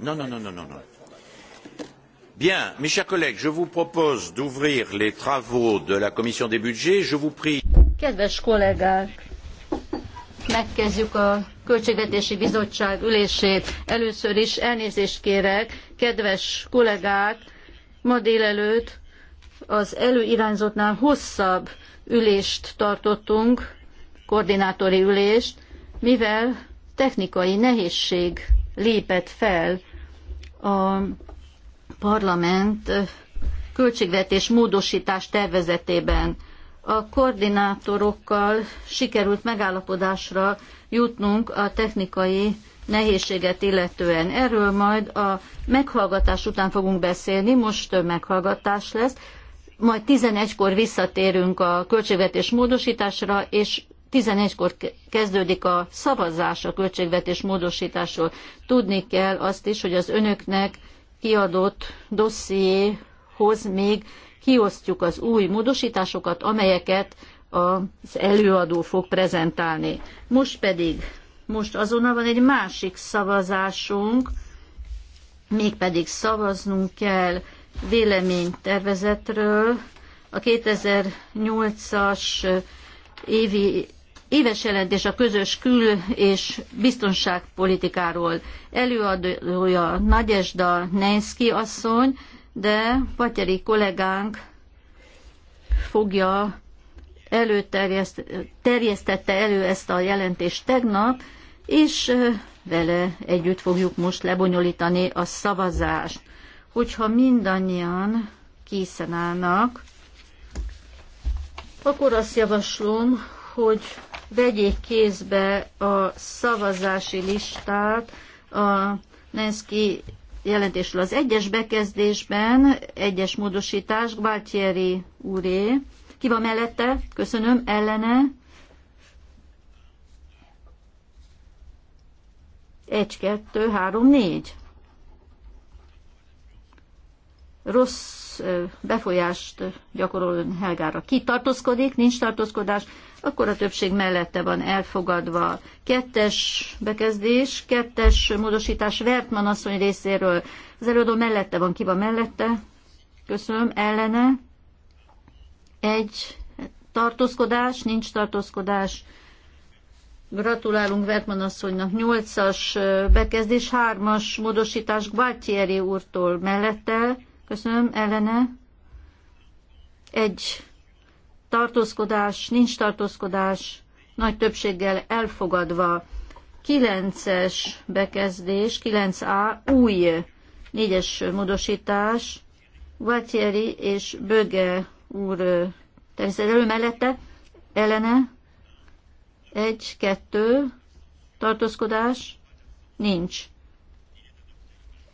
Non, non, non, non, non. non. Bien, mes chers collègues, je vous propose d'ouvrir les travaux de la commission des budgets. Je vous prie. Kedves kollégák, megkezdjük a Költségvetési Bizottság ülését. Először is elnézést kérek, kedves kollégák, ma délelőtt az előirányzottnál hosszabb ülést tartottunk, koordinátori ülést, mivel technikai nehézség lépett fel a parlament költségvetés módosítás tervezetében. A koordinátorokkal sikerült megállapodásra jutnunk a technikai nehézséget illetően. Erről majd a meghallgatás után fogunk beszélni, most több meghallgatás lesz, majd 11-kor visszatérünk a költségvetés módosításra, és 11-kor kezdődik a szavazás a költségvetés módosításról. Tudni kell azt is, hogy az önöknek kiadott dossziéhoz még kiosztjuk az új módosításokat, amelyeket az előadó fog prezentálni. Most pedig, most azonnal van egy másik szavazásunk, mégpedig szavaznunk kell véleménytervezetről, a 2008-as évi Éves jelentés a közös kül- és biztonságpolitikáról. Előadója Nagyesda Nenszki asszony, de Patyeri kollégánk fogja előterjesztette elő ezt a jelentést tegnap, és vele együtt fogjuk most lebonyolítani a szavazást. Hogyha mindannyian készen állnak, akkor azt javaslom, hogy vegyék kézbe a szavazási listát a Nenszki jelentésről. Az egyes bekezdésben, egyes módosítás, Gbaltieri úré. Ki van mellette? Köszönöm. Ellene? Egy, kettő, három, négy. Rossz befolyást gyakorol ön Helgára. Ki tartózkodik? Nincs tartózkodás akkor a többség mellette van elfogadva. Kettes bekezdés, kettes módosítás Vertman asszony részéről. Az előadó mellette van, ki van mellette? Köszönöm, ellene. Egy tartózkodás, nincs tartózkodás. Gratulálunk Vertman asszonynak. Nyolcas bekezdés, hármas módosítás Gualtieri úrtól mellette. Köszönöm, ellene. Egy tartózkodás, nincs tartózkodás, nagy többséggel elfogadva. 9-es bekezdés, 9A, új négyes módosítás, Vatieri és Böge úr természetesen mellette, ellene, egy, kettő, tartózkodás, nincs.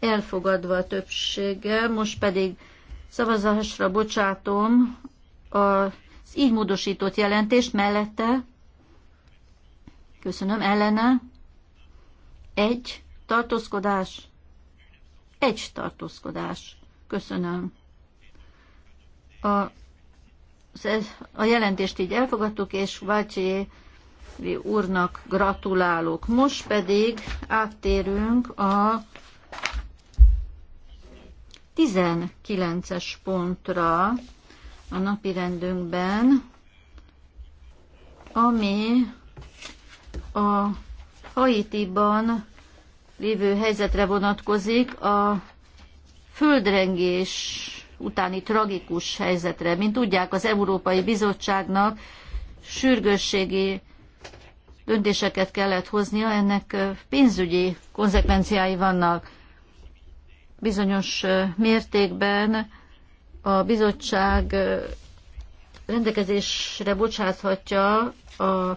Elfogadva a többséggel, most pedig szavazásra bocsátom a így módosított jelentés mellette, köszönöm, ellene, egy tartózkodás, egy tartózkodás, köszönöm. A, a jelentést így elfogadtuk, és Vácsi úrnak gratulálok. Most pedig áttérünk a 19-es pontra a napi rendünkben, ami a Haitiban lévő helyzetre vonatkozik, a földrengés utáni tragikus helyzetre. Mint tudják, az Európai Bizottságnak sürgősségi döntéseket kellett hoznia, ennek pénzügyi konzekvenciái vannak bizonyos mértékben a bizottság rendelkezésre bocsáthatja a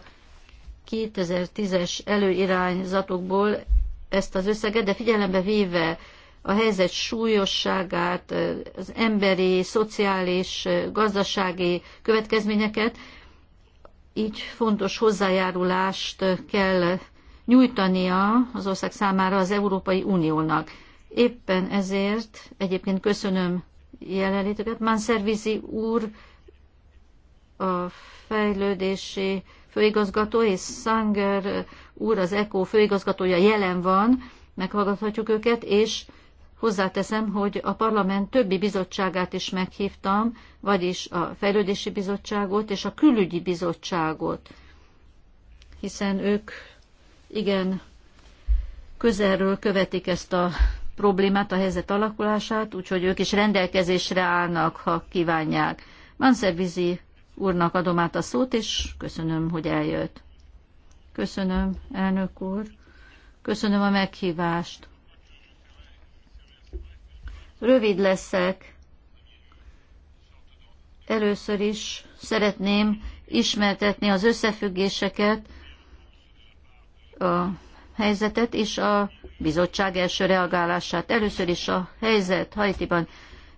2010-es előirányzatokból ezt az összeget, de figyelembe véve a helyzet súlyosságát, az emberi, szociális, gazdasági következményeket, így fontos hozzájárulást kell nyújtania az ország számára az Európai Uniónak. Éppen ezért egyébként köszönöm jelenlétüket. Manservizi úr a fejlődési főigazgató és Sanger úr, az ECO főigazgatója jelen van, meghallgathatjuk őket, és hozzáteszem, hogy a parlament többi bizottságát is meghívtam, vagyis a fejlődési bizottságot és a külügyi bizottságot, hiszen ők igen közelről követik ezt a problémát, a helyzet alakulását, úgyhogy ők is rendelkezésre állnak, ha kívánják. Manszervizi úrnak adom át a szót, és köszönöm, hogy eljött. Köszönöm, elnök úr. Köszönöm a meghívást. Rövid leszek. Először is szeretném ismertetni az összefüggéseket, a helyzetet és a bizottság első reagálását. Először is a helyzet Haitiban.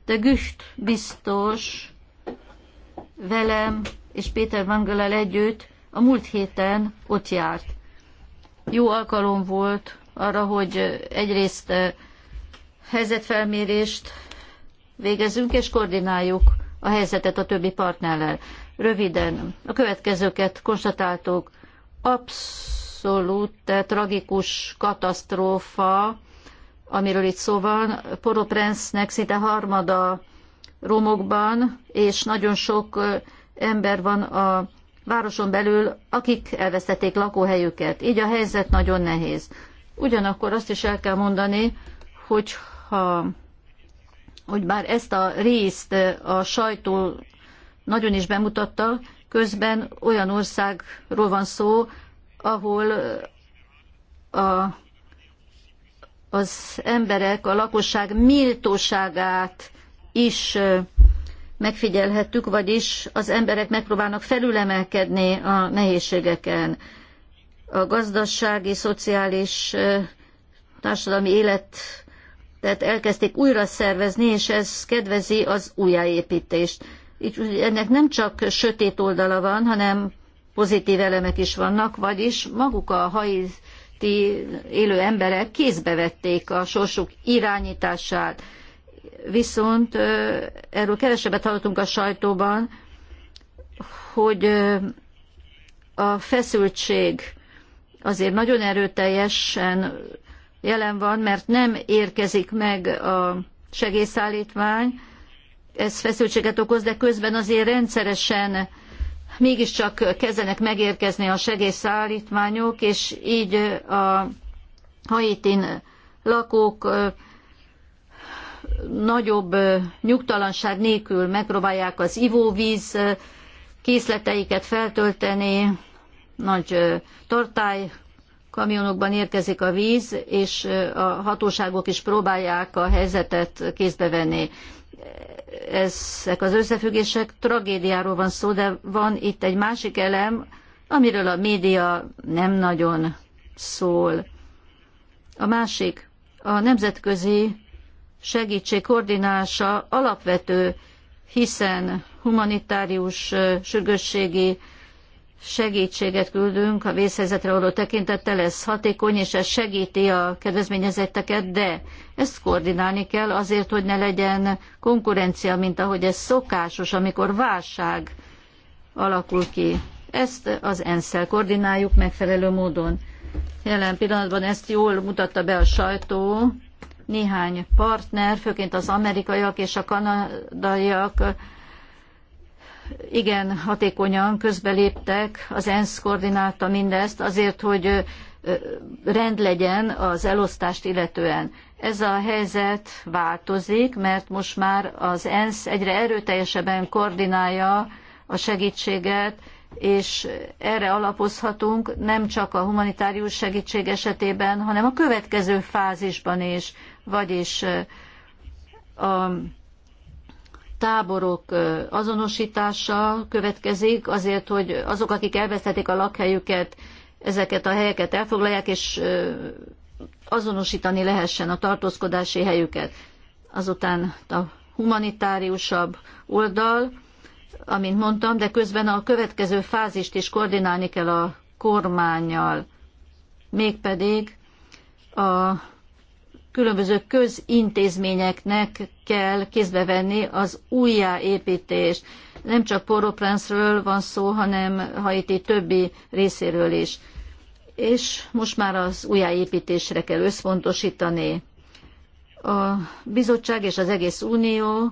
De Güst biztos velem és Péter Vangelel együtt a múlt héten ott járt. Jó alkalom volt arra, hogy egyrészt eh, helyzetfelmérést végezzünk és koordináljuk a helyzetet a többi partnerrel. Röviden a következőket konstatáltuk. Absz abszolút eh, tragikus katasztrófa, amiről itt szó van. Poroprensznek szinte harmada romokban, és nagyon sok eh, ember van a városon belül, akik elvesztették lakóhelyüket. Így a helyzet nagyon nehéz. Ugyanakkor azt is el kell mondani, hogy ha hogy bár ezt a részt eh, a sajtó nagyon is bemutatta, közben olyan országról van szó, ahol a, az emberek, a lakosság méltóságát is megfigyelhettük, vagyis az emberek megpróbálnak felülemelkedni a nehézségeken. A gazdasági, szociális, társadalmi élet tehát elkezdték újra szervezni, és ez kedvezi az újjáépítést. Így ennek nem csak sötét oldala van, hanem pozitív elemek is vannak, vagyis maguk a haiti élő emberek kézbe vették a sorsuk irányítását. Viszont erről kevesebbet hallottunk a sajtóban, hogy a feszültség azért nagyon erőteljesen jelen van, mert nem érkezik meg a segélyszállítmány, ez feszültséget okoz, de közben azért rendszeresen mégiscsak kezdenek megérkezni a segélyszállítmányok, és így a haitin lakók nagyobb nyugtalanság nélkül megpróbálják az ivóvíz készleteiket feltölteni, nagy tartály kamionokban érkezik a víz, és a hatóságok is próbálják a helyzetet kézbe venni ezek az összefüggések, tragédiáról van szó, de van itt egy másik elem, amiről a média nem nagyon szól. A másik, a nemzetközi segítség koordinálása alapvető, hiszen humanitárius sürgősségi segítséget küldünk a vészhelyzetre való tekintettel, ez hatékony, és ez segíti a kedvezményezetteket, de ezt koordinálni kell azért, hogy ne legyen konkurencia, mint ahogy ez szokásos, amikor válság alakul ki. Ezt az ENSZ-szel koordináljuk megfelelő módon. Jelen pillanatban ezt jól mutatta be a sajtó, néhány partner, főként az amerikaiak és a kanadaiak igen hatékonyan közbeléptek, az ENSZ koordinálta mindezt azért, hogy rend legyen az elosztást illetően. Ez a helyzet változik, mert most már az ENSZ egyre erőteljesebben koordinálja a segítséget, és erre alapozhatunk nem csak a humanitárius segítség esetében, hanem a következő fázisban is, vagyis a táborok azonosítása következik, azért, hogy azok, akik elvesztették a lakhelyüket, ezeket a helyeket elfoglalják, és azonosítani lehessen a tartózkodási helyüket. Azután a humanitáriusabb oldal, amint mondtam, de közben a következő fázist is koordinálni kell a kormányjal, mégpedig a különböző közintézményeknek kell kézbe venni az újjáépítést. Nem csak Poroprenszről van szó, hanem Haiti többi részéről is. És most már az újjáépítésre kell összpontosítani. A bizottság és az egész unió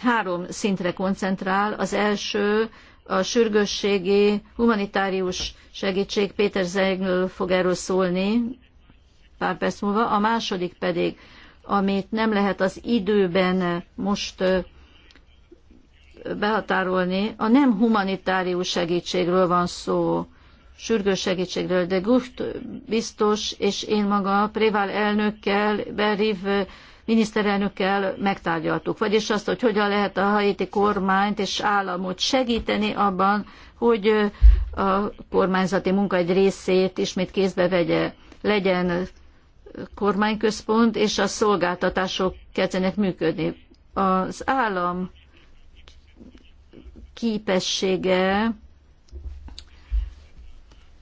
három szintre koncentrál. Az első a sürgősségi humanitárius segítség, Péter Zegnől fog erről szólni, pár perc múlva, a második pedig, amit nem lehet az időben most behatárolni, a nem humanitárius segítségről van szó, sürgős segítségről, de Gucht biztos, és én maga préval elnökkel, Beriv miniszterelnökkel megtárgyaltuk. Vagyis azt, hogy hogyan lehet a haiti kormányt és államot segíteni abban, hogy a kormányzati munka egy részét ismét kézbe vegye, legyen kormányközpont és a szolgáltatások kezdenek működni. Az állam képessége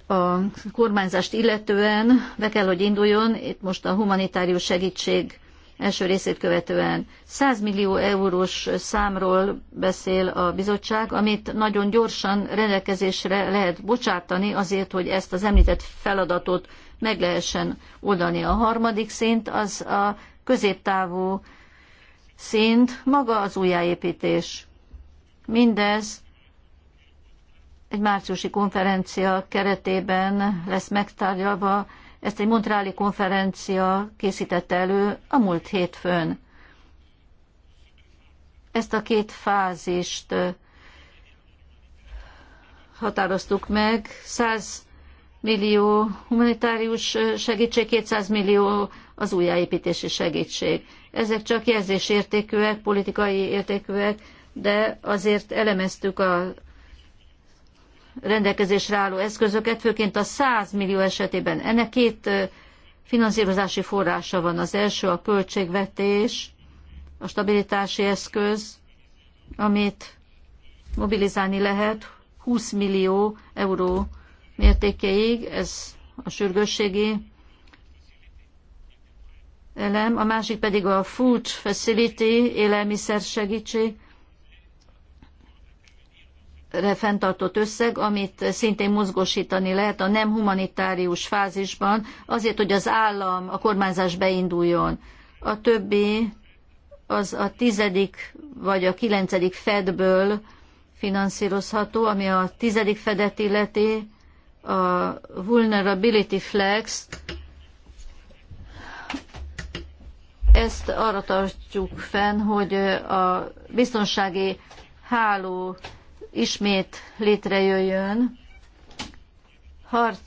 a kormányzást illetően be kell, hogy induljon, itt most a humanitárius segítség első részét követően 100 millió eurós számról beszél a bizottság, amit nagyon gyorsan rendelkezésre lehet bocsátani azért, hogy ezt az említett feladatot meg lehessen oldani. A harmadik szint az a középtávú szint, maga az újjáépítés. Mindez egy márciusi konferencia keretében lesz megtárgyalva, ezt egy Montráli konferencia készítette elő a múlt hétfőn. Ezt a két fázist határoztuk meg, 100 millió humanitárius segítség, 200 millió az újjáépítési segítség. Ezek csak jelzésértékűek, politikai értékűek, de azért elemeztük a rendelkezésre álló eszközöket, főként a 100 millió esetében. Ennek két finanszírozási forrása van. Az első a költségvetés, a stabilitási eszköz, amit mobilizálni lehet 20 millió euró mértékéig, ez a sürgősségi elem, a másik pedig a food facility, élelmiszer segítség, fenntartott összeg, amit szintén mozgósítani lehet a nem humanitárius fázisban, azért, hogy az állam, a kormányzás beinduljon. A többi az a tizedik vagy a kilencedik fedből finanszírozható, ami a tizedik fedet illeti, a Vulnerability Flex, ezt arra tartjuk fenn, hogy a biztonsági háló ismét létrejöjjön.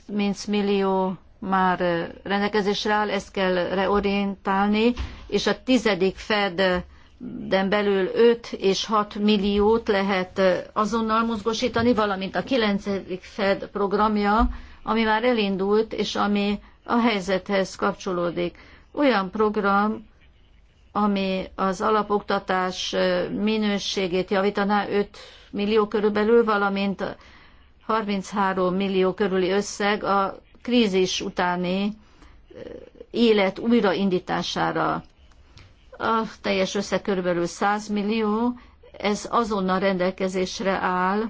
30 millió már rendelkezésre áll, ezt kell reorientálni, és a tizedik Fed de belül 5 és 6 milliót lehet azonnal mozgosítani, valamint a 9. Fed programja, ami már elindult, és ami a helyzethez kapcsolódik. Olyan program, ami az alapoktatás minőségét javítaná 5 millió körülbelül, valamint 33 millió körüli összeg a krízis utáni élet újraindítására a teljes összeg körülbelül 100 millió, ez azonnal rendelkezésre áll,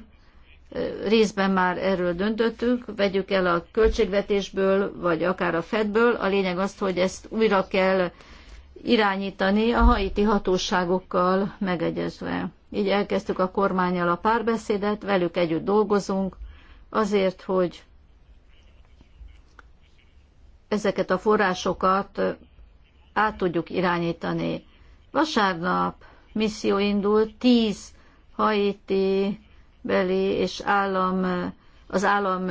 részben már erről döntöttük, vegyük el a költségvetésből, vagy akár a Fedből. A lényeg az, hogy ezt újra kell irányítani a haiti hatóságokkal megegyezve. Így elkezdtük a kormányjal a párbeszédet, velük együtt dolgozunk, azért, hogy ezeket a forrásokat át tudjuk irányítani. Vasárnap misszió indul, tíz haiti beli és állam, az állam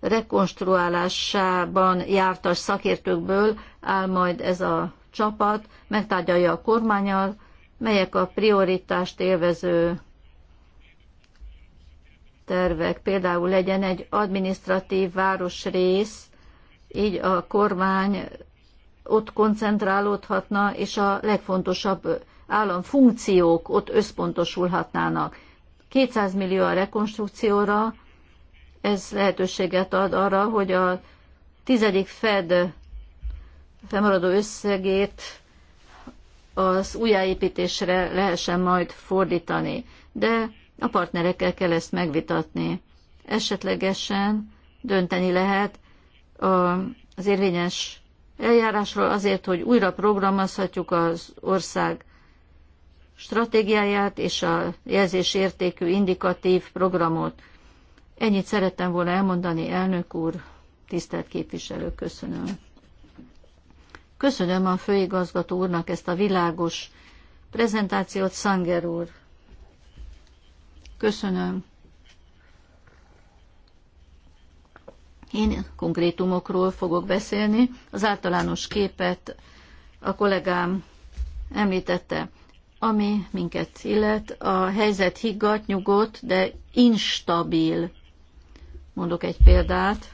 rekonstruálásában jártas szakértőkből áll majd ez a csapat, megtárgyalja a kormányal, melyek a prioritást élvező tervek. Például legyen egy adminisztratív városrész, így a kormány ott koncentrálódhatna, és a legfontosabb államfunkciók ott összpontosulhatnának. 200 millió a rekonstrukcióra, ez lehetőséget ad arra, hogy a tizedik Fed fennmaradó összegét az újjáépítésre lehessen majd fordítani, de a partnerekkel kell ezt megvitatni. Esetlegesen dönteni lehet az érvényes eljárásról azért, hogy újra programozhatjuk az ország stratégiáját és a jelzésértékű indikatív programot. Ennyit szerettem volna elmondani, elnök úr, tisztelt képviselő, köszönöm. Köszönöm a főigazgató úrnak ezt a világos prezentációt, Szanger úr. Köszönöm. Én konkrétumokról fogok beszélni. Az általános képet a kollégám említette, ami minket illet. A helyzet higgadt, nyugodt, de instabil. Mondok egy példát.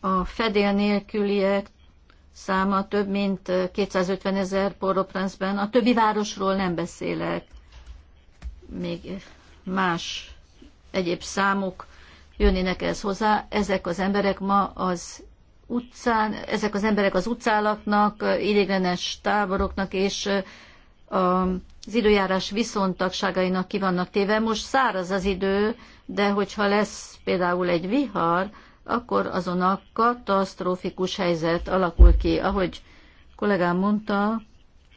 A fedél nélküliek száma több mint 250 ezer Port-au-Prince-ben. A többi városról nem beszélek. Még más egyéb számok jönnének ez hozzá. Ezek az emberek ma az utcán, ezek az emberek az utcálatnak idéglenes táboroknak és az időjárás viszontagságainak ki vannak téve. Most száraz az idő, de hogyha lesz például egy vihar, akkor azon a katasztrófikus helyzet alakul ki. Ahogy kollégám mondta,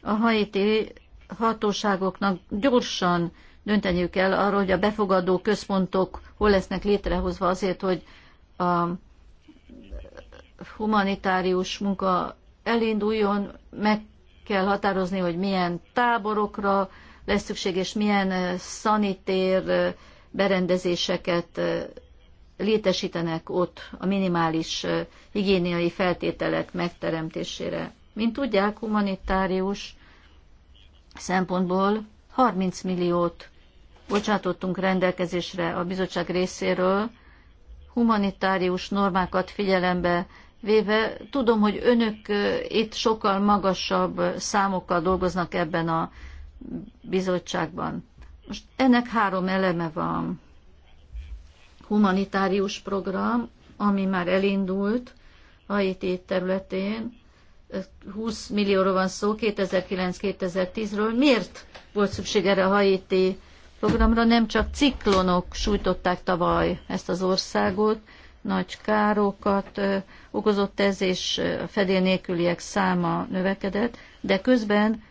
a haiti hatóságoknak gyorsan dönteniük kell arról, hogy a befogadó központok hol lesznek létrehozva azért, hogy a humanitárius munka elinduljon, meg kell határozni, hogy milyen táborokra lesz szükség, és milyen szanitér berendezéseket létesítenek ott a minimális higiéniai feltételek megteremtésére. Mint tudják, humanitárius szempontból 30 milliót bocsátottunk rendelkezésre a bizottság részéről, humanitárius normákat figyelembe véve. Tudom, hogy önök itt sokkal magasabb számokkal dolgoznak ebben a bizottságban. Most ennek három eleme van. Humanitárius program, ami már elindult Haiti területén, 20 millióról van szó 2009-2010-ről. Miért volt szükség erre a Haiti programra, nem csak ciklonok sújtották tavaly ezt az országot, nagy károkat okozott ez, és a fedél nélküliek száma növekedett, de közben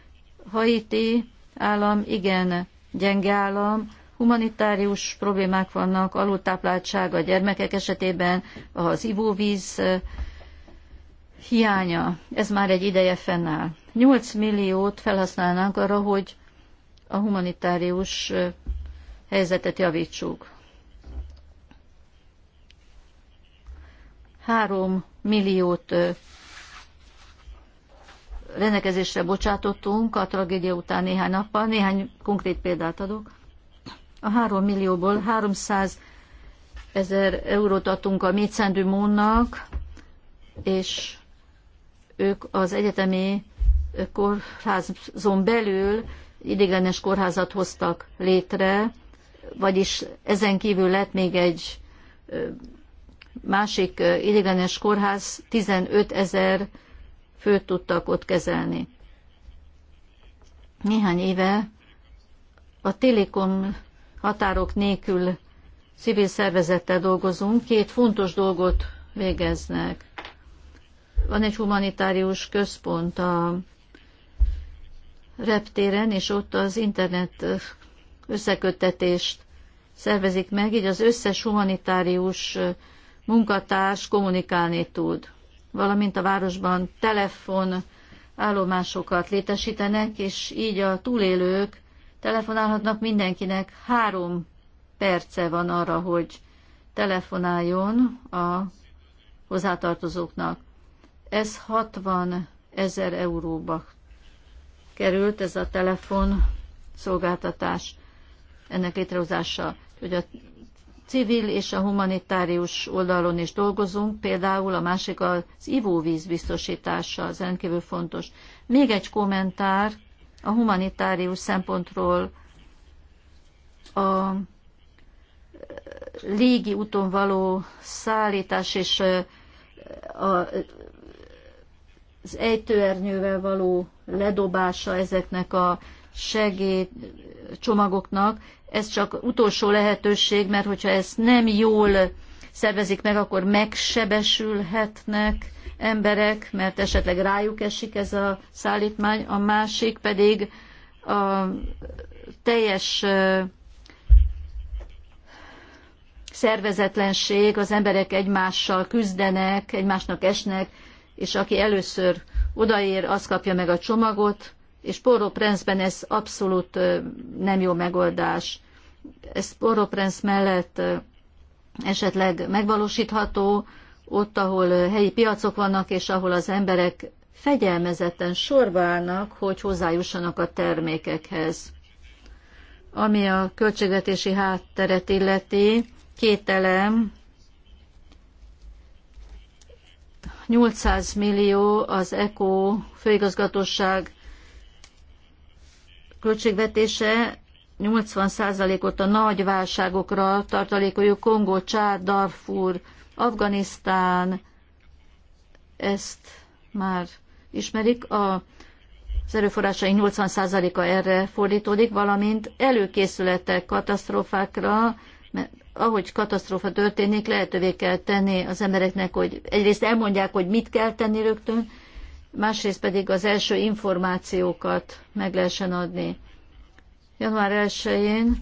Haiti állam igen gyenge állam, humanitárius problémák vannak, alultápláltság a gyermekek esetében, az ivóvíz hiánya, ez már egy ideje fennáll. 8 milliót felhasználnánk arra, hogy a humanitárius helyzetet javítsuk. Három milliót rendelkezésre bocsátottunk a tragédia után néhány nappal. Néhány konkrét példát adok. A három millióból 300 ezer eurót adtunk a Mécendű Mónnak, és ők az egyetemi kórházon belül idéglenes kórházat hoztak létre, vagyis ezen kívül lett még egy másik idéglenes kórház, 15 ezer főt tudtak ott kezelni. Néhány éve a Telekom határok nélkül civil szervezettel dolgozunk, két fontos dolgot végeznek. Van egy humanitárius központ a reptéren, és ott az internet összeköttetést szervezik meg, így az összes humanitárius munkatárs kommunikálni tud. Valamint a városban telefon állomásokat létesítenek, és így a túlélők telefonálhatnak mindenkinek. Három perce van arra, hogy telefonáljon a hozzátartozóknak. Ez 60 ezer euróba került ez a telefon szolgáltatás ennek létrehozása, hogy a civil és a humanitárius oldalon is dolgozunk, például a másik az ivóvíz biztosítása, az rendkívül fontos. Még egy kommentár a humanitárius szempontról a légi úton való szállítás és a az ejtőernyővel való ledobása ezeknek a segélycsomagoknak, ez csak utolsó lehetőség, mert hogyha ezt nem jól szervezik meg, akkor megsebesülhetnek emberek, mert esetleg rájuk esik ez a szállítmány, a másik pedig a teljes szervezetlenség, az emberek egymással küzdenek, egymásnak esnek, és aki először odaér, az kapja meg a csomagot, és Porroprenzben ez abszolút nem jó megoldás. Ez Porroprenz mellett esetleg megvalósítható, ott, ahol helyi piacok vannak, és ahol az emberek fegyelmezetten sorba állnak, hogy hozzájussanak a termékekhez. Ami a költségvetési hátteret illeti, két elem, 800 millió az ECO főigazgatóság költségvetése 80%-ot a nagy válságokra tartalékoljuk, Kongó, Csár, Darfur, Afganisztán, ezt már ismerik, a, az erőforrásai 80%-a erre fordítódik, valamint előkészületek katasztrófákra, ahogy katasztrófa történik, lehetővé kell tenni az embereknek, hogy egyrészt elmondják, hogy mit kell tenni rögtön, másrészt pedig az első információkat meg lehessen adni. Január 1-én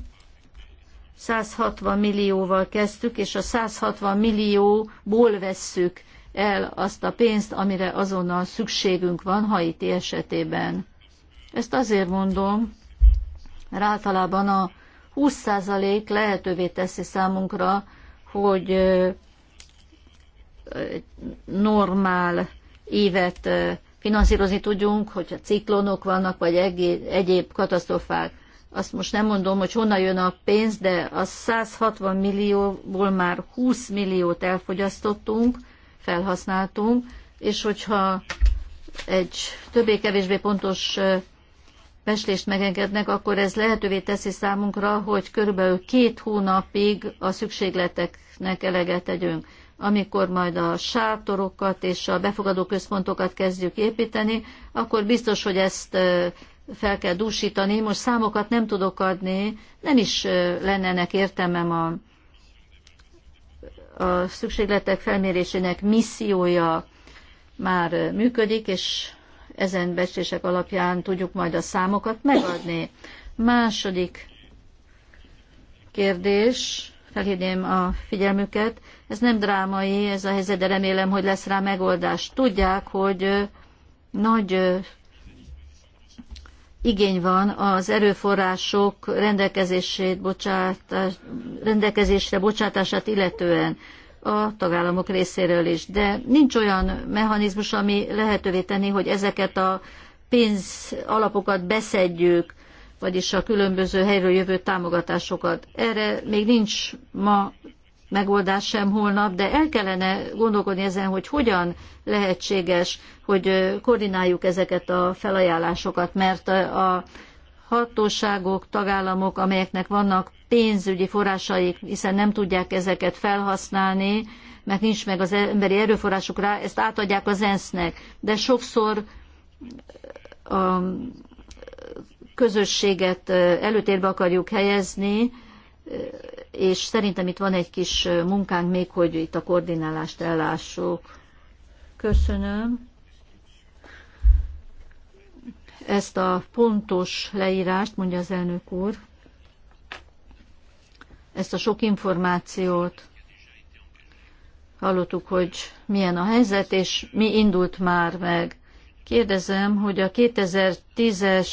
160 millióval kezdtük, és a 160 millióból vesszük el azt a pénzt, amire azonnal szükségünk van Haiti esetében. Ezt azért mondom, mert általában a 20% lehetővé teszi számunkra, hogy normál évet finanszírozni tudjunk, hogyha ciklonok vannak, vagy egyéb katasztrofák. Azt most nem mondom, hogy honnan jön a pénz, de a 160 millióból már 20 milliót elfogyasztottunk, felhasználtunk, és hogyha egy többé-kevésbé pontos beslést megengednek, akkor ez lehetővé teszi számunkra, hogy körülbelül két hónapig a szükségleteknek eleget tegyünk. Amikor majd a sátorokat és a befogadó központokat kezdjük építeni, akkor biztos, hogy ezt fel kell dúsítani. Most számokat nem tudok adni, nem is lennének értelmem a, a szükségletek felmérésének missziója már működik, és ezen becslések alapján tudjuk majd a számokat megadni. Második kérdés, felhívném a figyelmüket, ez nem drámai, ez a helyzet, de remélem, hogy lesz rá megoldás. Tudják, hogy nagy igény van az erőforrások rendelkezését, bocsátás, rendelkezésre bocsátását illetően a tagállamok részéről is. De nincs olyan mechanizmus, ami lehetővé tenni, hogy ezeket a pénz alapokat beszedjük, vagyis a különböző helyről jövő támogatásokat. Erre még nincs ma megoldás sem holnap, de el kellene gondolkodni ezen, hogy hogyan lehetséges, hogy koordináljuk ezeket a felajánlásokat, mert a hatóságok, tagállamok, amelyeknek vannak pénzügyi forrásaik, hiszen nem tudják ezeket felhasználni, mert nincs meg az emberi erőforrásuk rá, ezt átadják az ENSZ-nek. De sokszor a közösséget előtérbe akarjuk helyezni, és szerintem itt van egy kis munkánk még, hogy itt a koordinálást ellássuk. Köszönöm ezt a pontos leírást, mondja az elnök úr ezt a sok információt. Hallottuk, hogy milyen a helyzet, és mi indult már meg. Kérdezem, hogy a 2010-es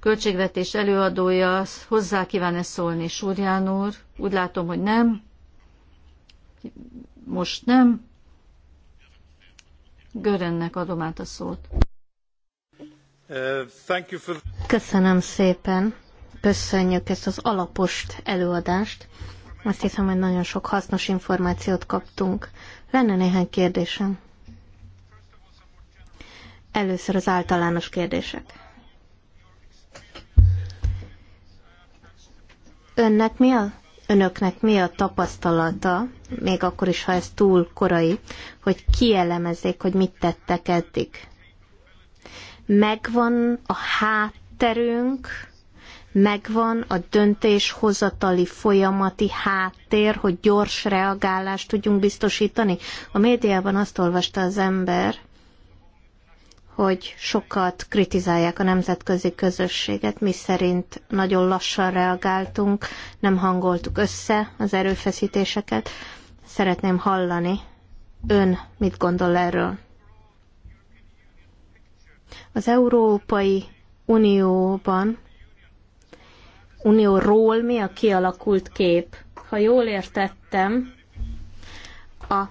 költségvetés előadója hozzá kíván-e szólni, Súrján úr? Úgy látom, hogy nem. Most nem. Görönnek adom át a szót. Uh, Köszönöm szépen köszönjük ezt az alapost előadást. Azt hiszem, hogy nagyon sok hasznos információt kaptunk. Lenne néhány kérdésem. Először az általános kérdések. Önnek mi a, önöknek mi a tapasztalata, még akkor is, ha ez túl korai, hogy kielemezzék, hogy mit tettek eddig? Megvan a hátterünk, megvan a döntéshozatali folyamati háttér, hogy gyors reagálást tudjunk biztosítani? A médiában azt olvasta az ember, hogy sokat kritizálják a nemzetközi közösséget, mi szerint nagyon lassan reagáltunk, nem hangoltuk össze az erőfeszítéseket. Szeretném hallani, ön mit gondol erről? Az Európai Unióban Unióról mi a kialakult kép. Ha jól értettem, a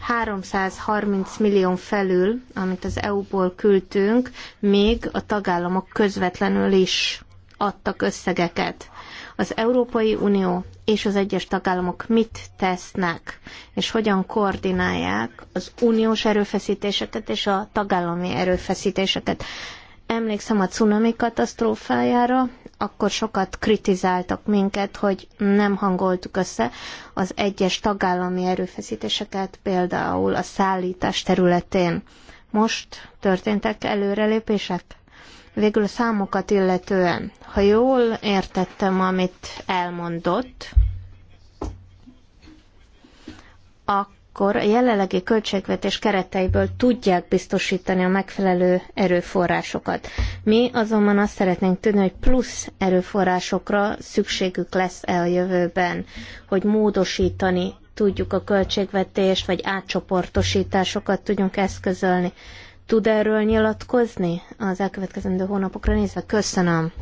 330 millió felül, amit az EU-ból küldtünk, még a tagállamok közvetlenül is adtak összegeket. Az Európai Unió és az egyes tagállamok mit tesznek, és hogyan koordinálják az uniós erőfeszítéseket és a tagállami erőfeszítéseket emlékszem a cunami katasztrófájára, akkor sokat kritizáltak minket, hogy nem hangoltuk össze az egyes tagállami erőfeszítéseket, például a szállítás területén. Most történtek előrelépések? Végül a számokat illetően, ha jól értettem, amit elmondott, akkor akkor a jelenlegi költségvetés kereteiből tudják biztosítani a megfelelő erőforrásokat. Mi azonban azt szeretnénk tudni, hogy plusz erőforrásokra szükségük lesz-e a jövőben, hogy módosítani tudjuk a költségvetést, vagy átcsoportosításokat tudjunk eszközölni. Tud erről nyilatkozni az elkövetkezendő hónapokra nézve? Köszönöm.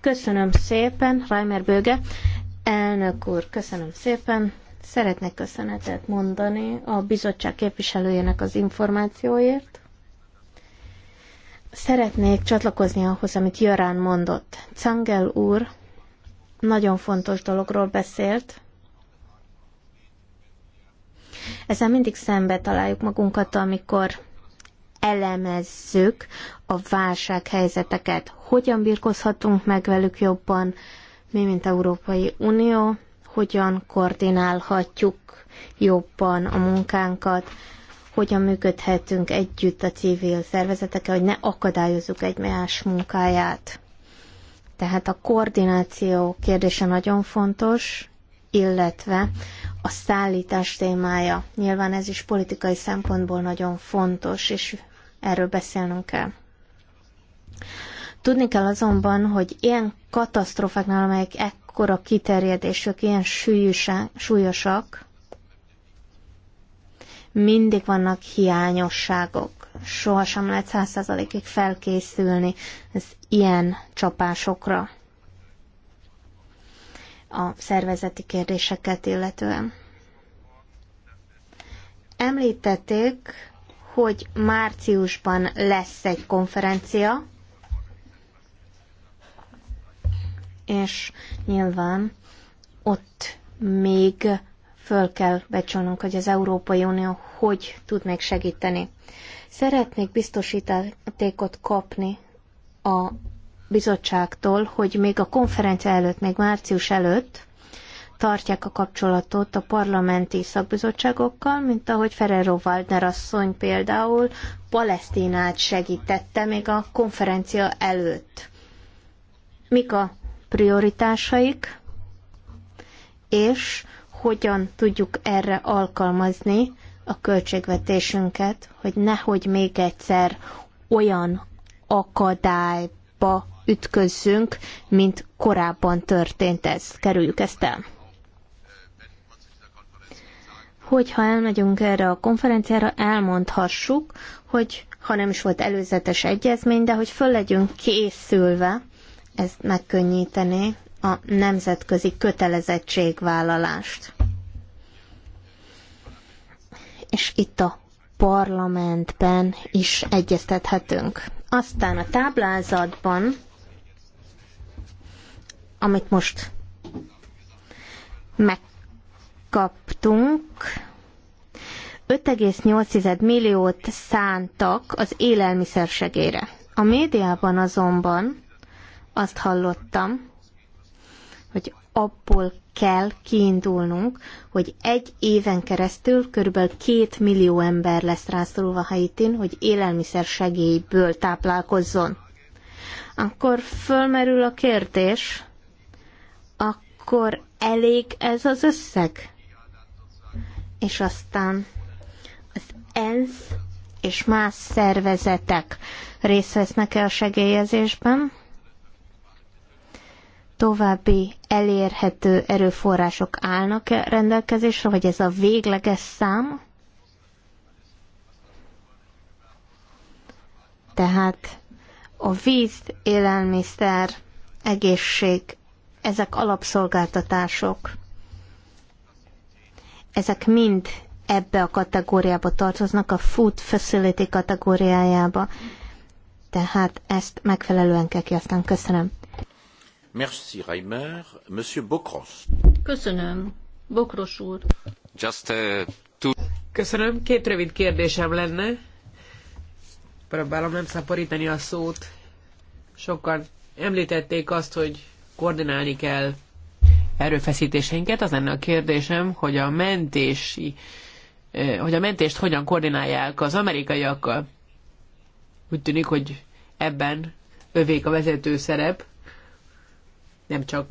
Köszönöm szépen, Reimer Böge, Elnök úr, köszönöm szépen. Szeretnék köszönetet mondani a bizottság képviselőjének az információért. Szeretnék csatlakozni ahhoz, amit Jörán mondott. Cangel úr nagyon fontos dologról beszélt. Ezzel mindig szembe találjuk magunkat, amikor elemezzük a válsághelyzeteket. Hogyan birkozhatunk meg velük jobban, mi, mint Európai Unió, hogyan koordinálhatjuk jobban a munkánkat, hogyan működhetünk együtt a civil szervezetekkel, hogy ne akadályozzuk egymás munkáját. Tehát a koordináció kérdése nagyon fontos, illetve a szállítás témája. Nyilván ez is politikai szempontból nagyon fontos, és erről beszélnünk kell. Tudni kell azonban, hogy ilyen katasztrofáknál, amelyek a kiterjedések, ilyen súlyosak, mindig vannak hiányosságok. Sohasem lehet százszázalékig felkészülni az ilyen csapásokra a szervezeti kérdéseket illetően. Említették, hogy márciusban lesz egy konferencia, és nyilván ott még föl kell becsolnunk, hogy az Európai Unió hogy tud még segíteni. Szeretnék biztosítékot kapni a bizottságtól, hogy még a konferencia előtt, még március előtt tartják a kapcsolatot a parlamenti szakbizottságokkal, mint ahogy Ferrero Waldner asszony például Palesztinát segítette még a konferencia előtt. Mik a prioritásaik, és hogyan tudjuk erre alkalmazni a költségvetésünket, hogy nehogy még egyszer olyan akadályba ütközzünk, mint korábban történt ez. Kerüljük ezt el. Hogyha elmegyünk erre a konferenciára, elmondhassuk, hogy ha nem is volt előzetes egyezmény, de hogy föl legyünk készülve ezt megkönnyíteni a nemzetközi kötelezettségvállalást. És itt a parlamentben is egyeztethetünk. Aztán a táblázatban, amit most megkaptunk, 5,8 milliót szántak az élelmiszersegére. A médiában azonban azt hallottam, hogy abból kell kiindulnunk, hogy egy éven keresztül körülbelül két millió ember lesz rászorulva Haitin, hogy élelmiszer segélyből táplálkozzon. Akkor fölmerül a kérdés, akkor elég ez az összeg? És aztán az ENSZ és más szervezetek részt vesznek-e a segélyezésben? további elérhető erőforrások állnak -e rendelkezésre, vagy ez a végleges szám? Tehát a víz, élelmiszer, egészség, ezek alapszolgáltatások. Ezek mind ebbe a kategóriába tartoznak, a food facility kategóriájába. Tehát ezt megfelelően kell kiasztani. köszönöm. Merci, Reimer. Monsieur Bokros. Köszönöm. Bokros úr. Just, uh, two... Köszönöm. Két rövid kérdésem lenne. Próbálom nem szaporítani a szót. Sokan említették azt, hogy koordinálni kell erőfeszítéseinket. Az lenne a kérdésem, hogy a mentési eh, hogy a mentést hogyan koordinálják az amerikaiakkal. Úgy tűnik, hogy ebben övék a vezető szerep nem csak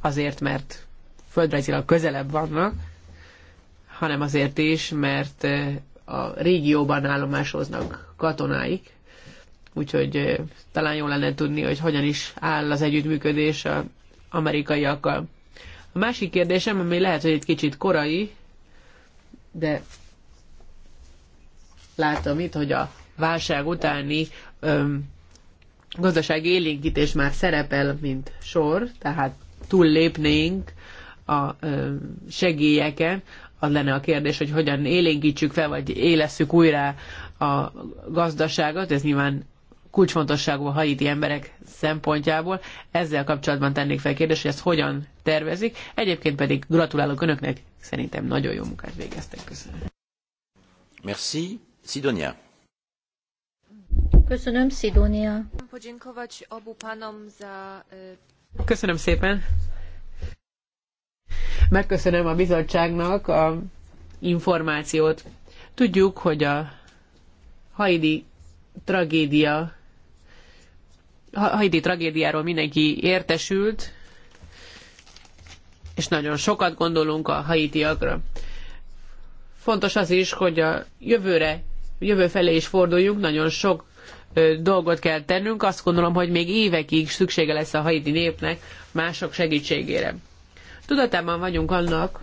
azért, mert földrajzilag közelebb vannak, hanem azért is, mert eh, a régióban állomásoznak katonáik, úgyhogy eh, talán jó lenne tudni, hogy hogyan is áll az együttműködés az amerikaiakkal. A másik kérdésem, ami lehet, hogy egy kicsit korai, de látom itt, hogy a válság utáni öm, gazdasági élénkítés már szerepel, mint sor, tehát túllépnénk a segélyeken, az lenne a kérdés, hogy hogyan élénkítsük fel, vagy élesszük újra a gazdaságot, ez nyilván kulcsfontosságú a haiti emberek szempontjából. Ezzel kapcsolatban tennék fel kérdést, hogy ezt hogyan tervezik. Egyébként pedig gratulálok Önöknek, szerintem nagyon jó munkát végeztek. Köszönöm. Merci. Sidonia. Köszönöm, Köszönöm szépen. Megköszönöm a bizottságnak a információt. Tudjuk, hogy a haidi tragédia haidi tragédiáról mindenki értesült, és nagyon sokat gondolunk a haitiakra. Fontos az is, hogy a jövőre, jövő felé is forduljunk, nagyon sok dolgot kell tennünk. Azt gondolom, hogy még évekig szüksége lesz a haiti népnek mások segítségére. Tudatában vagyunk annak,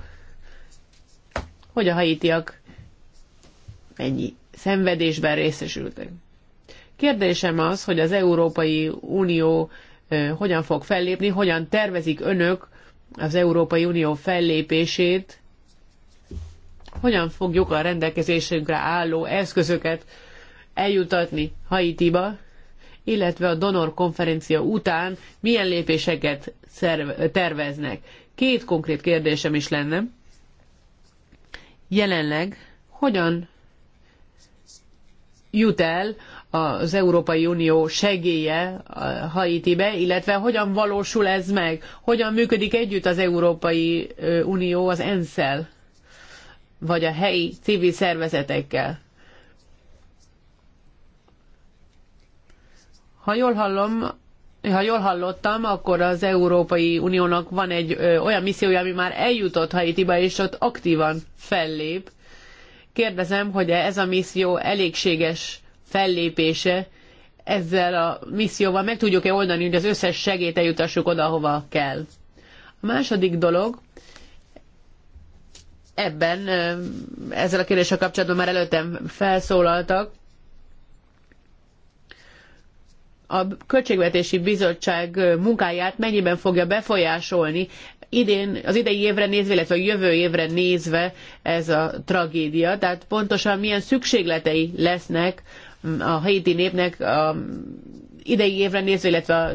hogy a haitiak mennyi szenvedésben részesültek. Kérdésem az, hogy az Európai Unió hogyan fog fellépni, hogyan tervezik önök az Európai Unió fellépését, hogyan fogjuk a rendelkezésünkre álló eszközöket eljutatni Haitiba, illetve a donor konferencia után milyen lépéseket terveznek. Két konkrét kérdésem is lenne. Jelenleg hogyan jut el az Európai Unió segélye Haitibe, illetve hogyan valósul ez meg? Hogyan működik együtt az Európai Unió az ENSZ-el, vagy a helyi civil szervezetekkel? Ha jól hallom, ha jól hallottam, akkor az Európai Uniónak van egy ö, olyan missziója, ami már eljutott Haitiba, és ott aktívan fellép. Kérdezem, hogy -e ez a misszió elégséges fellépése, ezzel a misszióval meg tudjuk-e oldani, hogy az összes segélyt eljutassuk oda, hova kell. A második dolog, ebben, ezzel a kérdéssel kapcsolatban már előttem felszólaltak, a Költségvetési Bizottság munkáját mennyiben fogja befolyásolni idén, az idei évre nézve, illetve a jövő évre nézve ez a tragédia, tehát pontosan milyen szükségletei lesznek a haiti népnek a idei évre nézve, illetve a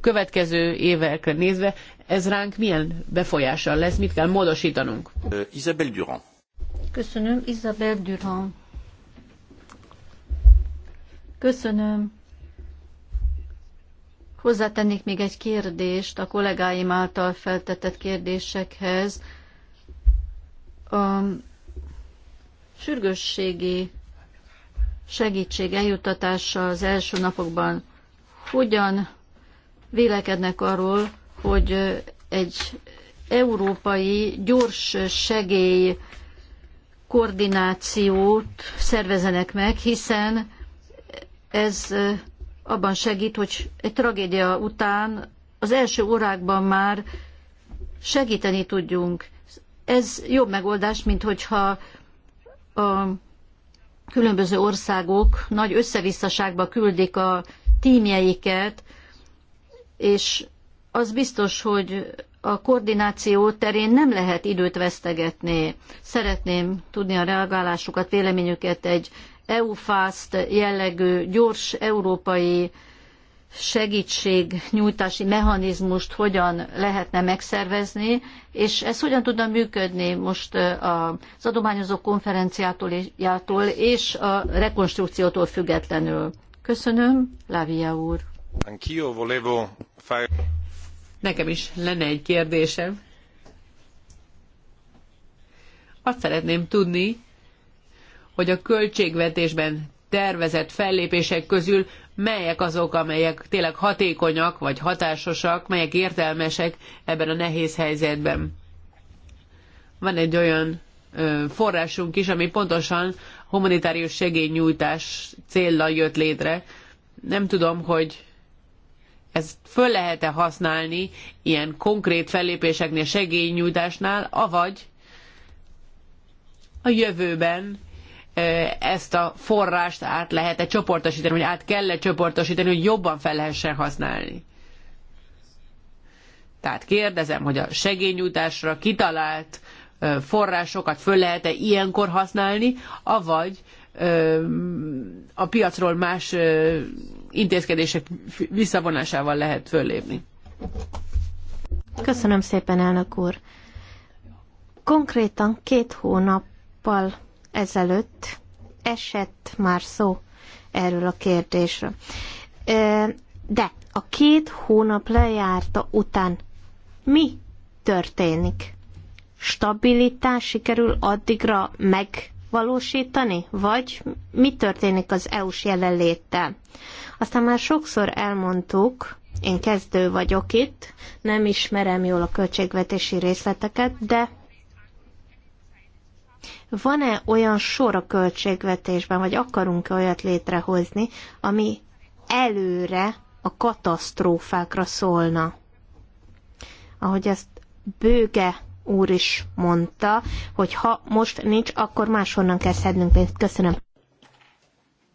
következő évekre nézve, ez ránk milyen befolyással lesz, mit kell módosítanunk? Uh, Isabel Durand. Köszönöm, Isabel Durand. Köszönöm. Hozzátennék még egy kérdést a kollégáim által feltetett kérdésekhez. A sürgősségi segítség eljutatása az első napokban hogyan vélekednek arról, hogy egy európai gyors segély koordinációt szervezenek meg, hiszen ez abban segít, hogy egy tragédia után az első órákban már segíteni tudjunk. Ez jobb megoldás, mint hogyha a különböző országok nagy összevisszaságba küldik a tímjeiket, és az biztos, hogy a koordináció terén nem lehet időt vesztegetni. Szeretném tudni a reagálásukat, véleményüket egy EUFAST jellegű gyors európai segítségnyújtási mechanizmust hogyan lehetne megszervezni, és ez hogyan tudna működni most az adományozó konferenciától és a rekonstrukciótól függetlenül. Köszönöm, Lávia úr. Nekem is lenne egy kérdésem. Azt szeretném tudni, hogy a költségvetésben tervezett fellépések közül melyek azok, amelyek tényleg hatékonyak vagy hatásosak, melyek értelmesek ebben a nehéz helyzetben. Van egy olyan forrásunk is, ami pontosan humanitárius segélynyújtás célra jött létre. Nem tudom, hogy ezt föl lehet-e használni ilyen konkrét fellépéseknél, segélynyújtásnál, avagy a jövőben ezt a forrást át lehet-e csoportosítani, vagy át kell-e csoportosítani, hogy jobban fel lehessen használni. Tehát kérdezem, hogy a segényújtásra kitalált forrásokat föl lehet-e ilyenkor használni, avagy a piacról más intézkedések visszavonásával lehet föllépni. Köszönöm szépen, elnök úr. Konkrétan két hónappal ezelőtt esett már szó erről a kérdésről. De a két hónap lejárta után mi történik? Stabilitás sikerül addigra megvalósítani? Vagy mi történik az EU-s jelenléttel? Aztán már sokszor elmondtuk, én kezdő vagyok itt, nem ismerem jól a költségvetési részleteket, de van-e olyan sor a költségvetésben, vagy akarunk-e olyat létrehozni, ami előre a katasztrófákra szólna? Ahogy ezt Bőge úr is mondta, hogy ha most nincs, akkor máshonnan kell szednünk pénzt. Köszönöm.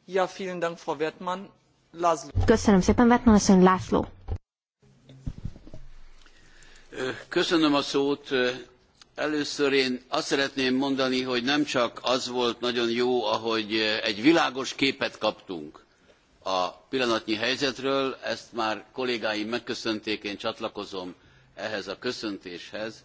Ja, vielen Dank, Frau Wertmann. László. Köszönöm szépen, Wertmann asszony, László. Köszönöm a szót, Először én azt szeretném mondani, hogy nem csak az volt nagyon jó, ahogy eh, egy világos képet kaptunk a pillanatnyi helyzetről, ezt már kollégáim megköszönték, én csatlakozom ehhez a köszöntéshez,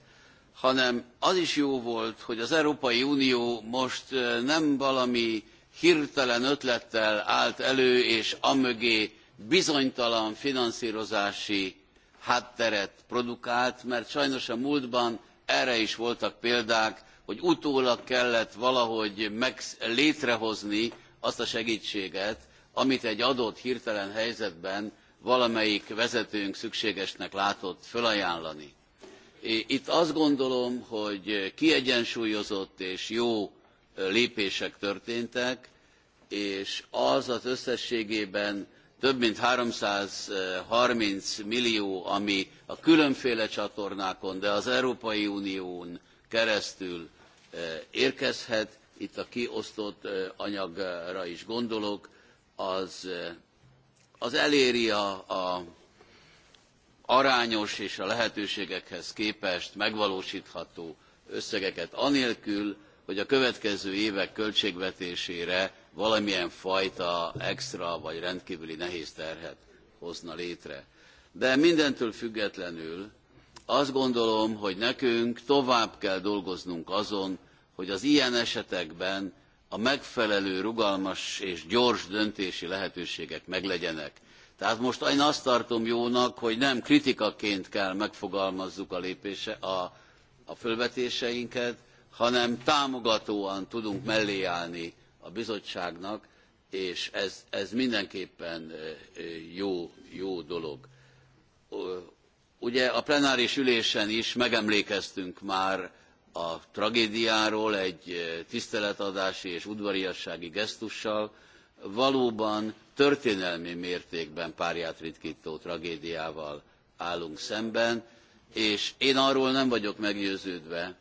hanem az is jó volt, hogy az Európai Unió most eh, nem valami hirtelen ötlettel állt elő, és amögé bizonytalan finanszírozási hátteret produkált, mert sajnos a múltban erre is voltak példák, hogy utólag kellett valahogy meg, létrehozni azt a segítséget, amit egy adott hirtelen helyzetben valamelyik vezetőnk szükségesnek látott fölajánlani. Itt azt gondolom, hogy kiegyensúlyozott és jó lépések történtek, és az az összességében több mint 330 eh, millió, ami a különféle csatornákon, de az Európai Unión keresztül eh, érkezhet, itt a kiosztott eh, anyagra is gondolok, az, az eléri a, a arányos és a lehetőségekhez képest megvalósítható összegeket, anélkül, hogy a következő évek költségvetésére valamilyen fajta extra vagy rendkívüli nehéz terhet hozna létre. De mindentől függetlenül azt gondolom, hogy nekünk tovább kell dolgoznunk azon, hogy az ilyen esetekben a megfelelő rugalmas és gyors döntési lehetőségek meglegyenek. Tehát most én azt tartom jónak, hogy nem kritikaként kell megfogalmazzuk a, lépése, a, a fölvetéseinket, hanem támogatóan tudunk mellé állni a bizottságnak, és ez, ez mindenképpen jó, jó dolog. Ugye a plenáris ülésen is megemlékeztünk már a tragédiáról egy tiszteletadási és udvariassági gesztussal, valóban történelmi mértékben párját ritkító tragédiával állunk szemben, és én arról nem vagyok meggyőződve,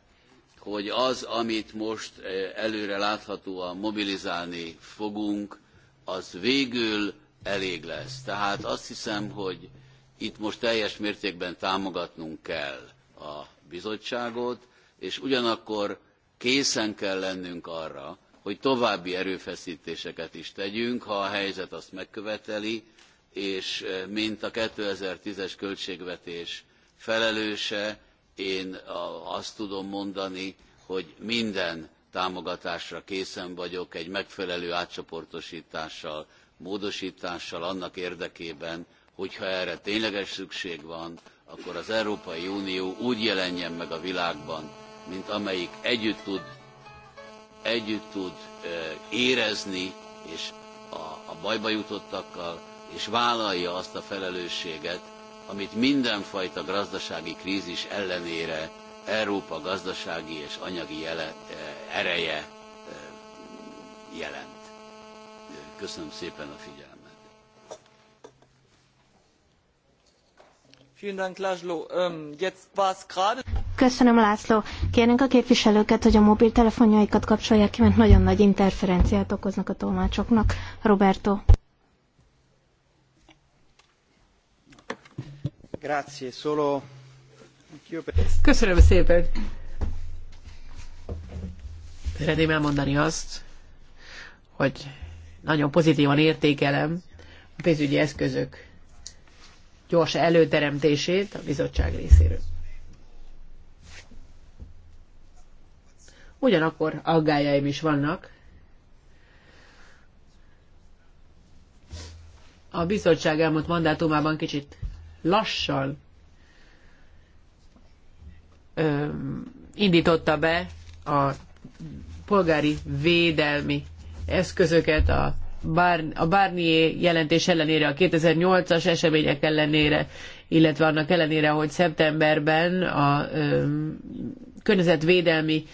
hogy az, amit most eh, előre láthatóan mobilizálni fogunk, az végül elég lesz. Tehát azt hiszem, hogy itt most teljes mértékben támogatnunk kell a bizottságot, és ugyanakkor készen kell lennünk arra, hogy további erőfeszítéseket is tegyünk, ha a helyzet azt megköveteli, és eh, mint a 2010-es költségvetés felelőse, én azt tudom mondani, hogy minden támogatásra készen vagyok egy megfelelő átcsoportosítással, módosítással annak érdekében, hogyha erre tényleges szükség van, akkor az Európai Unió úgy jelenjen meg a világban, mint amelyik együtt tud, együtt tud érezni és a, a bajba jutottakkal, és vállalja azt a felelősséget, amit mindenfajta gazdasági krízis ellenére Európa gazdasági és anyagi jele, e, ereje e, jelent. Köszönöm szépen a figyelmet. Köszönöm, László. Kérnénk a képviselőket, hogy a mobiltelefonjaikat kapcsolják ki, mert nagyon nagy interferenciát okoznak a tolmácsoknak. Roberto. Köszönöm szépen. Szeretném elmondani azt, hogy nagyon pozitívan értékelem a pénzügyi eszközök gyors előteremtését a bizottság részéről. Ugyanakkor aggájaim is vannak. A bizottság elmúlt mandátumában kicsit lassan ö, indította be a polgári védelmi eszközöket a, Bar, a Barnier jelentés ellenére, a 2008-as események ellenére, illetve annak ellenére, hogy szeptemberben a ö, környezetvédelmi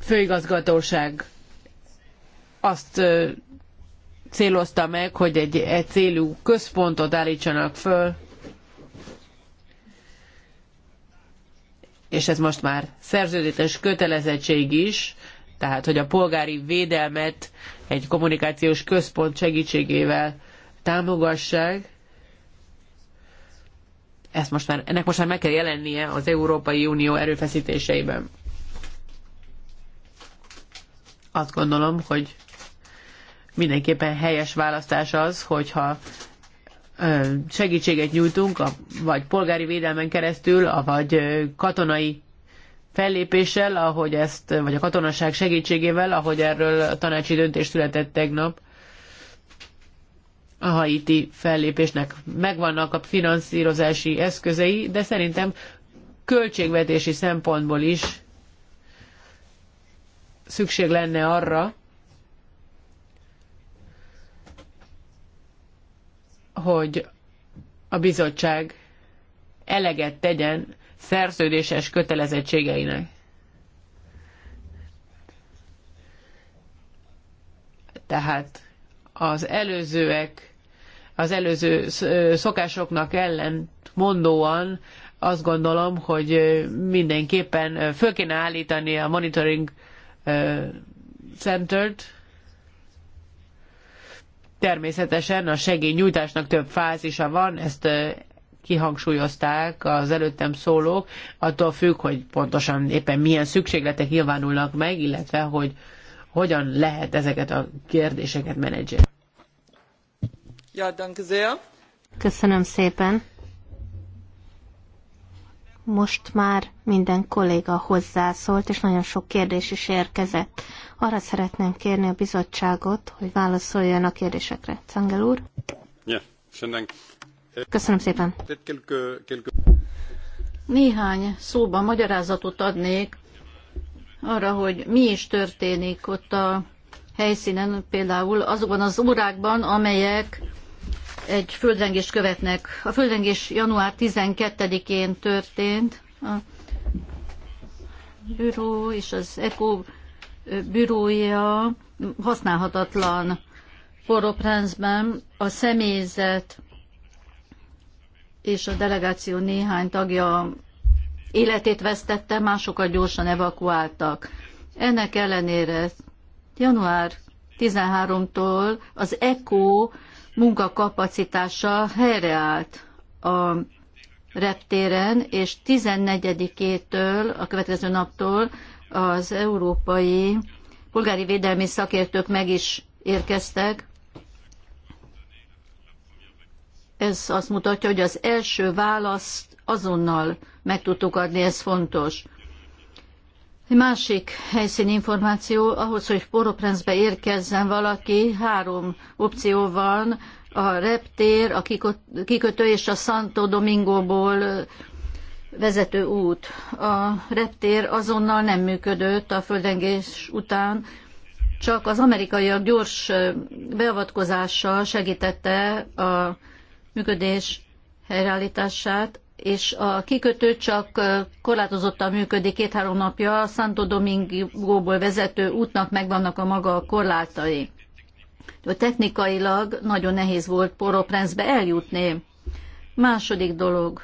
főigazgatóság azt ö, célozta meg, hogy egy, egy célú központot állítsanak föl és ez most már szerződéses kötelezettség is, tehát hogy a polgári védelmet egy kommunikációs központ segítségével támogassák, ezt most már, ennek most már meg kell jelennie az Európai Unió erőfeszítéseiben. Azt gondolom, hogy mindenképpen helyes választás az, hogyha segítséget nyújtunk, vagy polgári védelmen keresztül, vagy katonai fellépéssel, ahogy ezt, vagy a katonaság segítségével, ahogy erről a tanácsi döntés született tegnap, a haiti fellépésnek megvannak a finanszírozási eszközei, de szerintem költségvetési szempontból is szükség lenne arra, hogy a bizottság eleget tegyen szerződéses kötelezettségeinek. Tehát az előzőek, az előző szokásoknak ellen mondóan azt gondolom, hogy mindenképpen föl kéne állítani a monitoring centert, Természetesen a segélynyújtásnak több fázisa van, ezt kihangsúlyozták az előttem szólók, attól függ, hogy pontosan éppen milyen szükségletek nyilvánulnak meg, illetve hogy hogyan lehet ezeket a kérdéseket menedzselni. Ja, danke sehr. Köszönöm szépen. Most már minden kolléga hozzászólt, és nagyon sok kérdés is érkezett. Arra szeretném kérni a bizottságot, hogy válaszoljon a kérdésekre. Cangel úr? Köszönöm szépen. Néhány szóban magyarázatot adnék arra, hogy mi is történik ott a helyszínen, például azokban az órákban, amelyek egy földrengést követnek. A földrengés január 12-én történt. A Euró és az ECO bürója használhatatlan Poroprenzben. A személyzet és a delegáció néhány tagja életét vesztette, másokat gyorsan evakuáltak. Ennek ellenére január 13-tól az ECO munkakapacitása helyreállt a reptéren, és 14-től, a következő naptól az európai polgári védelmi szakértők meg is érkeztek. Ez azt mutatja, hogy az első választ azonnal meg tudtuk adni, ez fontos. Egy másik helyszín információ, ahhoz, hogy Poroprenzbe érkezzen valaki, három opció van, a reptér, a kikötő és a Santo Domingo-ból vezető út. A reptér azonnal nem működött a földengés után, csak az amerikaiak gyors beavatkozással segítette a működés helyreállítását, és a kikötő csak korlátozottan működik két-három napja, a Santo Domingo-ból vezető útnak megvannak a maga korlátai de Technikailag nagyon nehéz volt Poroprenzbe eljutni. Második dolog,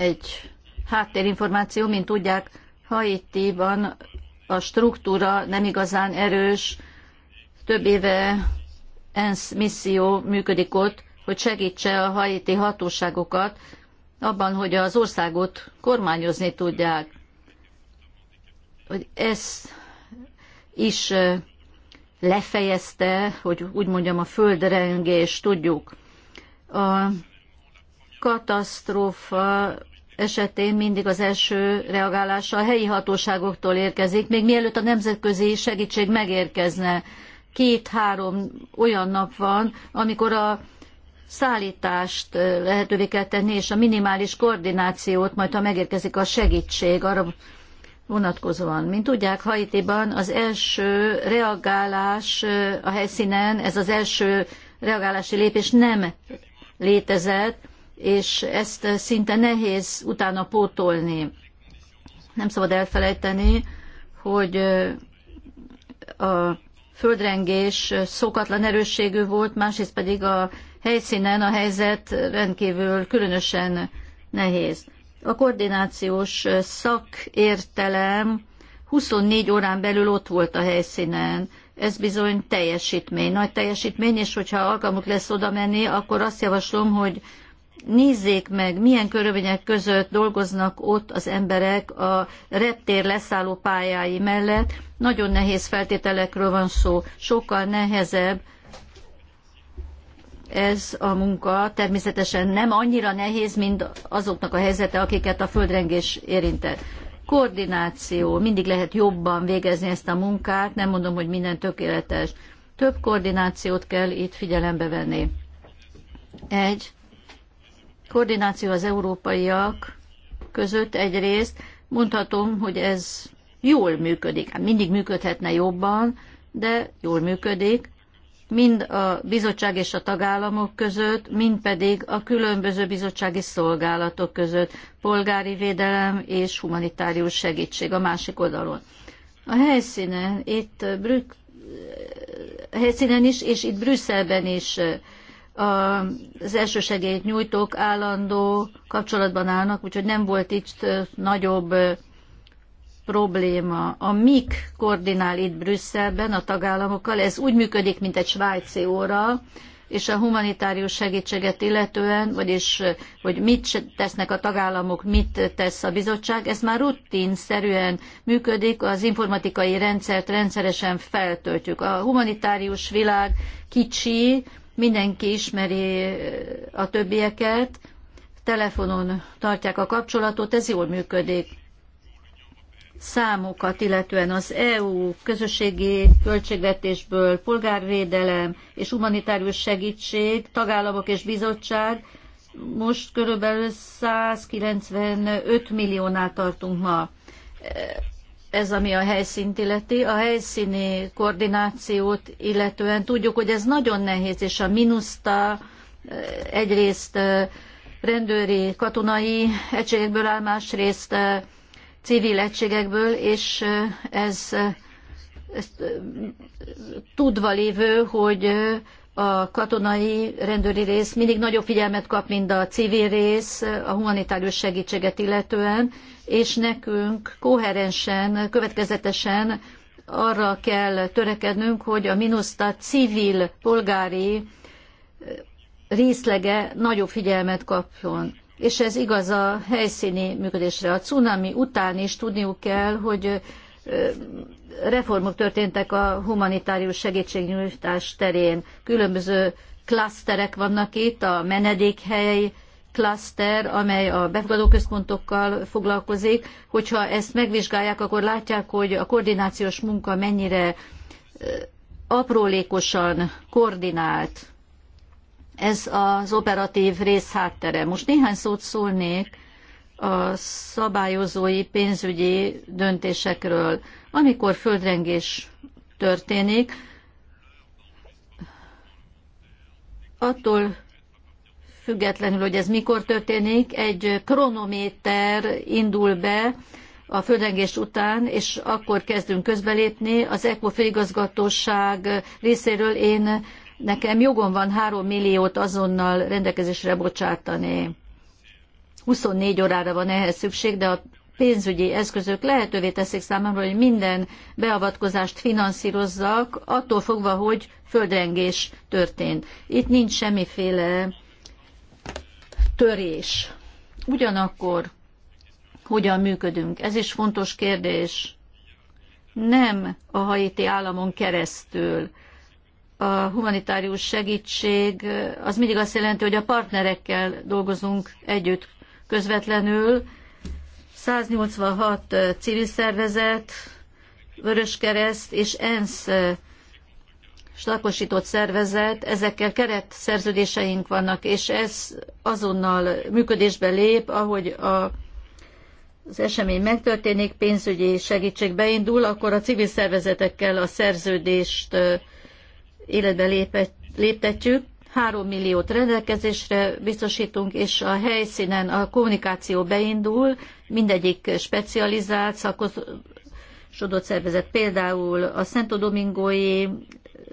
egy háttérinformáció, mint tudják, Haitiban a struktúra nem igazán erős, több éve ENSZ misszió működik ott, hogy segítse a haiti hatóságokat abban, hogy az országot kormányozni tudják. Hogy ez is lefejezte, hogy úgy mondjam, a Földrengés tudjuk. A katasztrófa esetén mindig az első reagálása a helyi hatóságoktól érkezik, még mielőtt a nemzetközi segítség megérkezne. Két-három olyan nap van, amikor a szállítást eh, lehetővé kell tenni, és a minimális koordinációt, majd ha megérkezik a segítség, arra vonatkozóan. Mint tudják, Haitiban az első reagálás eh, a helyszínen, ez az első reagálási lépés nem létezett, és ezt szinte nehéz utána pótolni. Nem szabad elfelejteni, hogy a földrengés szokatlan erősségű volt, másrészt pedig a helyszínen a helyzet rendkívül különösen nehéz. A koordinációs szakértelem 24 órán belül ott volt a helyszínen. Ez bizony teljesítmény, nagy teljesítmény, és hogyha alkalmuk lesz oda menni, akkor azt javaslom, hogy nézzék meg, milyen körülmények között dolgoznak ott az emberek a reptér leszálló pályái mellett. Nagyon nehéz feltételekről van szó, sokkal nehezebb ez a munka. Természetesen nem annyira nehéz, mint azoknak a helyzete, akiket a földrengés érintett. Koordináció, mindig lehet jobban végezni ezt a munkát, nem mondom, hogy minden tökéletes. Több koordinációt kell itt figyelembe venni. Egy, koordináció az európaiak között egyrészt mondhatom, hogy ez jól működik. Hát mindig működhetne jobban, de jól működik, mind a bizottság és a tagállamok között, mind pedig a különböző bizottsági szolgálatok között, polgári védelem és humanitárius segítség a másik oldalon. A helyszínen, itt a helyszínen is, és itt Brüsszelben is az elsősegélyt nyújtók állandó kapcsolatban állnak, úgyhogy nem volt itt nagyobb probléma. A MIK koordinál itt Brüsszelben a tagállamokkal, ez úgy működik, mint egy svájci óra, és a humanitárius segítséget illetően, vagyis hogy mit tesznek a tagállamok, mit tesz a bizottság, ez már rutinszerűen működik, az informatikai rendszert rendszeresen feltöltjük. A humanitárius világ kicsi, mindenki ismeri eh, a többieket, telefonon tartják a kapcsolatot, ez jól működik. Számokat, illetően az EU közösségi költségvetésből polgárvédelem és humanitárius segítség, tagállamok és bizottság, most körülbelül 195 milliónál tartunk ma. Eh, ez ami a helyszínt illeti, a helyszíni koordinációt illetően tudjuk, hogy ez nagyon nehéz, és a minuszta eh, egyrészt eh, rendőri, katonai egységekből áll, másrészt eh, civil egységekből, és ez, ez tudva lévő, hogy a katonai rendőri rész mindig nagyobb figyelmet kap, mint a civil rész a humanitárius segítséget illetően, és nekünk koherensen, következetesen arra kell törekednünk, hogy a MINUSZTA civil polgári részlege nagyobb figyelmet kapjon. És ez igaz a helyszíni működésre. A cunami után is tudniuk kell, hogy reformok történtek a humanitárius segítségnyújtás terén. Különböző klaszterek vannak itt, a menedékhely klaszter, amely a befogadóközpontokkal foglalkozik. Hogyha ezt megvizsgálják, akkor látják, hogy a koordinációs munka mennyire aprólékosan koordinált. Ez az operatív rész háttere. Most néhány szót szólnék a szabályozói pénzügyi döntésekről. Amikor földrengés történik, attól függetlenül, hogy ez mikor történik, egy kronométer indul be a földrengés után, és akkor kezdünk közbelépni. Az ECO főigazgatóság részéről én nekem jogom van 3 milliót azonnal rendelkezésre bocsátani. 24 órára van ehhez szükség, de a pénzügyi eszközök lehetővé teszik számomra, hogy minden beavatkozást finanszírozzak, attól fogva, hogy földrengés történt. Itt nincs semmiféle törés. Ugyanakkor hogyan működünk? Ez is fontos kérdés. Nem a haiti államon keresztül. A humanitárius segítség az mindig azt jelenti, hogy a partnerekkel dolgozunk együtt közvetlenül, 186 civil szervezet, Vöröskereszt és ENSZ lakosított szervezet, ezekkel keret szerződéseink vannak, és ez azonnal működésbe lép, ahogy a, az esemény megtörténik, pénzügyi segítség beindul, akkor a civil szervezetekkel a szerződést életbe lépett, léptetjük. 3 milliót rendelkezésre biztosítunk, és a helyszínen a kommunikáció beindul, mindegyik specializált, szakosodott szervezet. Például a Szento Domingói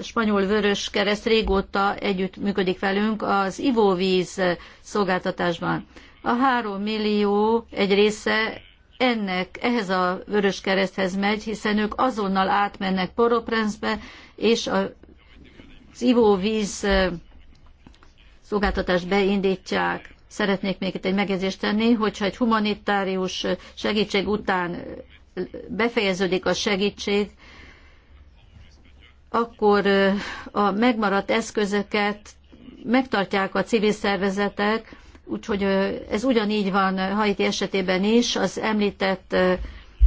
Spanyol Vörös Kereszt régóta együtt működik velünk az ivóvíz szolgáltatásban. A 3 millió egy része ennek, ehhez a Vörös Kereszthez megy, hiszen ők azonnal átmennek Poroprenzbe, és az ivóvíz szolgáltatást beindítják, Szeretnék még itt egy megjegyzést tenni, hogyha egy humanitárius segítség után befejeződik a segítség, akkor a megmaradt eszközöket megtartják a civil szervezetek, úgyhogy ez ugyanígy van Haiti esetében is, az említett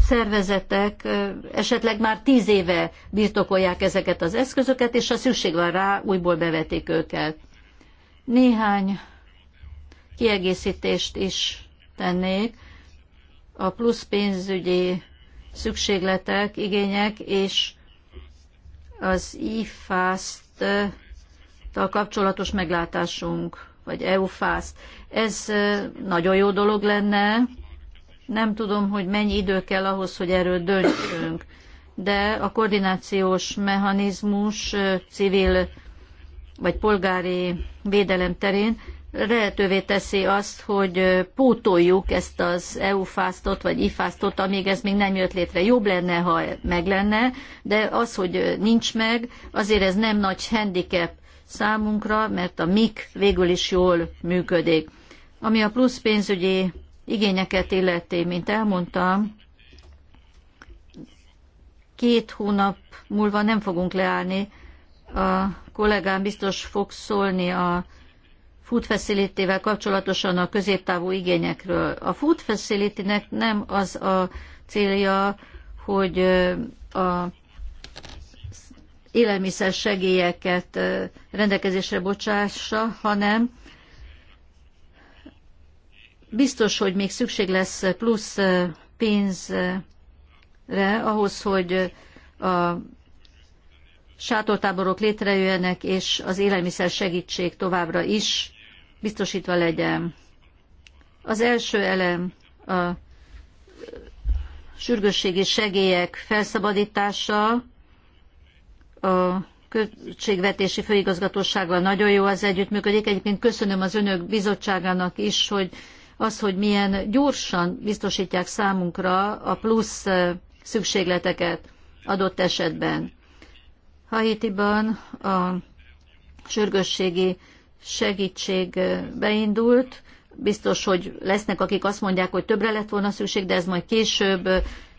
szervezetek esetleg már tíz éve birtokolják ezeket az eszközöket, és ha szükség van rá, újból bevetik őket. Néhány kiegészítést is tennék a plusz pénzügyi szükségletek, igények és az IFAST-tal kapcsolatos meglátásunk, vagy EUFAST. Ez nagyon jó dolog lenne, nem tudom, hogy mennyi idő kell ahhoz, hogy erről döntsünk, de a koordinációs mechanizmus civil vagy polgári védelem terén lehetővé teszi azt, hogy pótoljuk ezt az EU-fásztot vagy IFÁSZtot, amíg ez még nem jött létre. Jobb lenne, ha meg lenne, de az, hogy nincs meg, azért ez nem nagy handicap számunkra, mert a MIK végül is jól működik. Ami a plusz pénzügyi igényeket illeti, mint elmondtam, két hónap múlva nem fogunk leállni a kollégám biztos fog szólni a food facility kapcsolatosan a középtávú igényekről. A food facility nem az a célja, hogy a élelmiszer segélyeket rendelkezésre bocsássa, hanem biztos, hogy még szükség lesz plusz pénzre ahhoz, hogy a sátortáborok létrejöjjenek, és az élelmiszer segítség továbbra is biztosítva legyen. Az első elem a sürgősségi segélyek felszabadítása, a költségvetési főigazgatósággal nagyon jó az együttműködik. Egyébként köszönöm az önök bizottságának is, hogy az, hogy milyen gyorsan biztosítják számunkra a plusz szükségleteket adott esetben. Haitiban a sürgősségi segítség beindult. Biztos, hogy lesznek, akik azt mondják, hogy többre lett volna szükség, de ez majd később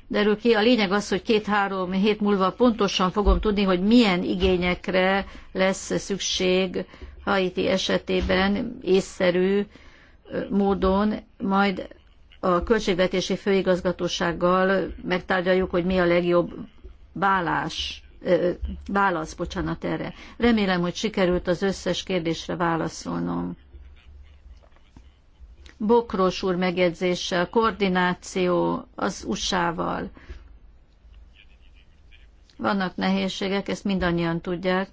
derül ki. A lényeg az, hogy két-három hét múlva pontosan fogom tudni, hogy milyen igényekre lesz szükség Haiti esetében észszerű módon, majd a költségvetési főigazgatósággal megtárgyaljuk, hogy mi a legjobb bálás válasz, bocsánat erre. Remélem, hogy sikerült az összes kérdésre válaszolnom. Bokros úr megjegyzése, koordináció az USA-val. Vannak nehézségek, ezt mindannyian tudják,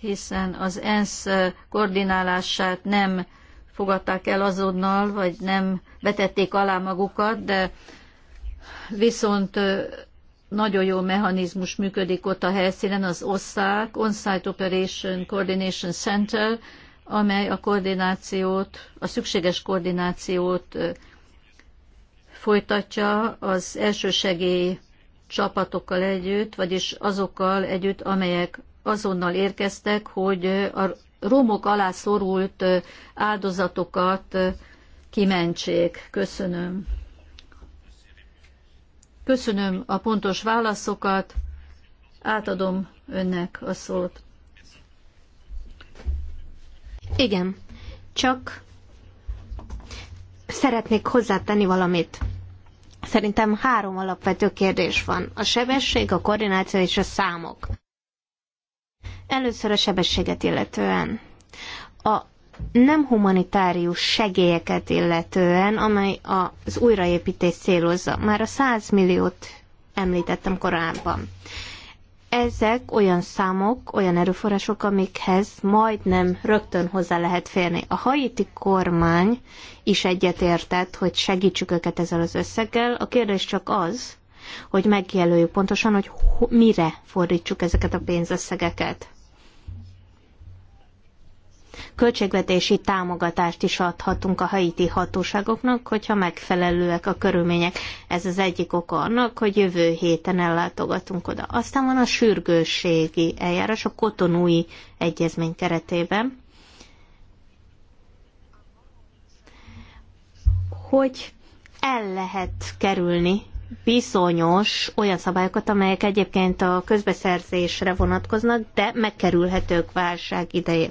hiszen az ENSZ koordinálását nem fogadták el azonnal, vagy nem vetették alá magukat, de viszont nagyon jó mechanizmus működik ott a helyszínen, az OSZÁK, On-Site Operation Coordination Center, amely a koordinációt, a szükséges koordinációt folytatja az elsősegély csapatokkal együtt, vagyis azokkal együtt, amelyek azonnal érkeztek, hogy a romok alá szorult áldozatokat kimentsék. Köszönöm. Köszönöm a pontos válaszokat, átadom önnek a szót. Igen, csak szeretnék hozzátenni valamit. Szerintem három alapvető kérdés van. A sebesség, a koordináció és a számok. Először a sebességet illetően. A nem humanitárius segélyeket illetően, amely az újraépítés célozza. Már a 100 milliót említettem korábban. Ezek olyan számok, olyan erőforrások, amikhez majdnem rögtön hozzá lehet férni. A haiti kormány is egyetértett, hogy segítsük őket ezzel az összeggel. A kérdés csak az, hogy megjelöljük pontosan, hogy mire fordítsuk ezeket a pénzösszegeket költségvetési támogatást is adhatunk a haiti hatóságoknak, hogyha megfelelőek a körülmények. Ez az egyik oka annak, hogy jövő héten ellátogatunk oda. Aztán van a sürgősségi eljárás a kotonúi egyezmény keretében. Hogy el lehet kerülni bizonyos olyan szabályokat, amelyek egyébként a közbeszerzésre vonatkoznak, de megkerülhetők válság idején.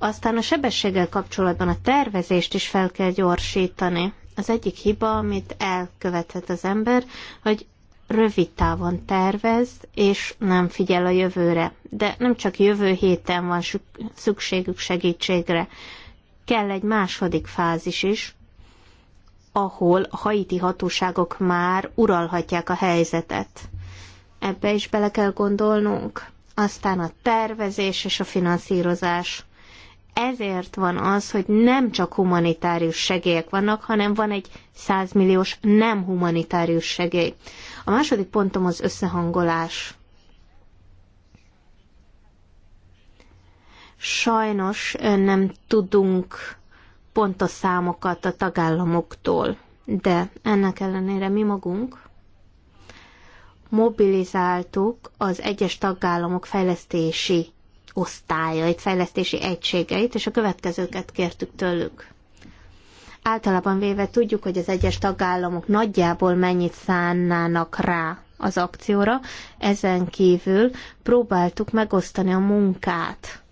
Aztán a sebességgel kapcsolatban a tervezést is fel kell gyorsítani. Az egyik hiba, amit elkövethet az ember, hogy rövid távon tervez, és nem figyel a jövőre. De nem csak jövő héten van szükségük segítségre. Kell egy második fázis is, ahol a haiti hatóságok már uralhatják a helyzetet. Ebbe is bele kell gondolnunk. Aztán a tervezés és a finanszírozás ezért van az, hogy nem csak humanitárius segélyek vannak, hanem van egy 100 milliós nem humanitárius segély. A második pontom az összehangolás. Sajnos nem tudunk pontos számokat a tagállamoktól, de ennek ellenére mi magunk mobilizáltuk az egyes tagállamok fejlesztési osztályait, fejlesztési egységeit, és a következőket kértük tőlük. Általában véve tudjuk, hogy az egyes tagállamok nagyjából mennyit szánnának rá az akcióra, ezen kívül próbáltuk megosztani a munkát.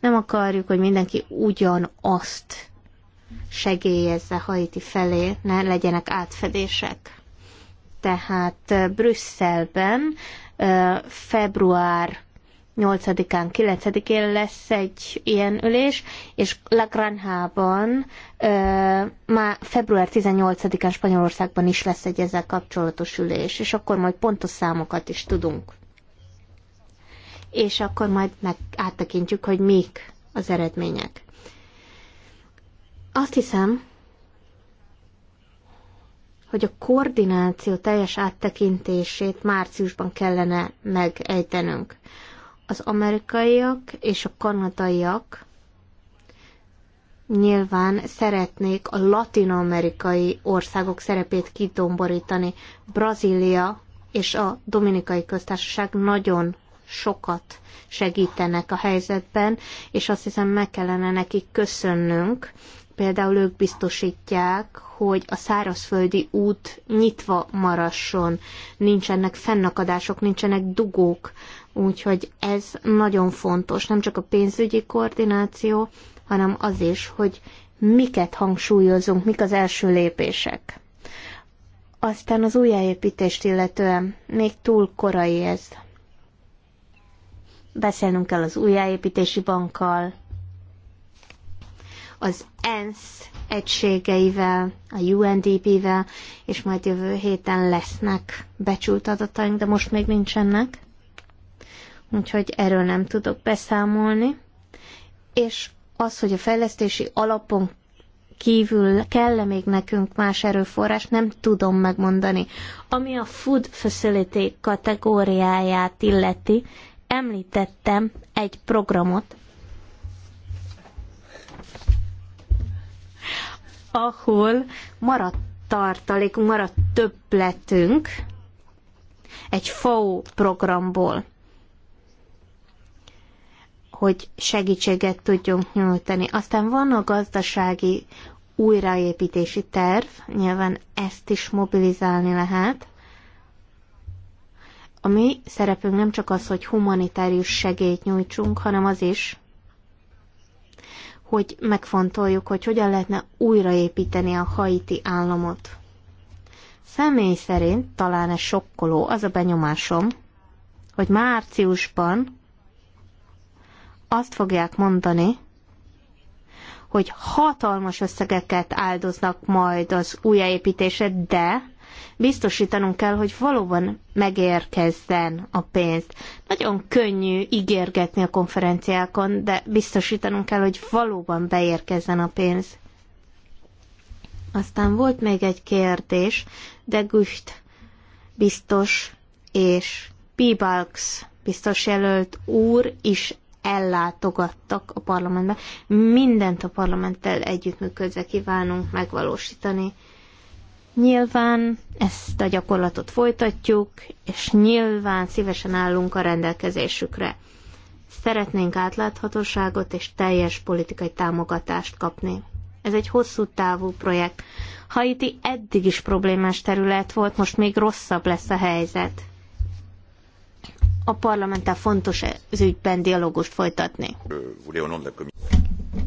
Nem akarjuk, hogy mindenki ugyanazt segélyezze Haiti felé, ne legyenek átfedések. Tehát Brüsszelben február 8-án, 9-én lesz egy ilyen ülés, és La Granja-ban már február 18-án Spanyolországban is lesz egy ezzel kapcsolatos ülés, és akkor majd pontos számokat is tudunk. És akkor majd meg áttekintjük, hogy mik az eredmények. Azt hiszem, hogy a koordináció teljes áttekintését márciusban kellene megejtenünk. Az amerikaiak és a kanadaiak nyilván szeretnék a latinamerikai országok szerepét kitomborítani. Brazília és a Dominikai Köztársaság nagyon sokat segítenek a helyzetben, és azt hiszem meg kellene nekik köszönnünk. Például ők biztosítják, hogy a szárazföldi út nyitva marasson, nincsenek fennakadások, nincsenek dugók. Úgyhogy ez nagyon fontos, nem csak a pénzügyi koordináció, hanem az is, hogy miket hangsúlyozunk, mik az első lépések. Aztán az újjáépítést illetően még túl korai ez. Beszélnünk kell az újjáépítési bankkal, az ENSZ egységeivel, a UNDP-vel, és majd jövő héten lesznek becsült adataink, de most még nincsenek úgyhogy erről nem tudok beszámolni. És az, hogy a fejlesztési alapon kívül kell -e még nekünk más erőforrás, nem tudom megmondani. Ami a food facility kategóriáját illeti, említettem egy programot, ahol maradt tartalékunk, maradt többletünk egy FAO programból hogy segítséget tudjunk nyújtani. Aztán van a gazdasági újraépítési terv, nyilván ezt is mobilizálni lehet. A mi szerepünk nem csak az, hogy humanitárius segélyt nyújtsunk, hanem az is, hogy megfontoljuk, hogy hogyan lehetne újraépíteni a haiti államot. Személy szerint talán ez sokkoló, az a benyomásom, hogy márciusban azt fogják mondani, hogy hatalmas összegeket áldoznak majd az újjáépítésre, de biztosítanunk kell, hogy valóban megérkezzen a pénzt. Nagyon könnyű ígérgetni a konferenciákon, de biztosítanunk kell, hogy valóban beérkezzen a pénz. Aztán volt még egy kérdés, de Güst biztos és Pibalks biztos jelölt úr is ellátogattak a parlamentbe. Mindent a parlamenttel együttműködve kívánunk megvalósítani. Nyilván ezt a gyakorlatot folytatjuk, és nyilván szívesen állunk a rendelkezésükre. Szeretnénk átláthatóságot és teljes politikai támogatást kapni. Ez egy hosszú távú projekt. Haiti eddig is problémás terület volt, most még rosszabb lesz a helyzet a parlamenttel fontos ez ügyben dialógust folytatni.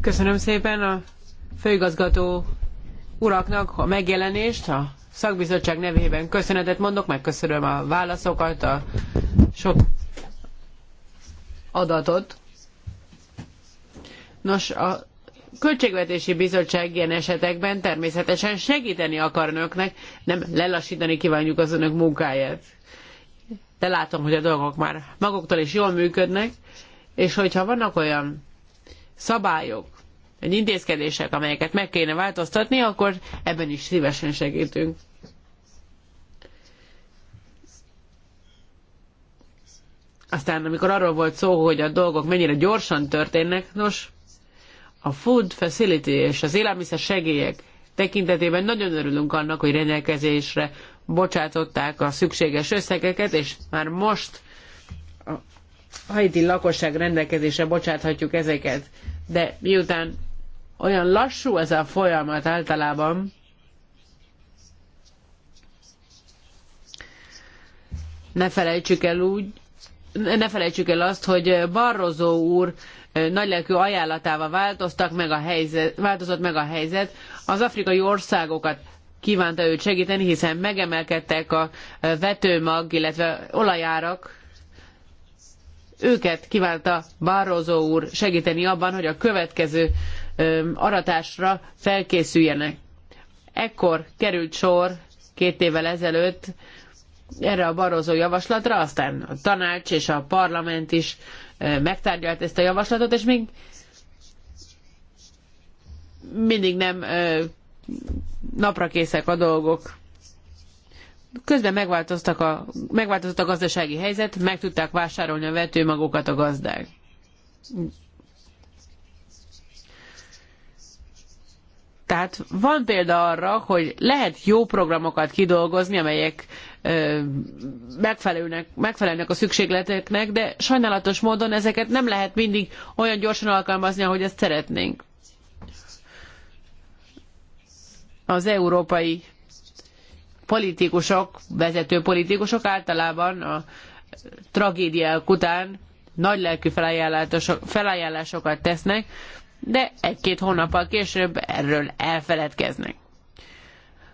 Köszönöm szépen a főigazgató uraknak a megjelenést, a szakbizottság nevében köszönetet mondok, megköszönöm a válaszokat, a sok adatot. Nos, a Költségvetési Bizottság ilyen esetekben természetesen segíteni akar önöknek, nem lelassítani kívánjuk az önök munkáját de látom, hogy a dolgok már maguktól is jól működnek, és hogyha vannak olyan szabályok, egy intézkedések, amelyeket meg kéne változtatni, akkor ebben is szívesen segítünk. Aztán, amikor arról volt szó, hogy a dolgok mennyire gyorsan történnek, nos, a food facility és az élelmiszer segélyek tekintetében nagyon örülünk annak, hogy rendelkezésre bocsátották a szükséges összegeket, és már most a haiti lakosság rendelkezésre bocsáthatjuk ezeket. De miután olyan lassú ez a folyamat általában, ne felejtsük el úgy, ne felejtsük el azt, hogy Barrozó úr nagylelkű ajánlatával változtak meg a helyzet, változott meg a helyzet. Az afrikai országokat kívánta őt segíteni, hiszen megemelkedtek a vetőmag, illetve olajárak. Őket kívánta Barroso úr segíteni abban, hogy a következő aratásra felkészüljenek. Ekkor került sor két évvel ezelőtt erre a Barroso javaslatra, aztán a tanács és a parlament is megtárgyalt ezt a javaslatot, és még mindig nem napra készek a dolgok. Közben megváltoztak a, megváltozott a gazdasági helyzet, meg tudták vásárolni a vetőmagokat a gazdák. Tehát van példa arra, hogy lehet jó programokat kidolgozni, amelyek megfelelnek, megfelelnek a szükségleteknek, de sajnálatos módon ezeket nem lehet mindig olyan gyorsan alkalmazni, ahogy ezt szeretnénk. az európai politikusok, vezető politikusok általában a tragédiák után nagy lelkű felajánlásokat tesznek, de egy-két hónappal később erről elfeledkeznek.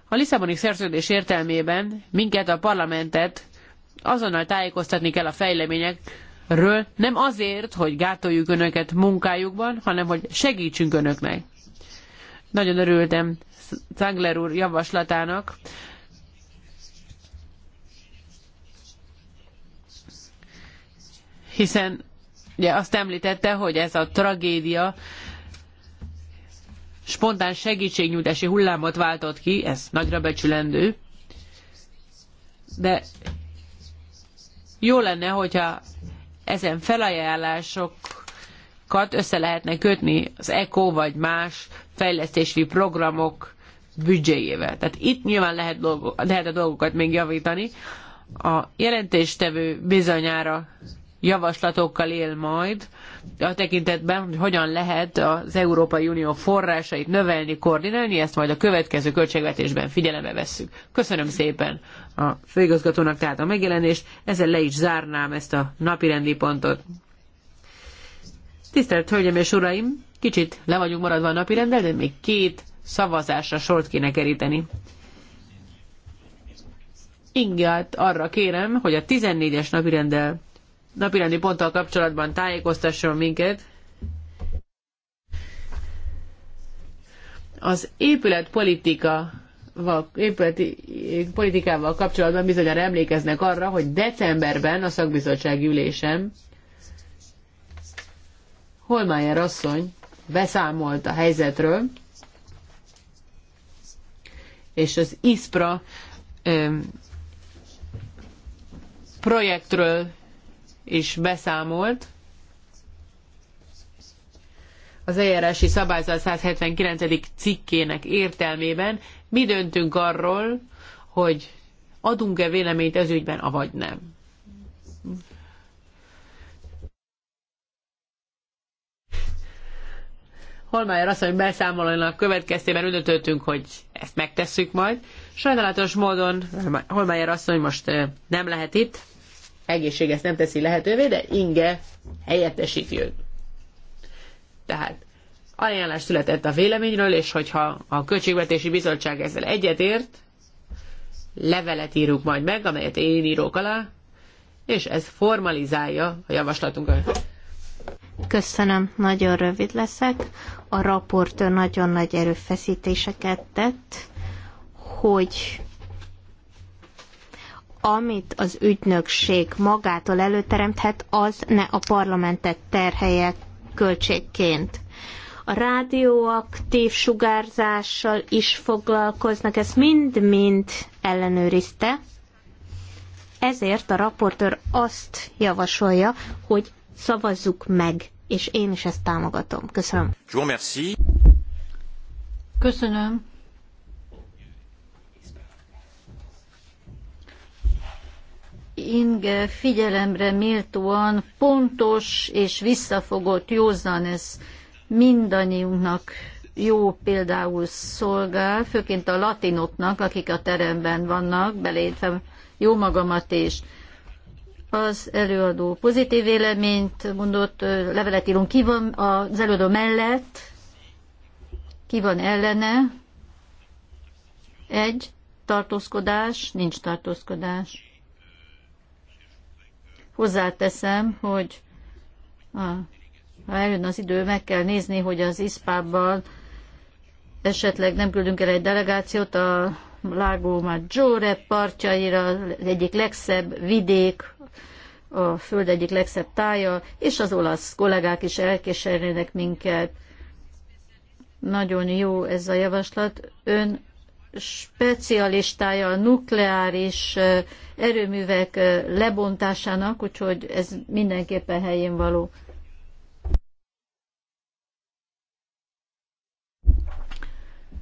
A Lisszaboni szerződés értelmében minket a parlamentet azonnal tájékoztatni kell a fejleményekről, nem azért, hogy gátoljuk önöket munkájukban, hanem hogy segítsünk önöknek. Nagyon örültem Zangler úr javaslatának. Hiszen ugye azt említette, hogy ez a tragédia spontán segítségnyújtási hullámot váltott ki, ez nagyra becsülendő, de jó lenne, hogyha ezen felajánlásokat össze lehetne kötni az ECO vagy más fejlesztési programok büdzséjével. Tehát itt nyilván lehet, dolgo, lehet a dolgokat még javítani. A jelentéstevő bizonyára javaslatokkal él majd a tekintetben, hogy hogyan lehet az Európai Unió forrásait növelni, koordinálni, ezt majd a következő költségvetésben figyelembe vesszük. Köszönöm szépen a főigazgatónak tehát a megjelenést, ezzel le is zárnám ezt a napirendi pontot. Tisztelt Hölgyeim és Uraim, kicsit le vagyunk maradva a rendel, de még két szavazásra sort kéne keríteni. Ingát arra kérem, hogy a 14-es napirendel, napirendi ponttal kapcsolatban tájékoztasson minket. Az épület politika épületi politikával kapcsolatban bizonyára emlékeznek arra, hogy decemberben a szakbizottsági ülésem Holmájer asszony beszámolt a helyzetről, és az ISPRA projektről is beszámolt. Az eljárási szabályzat 179. cikkének értelmében mi döntünk arról, hogy adunk-e véleményt ez ügyben, avagy nem. Holmájer asszony beszámolónak következtében üdötöttünk, hogy ezt megtesszük majd. Sajnálatos módon Holmájer asszony most nem lehet itt, egészség ezt nem teszi lehetővé, de Inge helyettesíti őt. Tehát ajánlás született a véleményről, és hogyha a Költségvetési Bizottság ezzel egyetért, levelet írunk majd meg, amelyet én írok alá, és ez formalizálja a javaslatunkat. Köszönöm, nagyon rövid leszek. A raportőr nagyon nagy erőfeszítéseket tett, hogy amit az ügynökség magától előteremthet, az ne a parlamentet terhelje költségként. A rádióaktív sugárzással is foglalkoznak, ezt mind-mind ellenőrizte. Ezért a raportőr azt javasolja, hogy Szavazzuk meg, és én is ezt támogatom. Köszönöm. Köszönöm. Köszönöm. Inge figyelemre méltóan pontos és visszafogott józan ez mindannyiunknak jó például szolgál, főként a latinoknak, akik a teremben vannak, beleértve jó magamat is az előadó pozitív véleményt mondott, levelet írunk, ki van az előadó mellett, ki van ellene, egy, tartózkodás, nincs tartózkodás. Hozzáteszem, hogy ha eljön az idő, meg kell nézni, hogy az ISPÁ-ban esetleg nem küldünk el egy delegációt a Lago Maggiore partjaira, az egyik legszebb vidék, a föld egyik legszebb tája, és az olasz kollégák is elkísérnének minket. Nagyon jó ez a javaslat. Ön specialistája a nukleáris erőművek lebontásának, úgyhogy ez mindenképpen helyén való.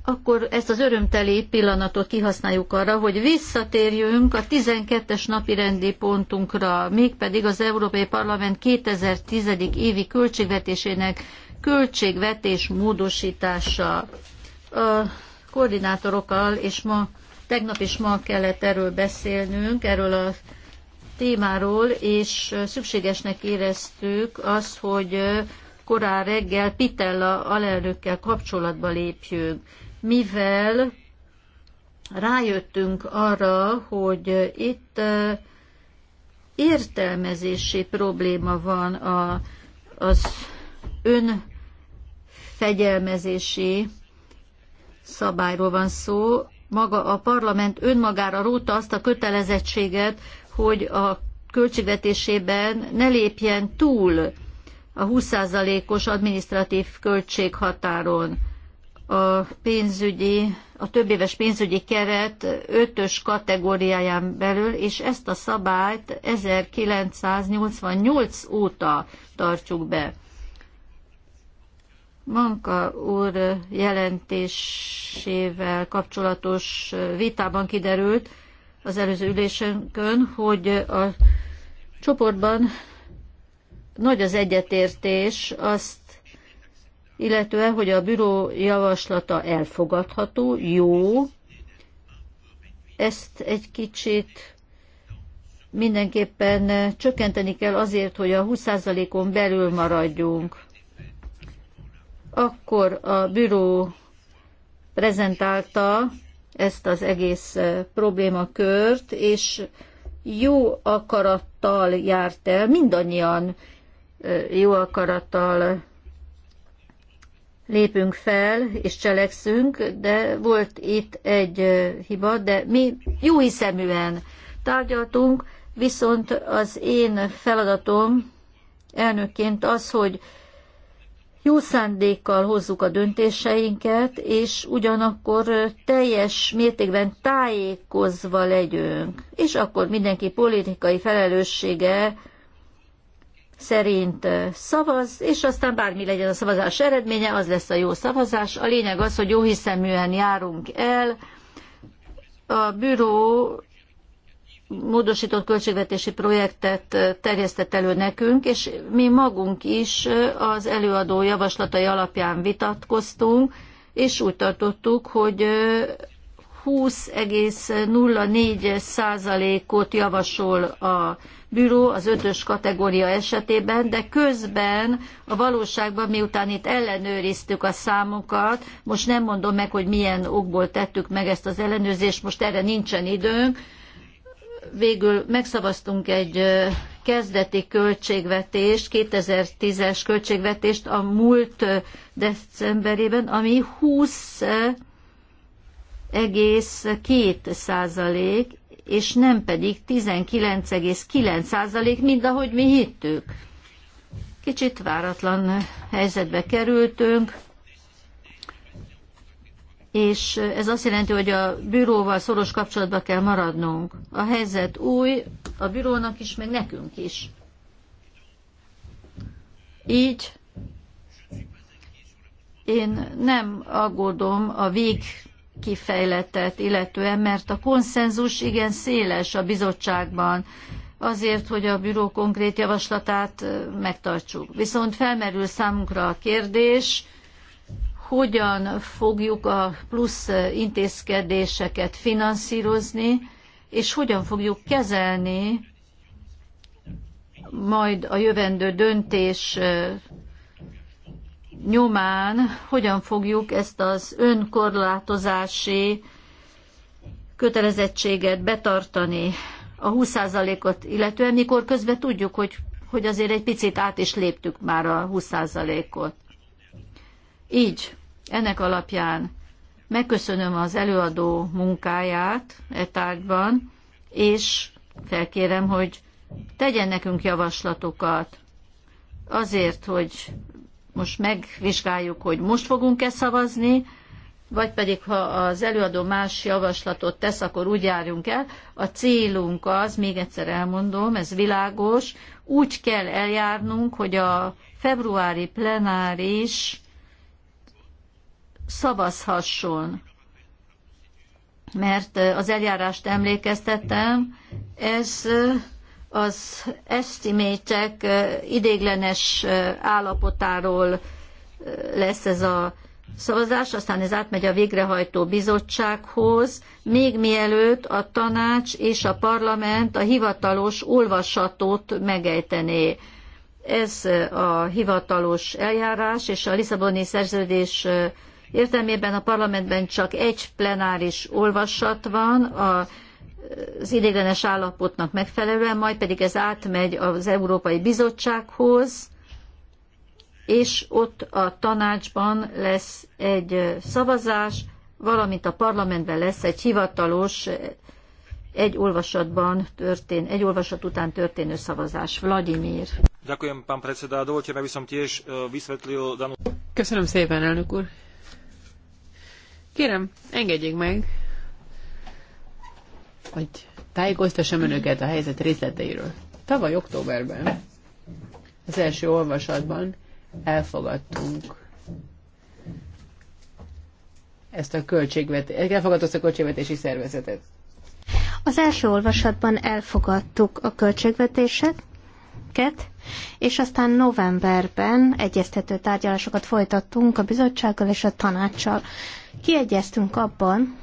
akkor ezt az örömteli pillanatot kihasználjuk arra, hogy visszatérjünk a 12-es napi rendi pontunkra, mégpedig az Európai Parlament 2010. évi költségvetésének költségvetés módosítása. A koordinátorokkal, és ma, tegnap is ma kellett erről beszélnünk, erről a témáról, és szükségesnek éreztük az, hogy korán reggel Pitella alelnökkel kapcsolatba lépjünk mivel rájöttünk arra, hogy itt értelmezési probléma van a, az önfegyelmezési szabályról van szó. Maga a parlament önmagára róta azt a kötelezettséget, hogy a költségvetésében ne lépjen túl a 20%-os adminisztratív költséghatáron a pénzügyi, a éves pénzügyi keret ötös kategóriáján belül, és ezt a szabályt 1988 óta tartjuk be. Manka úr jelentésével kapcsolatos vitában kiderült az előző ülésünkön, hogy a csoportban nagy az egyetértés azt illetve hogy a büró javaslata elfogadható, jó, ezt egy kicsit mindenképpen csökkenteni kell azért, hogy a 20%-on belül maradjunk. Akkor a büró prezentálta ezt az egész problémakört, és jó akarattal járt el, mindannyian jó akarattal lépünk fel és cselekszünk, de volt itt egy hiba, de mi jó hiszeműen tárgyaltunk, viszont az én feladatom elnökként az, hogy jó szándékkal hozzuk a döntéseinket, és ugyanakkor teljes mértékben tájékozva legyünk. És akkor mindenki politikai felelőssége szerint szavaz, és aztán bármi legyen a szavazás eredménye, az lesz a jó szavazás. A lényeg az, hogy jóhiszeműen járunk el. A bűró módosított költségvetési projektet terjesztett elő nekünk, és mi magunk is az előadó javaslatai alapján vitatkoztunk, és úgy tartottuk, hogy 20,04 százalékot javasol a bűró az ötös kategória esetében, de közben a valóságban, miután itt ellenőriztük a számokat, most nem mondom meg, hogy milyen okból tettük meg ezt az ellenőrzést, most erre nincsen időnk, végül megszavaztunk egy kezdeti költségvetést, 2010-es költségvetést a múlt decemberében, ami 20 19,2 és nem pedig 19,9 mint ahogy mi hittük. Kicsit váratlan helyzetbe kerültünk, és ez azt jelenti, hogy a bűróval szoros kapcsolatba kell maradnunk. A helyzet új, a bűrónak is, meg nekünk is. Így én nem aggódom a vég kifejletet illetően, mert a konszenzus igen széles a bizottságban azért, hogy a büró konkrét javaslatát megtartsuk. Viszont felmerül számunkra a kérdés, hogyan fogjuk a plusz intézkedéseket finanszírozni, és hogyan fogjuk kezelni majd a jövendő döntés nyomán hogyan fogjuk ezt az önkorlátozási kötelezettséget betartani a 20%-ot illetően, mikor közben tudjuk, hogy, hogy azért egy picit át is léptük már a 20%-ot. Így, ennek alapján megköszönöm az előadó munkáját e tárgyban, és felkérem, hogy tegyen nekünk javaslatokat azért, hogy most megvizsgáljuk, hogy most fogunk-e szavazni, vagy pedig ha az előadó más javaslatot tesz, akkor úgy járjunk el. A célunk az, még egyszer elmondom, ez világos, úgy kell eljárnunk, hogy a februári plenáris szavazhasson. Mert az eljárást emlékeztetem, ez az estimétek idéglenes állapotáról lesz ez a szavazás, aztán ez átmegy a végrehajtó bizottsághoz, még mielőtt a tanács és a parlament a hivatalos olvasatot megejtené. Ez a hivatalos eljárás, és a Lisszaboni szerződés értelmében a parlamentben csak egy plenáris olvasat van, a az idéglenes állapotnak megfelelően, majd pedig ez átmegy az Európai Bizottsághoz, és ott a tanácsban lesz egy szavazás, valamint a parlamentben lesz egy hivatalos, egy olvasatban történ, egy olvasat után történő szavazás. Vladimir. E, Köszönöm szépen, elnök úr. Kérem, engedjék meg, hogy tájékoztassam önöket a helyzet részleteiről. Tavaly októberben az első olvasatban elfogadtunk ezt a költségvetést, elfogadtuk a költségvetési szervezetet. Az első olvasatban elfogadtuk a költségvetéseket, és aztán novemberben egyeztető tárgyalásokat folytattunk a bizottsággal és a tanácssal. Kiegyeztünk abban,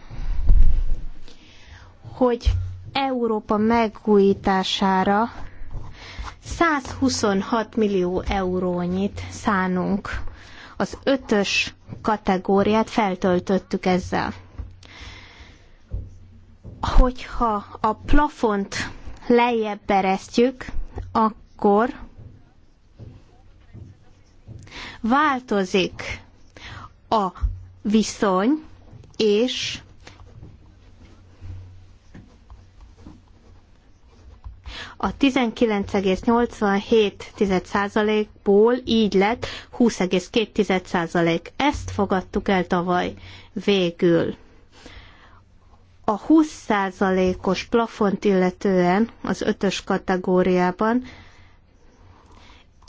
hogy Európa megújítására 126 millió eurónyit szánunk. Az ötös kategóriát feltöltöttük ezzel. Hogyha a plafont lejjebb eresztjük, akkor változik a viszony, és A 19,87%-ból így lett 20,2%. Ezt fogadtuk el tavaly végül. A 20%-os plafont illetően az ötös kategóriában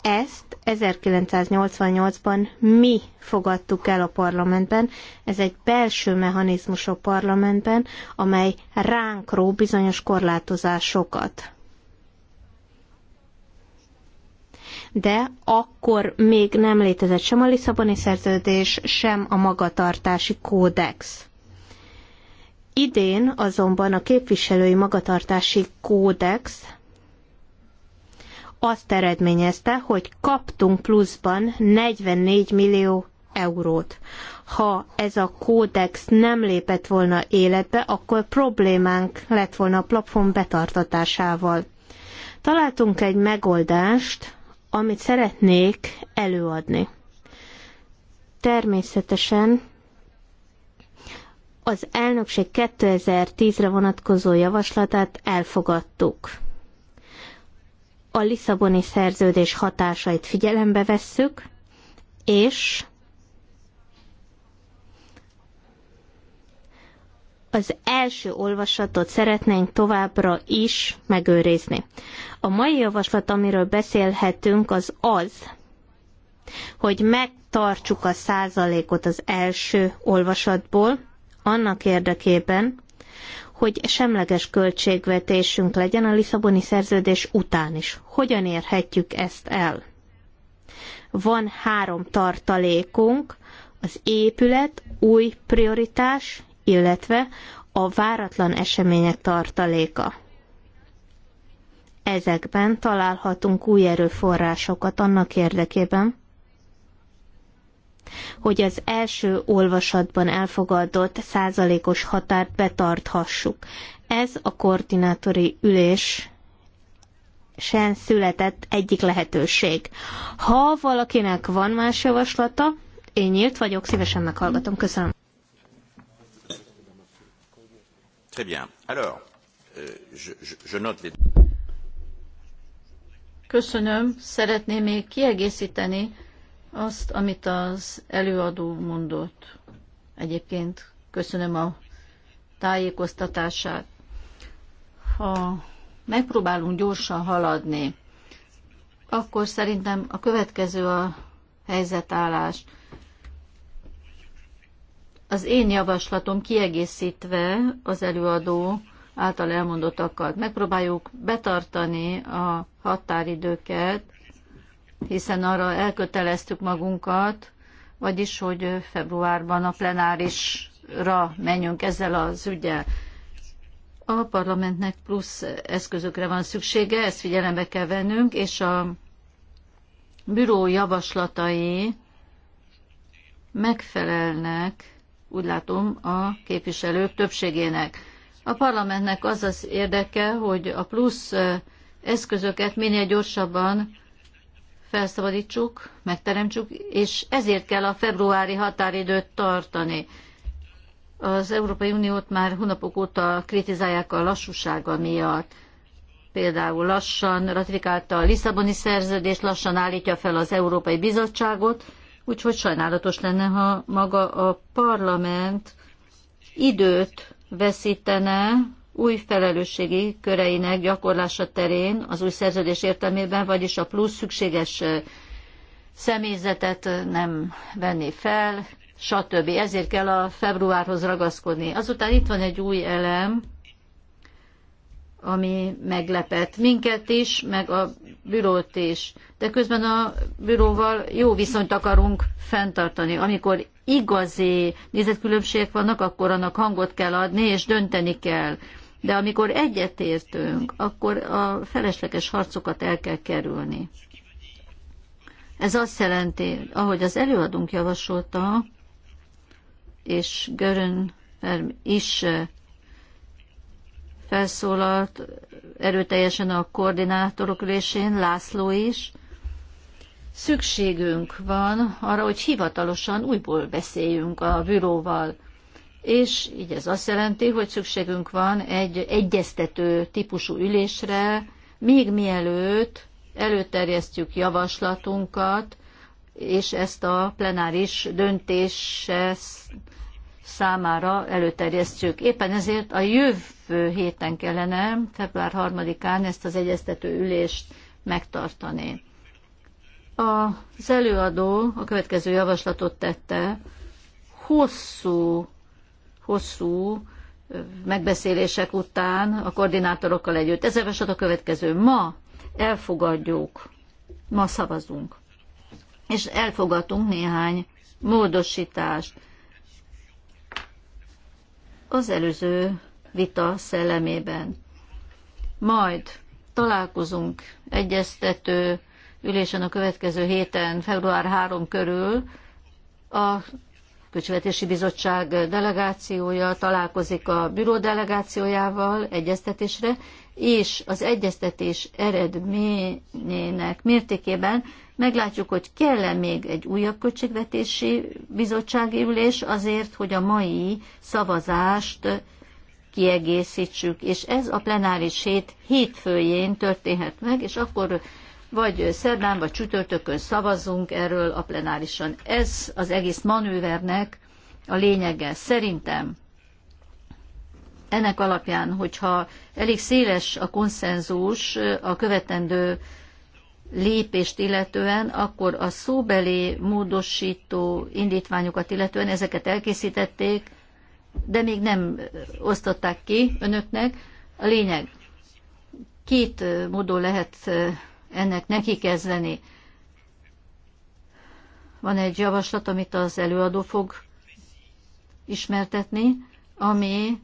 ezt 1988-ban mi fogadtuk el a parlamentben. Ez egy belső mechanizmus a parlamentben, amely ránk ró bizonyos korlátozásokat. de akkor még nem létezett sem a Lisszaboni szerződés, sem a magatartási kódex. Idén azonban a képviselői magatartási kódex azt eredményezte, hogy kaptunk pluszban 44 millió eurót. Ha ez a kódex nem lépett volna életbe, akkor problémánk lett volna a platform betartatásával. Találtunk egy megoldást, amit szeretnék előadni. Természetesen az elnökség 2010-re vonatkozó javaslatát elfogadtuk. A Lisszaboni szerződés hatásait figyelembe vesszük, és az első olvasatot szeretnénk továbbra is megőrizni. A mai javaslat, amiről beszélhetünk, az az, hogy megtartsuk a százalékot az első olvasatból, annak érdekében, hogy semleges költségvetésünk legyen a Lisszaboni szerződés után is. Hogyan érhetjük ezt el? Van három tartalékunk, az épület, új prioritás, illetve a váratlan események tartaléka ezekben találhatunk új erőforrásokat annak érdekében, hogy az első olvasatban elfogadott százalékos határt betarthassuk. Ez a koordinátori ülés sen született egyik lehetőség. Ha valakinek van más javaslata, én nyílt vagyok, szívesen meghallgatom. Köszönöm. Très bien. Alors, euh, je, je note les... Köszönöm. Szeretném még kiegészíteni azt, amit az előadó mondott. Egyébként köszönöm a tájékoztatását. Ha megpróbálunk gyorsan haladni, akkor szerintem a következő a helyzetállás. Az én javaslatom kiegészítve az előadó által elmondottakat. Megpróbáljuk betartani a határidőket, hiszen arra elköteleztük magunkat, vagyis, hogy februárban a plenárisra menjünk ezzel az ügyel. A parlamentnek plusz eszközökre van szüksége, ezt figyelembe kell vennünk, és a büró javaslatai megfelelnek, úgy látom, a képviselők többségének. A parlamentnek az az érdeke, hogy a plusz eszközöket minél gyorsabban felszabadítsuk, megteremtsük, és ezért kell a februári határidőt tartani. Az Európai Uniót már hónapok óta kritizálják a lassúsága miatt. Például lassan ratifikálta a Lisszaboni szerződést, lassan állítja fel az Európai Bizottságot, úgyhogy sajnálatos lenne, ha maga a parlament időt veszítene új felelősségi köreinek gyakorlása terén az új szerződés értelmében, vagyis a plusz szükséges személyzetet nem venni fel, stb. Ezért kell a februárhoz ragaszkodni. Azután itt van egy új elem, ami meglepett minket is, meg a bürót is. De közben a büróval jó viszonyt akarunk fenntartani. Amikor igazi nézetkülönbségek vannak, akkor annak hangot kell adni, és dönteni kell. De amikor egyetértünk, akkor a felesleges harcokat el kell kerülni. Ez azt jelenti, ahogy az előadónk javasolta, és Görön erm is felszólalt erőteljesen a koordinátorok ülésén, László is. Szükségünk van arra, hogy hivatalosan újból beszéljünk a büróval. És így ez azt jelenti, hogy szükségünk van egy egyeztető típusú ülésre, még mielőtt előterjesztjük javaslatunkat, és ezt a plenáris döntése számára előterjesztjük. Éppen ezért a jövő héten kellene, február 3-án ezt az egyeztető ülést megtartani. Az előadó a következő javaslatot tette, hosszú, hosszú megbeszélések után a koordinátorokkal együtt. Ez javaslat a következő. Ma elfogadjuk, ma szavazunk, és elfogadunk néhány módosítást az előző vita szellemében. Majd találkozunk egyeztető ülésen a következő héten, február 3 körül a Kölcsövetési Bizottság delegációja találkozik a büró delegációjával egyeztetésre, és az egyeztetés eredményének mértékében meglátjuk, hogy kell-e még egy újabb költségvetési bizottsági ülés azért, hogy a mai szavazást kiegészítsük, és ez a plenáris hét hétfőjén történhet meg, és akkor vagy szerdán, vagy csütörtökön szavazunk erről a plenárisan. Ez az egész manővernek a lényege. Szerintem ennek alapján, hogyha elég széles a konszenzus a követendő lépést illetően, akkor a szóbeli módosító indítványokat illetően ezeket elkészítették, de még nem osztották ki önöknek. A lényeg, két módon lehet ennek neki kezdeni. Van egy javaslat, amit az előadó fog ismertetni, ami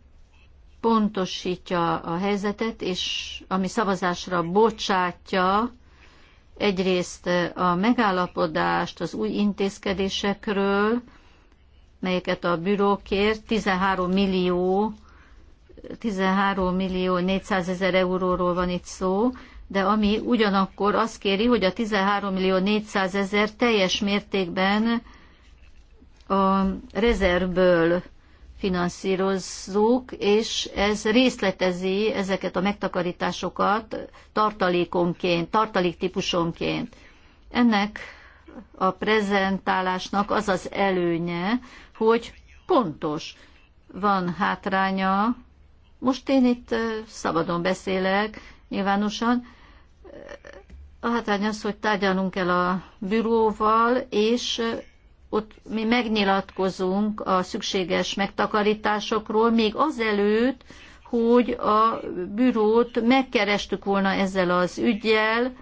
pontosítja a helyzetet, és ami szavazásra bocsátja egyrészt a megállapodást az új intézkedésekről, melyeket a bürókért kér, 13 millió 13 millió 400 ezer euróról van itt szó, de ami ugyanakkor azt kéri, hogy a 13 millió 400 ezer teljes mértékben a rezervből finanszírozzuk, és ez részletezi ezeket a megtakarításokat tartalékonként, tartaléktípusonként. Ennek a prezentálásnak az az előnye, hogy pontos. Van hátránya, most én itt szabadon beszélek, nyilvánosan, a hátrány az, hogy tárgyalunk kell a büróval, és ott mi megnyilatkozunk a szükséges megtakarításokról, még azelőtt, hogy a bürót megkerestük volna ezzel az ügyjel,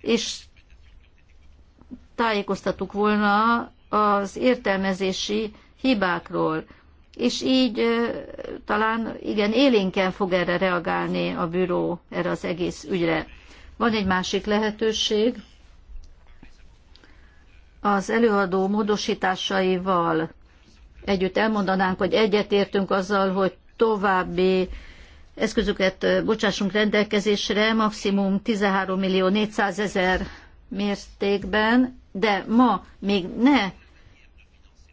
és tájékoztattuk volna az értelmezési hibákról. És így talán igen, élénken fog erre reagálni a büró, erre az egész ügyre. Van egy másik lehetőség, az előadó módosításaival együtt elmondanánk, hogy egyetértünk azzal, hogy további eszközöket bocsássunk rendelkezésre, maximum 13 millió 400 ezer mértékben, de ma még ne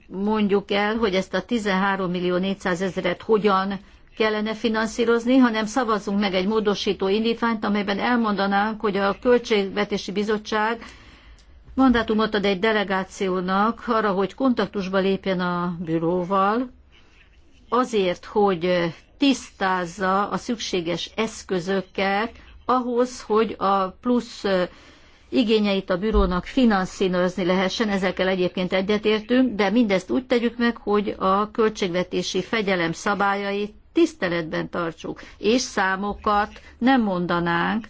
mondjuk el, hogy ezt a 13 millió 400 ezeret hogyan kellene finanszírozni, hanem szavazzunk meg egy módosító indítványt, amelyben elmondanánk, hogy a Költségvetési Bizottság mandátumot ad egy delegációnak arra, hogy kontaktusba lépjen a büróval, azért, hogy tisztázza a szükséges eszközöket ahhoz, hogy a plusz igényeit a bürónak finanszírozni lehessen, ezekkel egyébként egyetértünk, de mindezt úgy tegyük meg, hogy a költségvetési fegyelem szabályait tiszteletben tartsuk, és számokat nem mondanánk,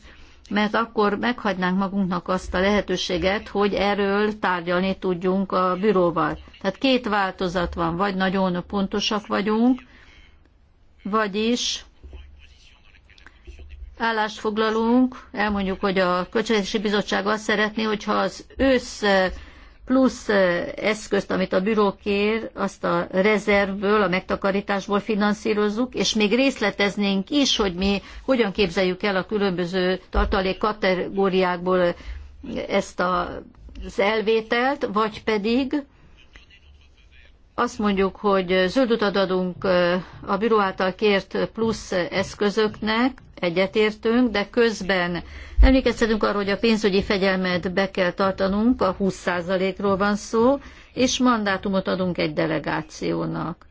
mert akkor meghagynánk magunknak azt a lehetőséget, hogy erről tárgyalni tudjunk a büróval. Tehát két változat van, vagy nagyon pontosak vagyunk, vagyis állást foglalunk, elmondjuk, hogy a Költségvetési Bizottság azt szeretné, hogyha az ősz plusz eszközt, amit a büró kér, azt a rezervből, a megtakarításból finanszírozzuk, és még részleteznénk is, hogy mi hogyan képzeljük el a különböző tartalék kategóriákból ezt a, az elvételt, vagy pedig azt mondjuk, hogy zöld utat adunk a bíró által kért plusz eszközöknek, egyetértünk, de közben emlékeztetünk arra, hogy a pénzügyi fegyelmet be kell tartanunk, a 20%-ról van szó, és mandátumot adunk egy delegációnak.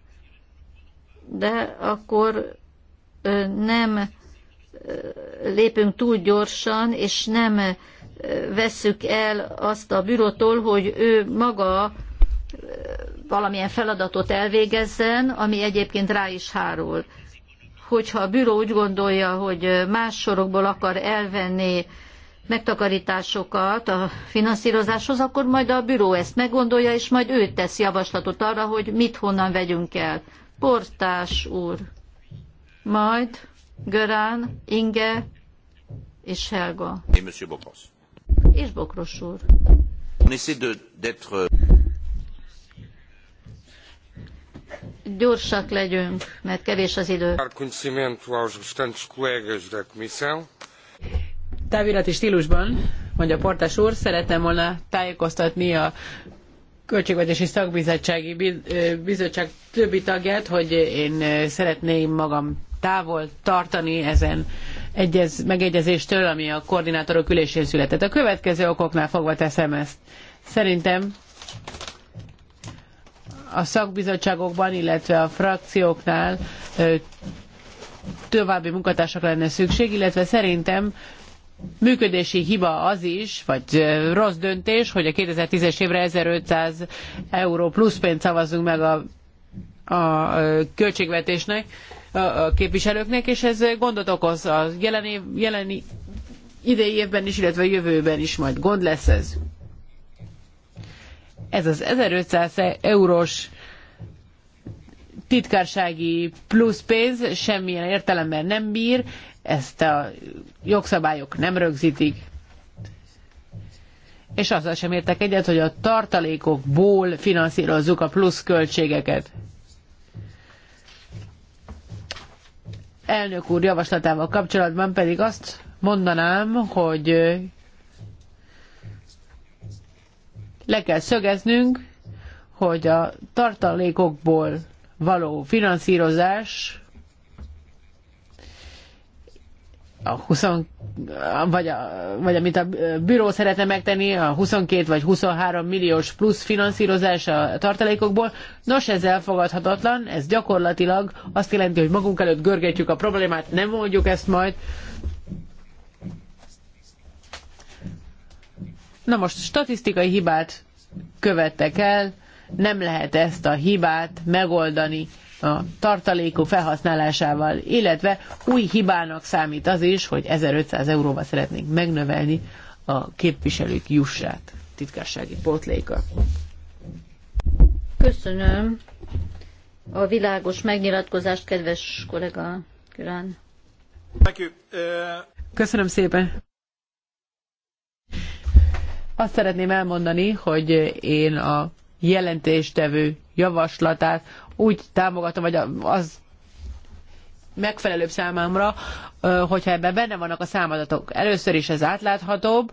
De akkor nem lépünk túl gyorsan, és nem vesszük el azt a bürótól, hogy ő maga valamilyen feladatot elvégezzen, ami egyébként rá is hárul. Hogyha a bűró úgy gondolja, hogy más sorokból akar elvenni megtakarításokat a finanszírozáshoz, akkor majd a büró ezt meggondolja, és majd ő tesz javaslatot arra, hogy mit honnan vegyünk el. Portás úr, majd Görán, Inge és Helga. És Bokros úr gyorsak legyünk, mert kevés az idő. Távirati stílusban, mondja Portás úr, szerettem volna tájékoztatni a Költségvetési Szakbizottsági Bizottság többi tagját, hogy én szeretném magam távol tartani ezen egyez, megegyezéstől, ami a koordinátorok ülésén született. A következő okoknál fogva teszem ezt. Szerintem a szakbizottságokban, illetve a frakcióknál további munkatársak lenne szükség, illetve szerintem működési hiba az is, vagy rossz döntés, hogy a 2010-es évre 1500 euró plusz pénzt szavazzunk meg a, a költségvetésnek, a képviselőknek, és ez gondot okoz a jelen, év, jelen idei évben is, illetve a jövőben is majd gond lesz ez. Ez az 1500 eurós titkársági plusz pénz semmilyen értelemben nem bír, ezt a jogszabályok nem rögzítik. És azzal sem értek egyet, hogy a tartalékokból finanszírozzuk a plusz költségeket. Elnök úr javaslatával kapcsolatban pedig azt mondanám, hogy le kell szögeznünk, hogy a tartalékokból való finanszírozás a 20, vagy, a, vagy amit a büró szeretne megtenni, a 22 vagy 23 milliós plusz finanszírozás a tartalékokból. Nos, ez elfogadhatatlan, ez gyakorlatilag azt jelenti, hogy magunk előtt görgetjük a problémát, nem mondjuk ezt majd, Na most statisztikai hibát követtek el, nem lehet ezt a hibát megoldani a tartalékú felhasználásával, illetve új hibának számít az is, hogy 1500 euróba szeretnénk megnövelni a képviselők jussát, titkársági pótléka. Köszönöm a világos megnyilatkozást, kedves kollega Külán. Uh, Köszönöm szépen. Azt szeretném elmondani, hogy én a jelentéstevő javaslatát úgy támogatom, vagy az megfelelőbb számomra, hogyha ebben benne vannak a számadatok. Először is ez átláthatóbb,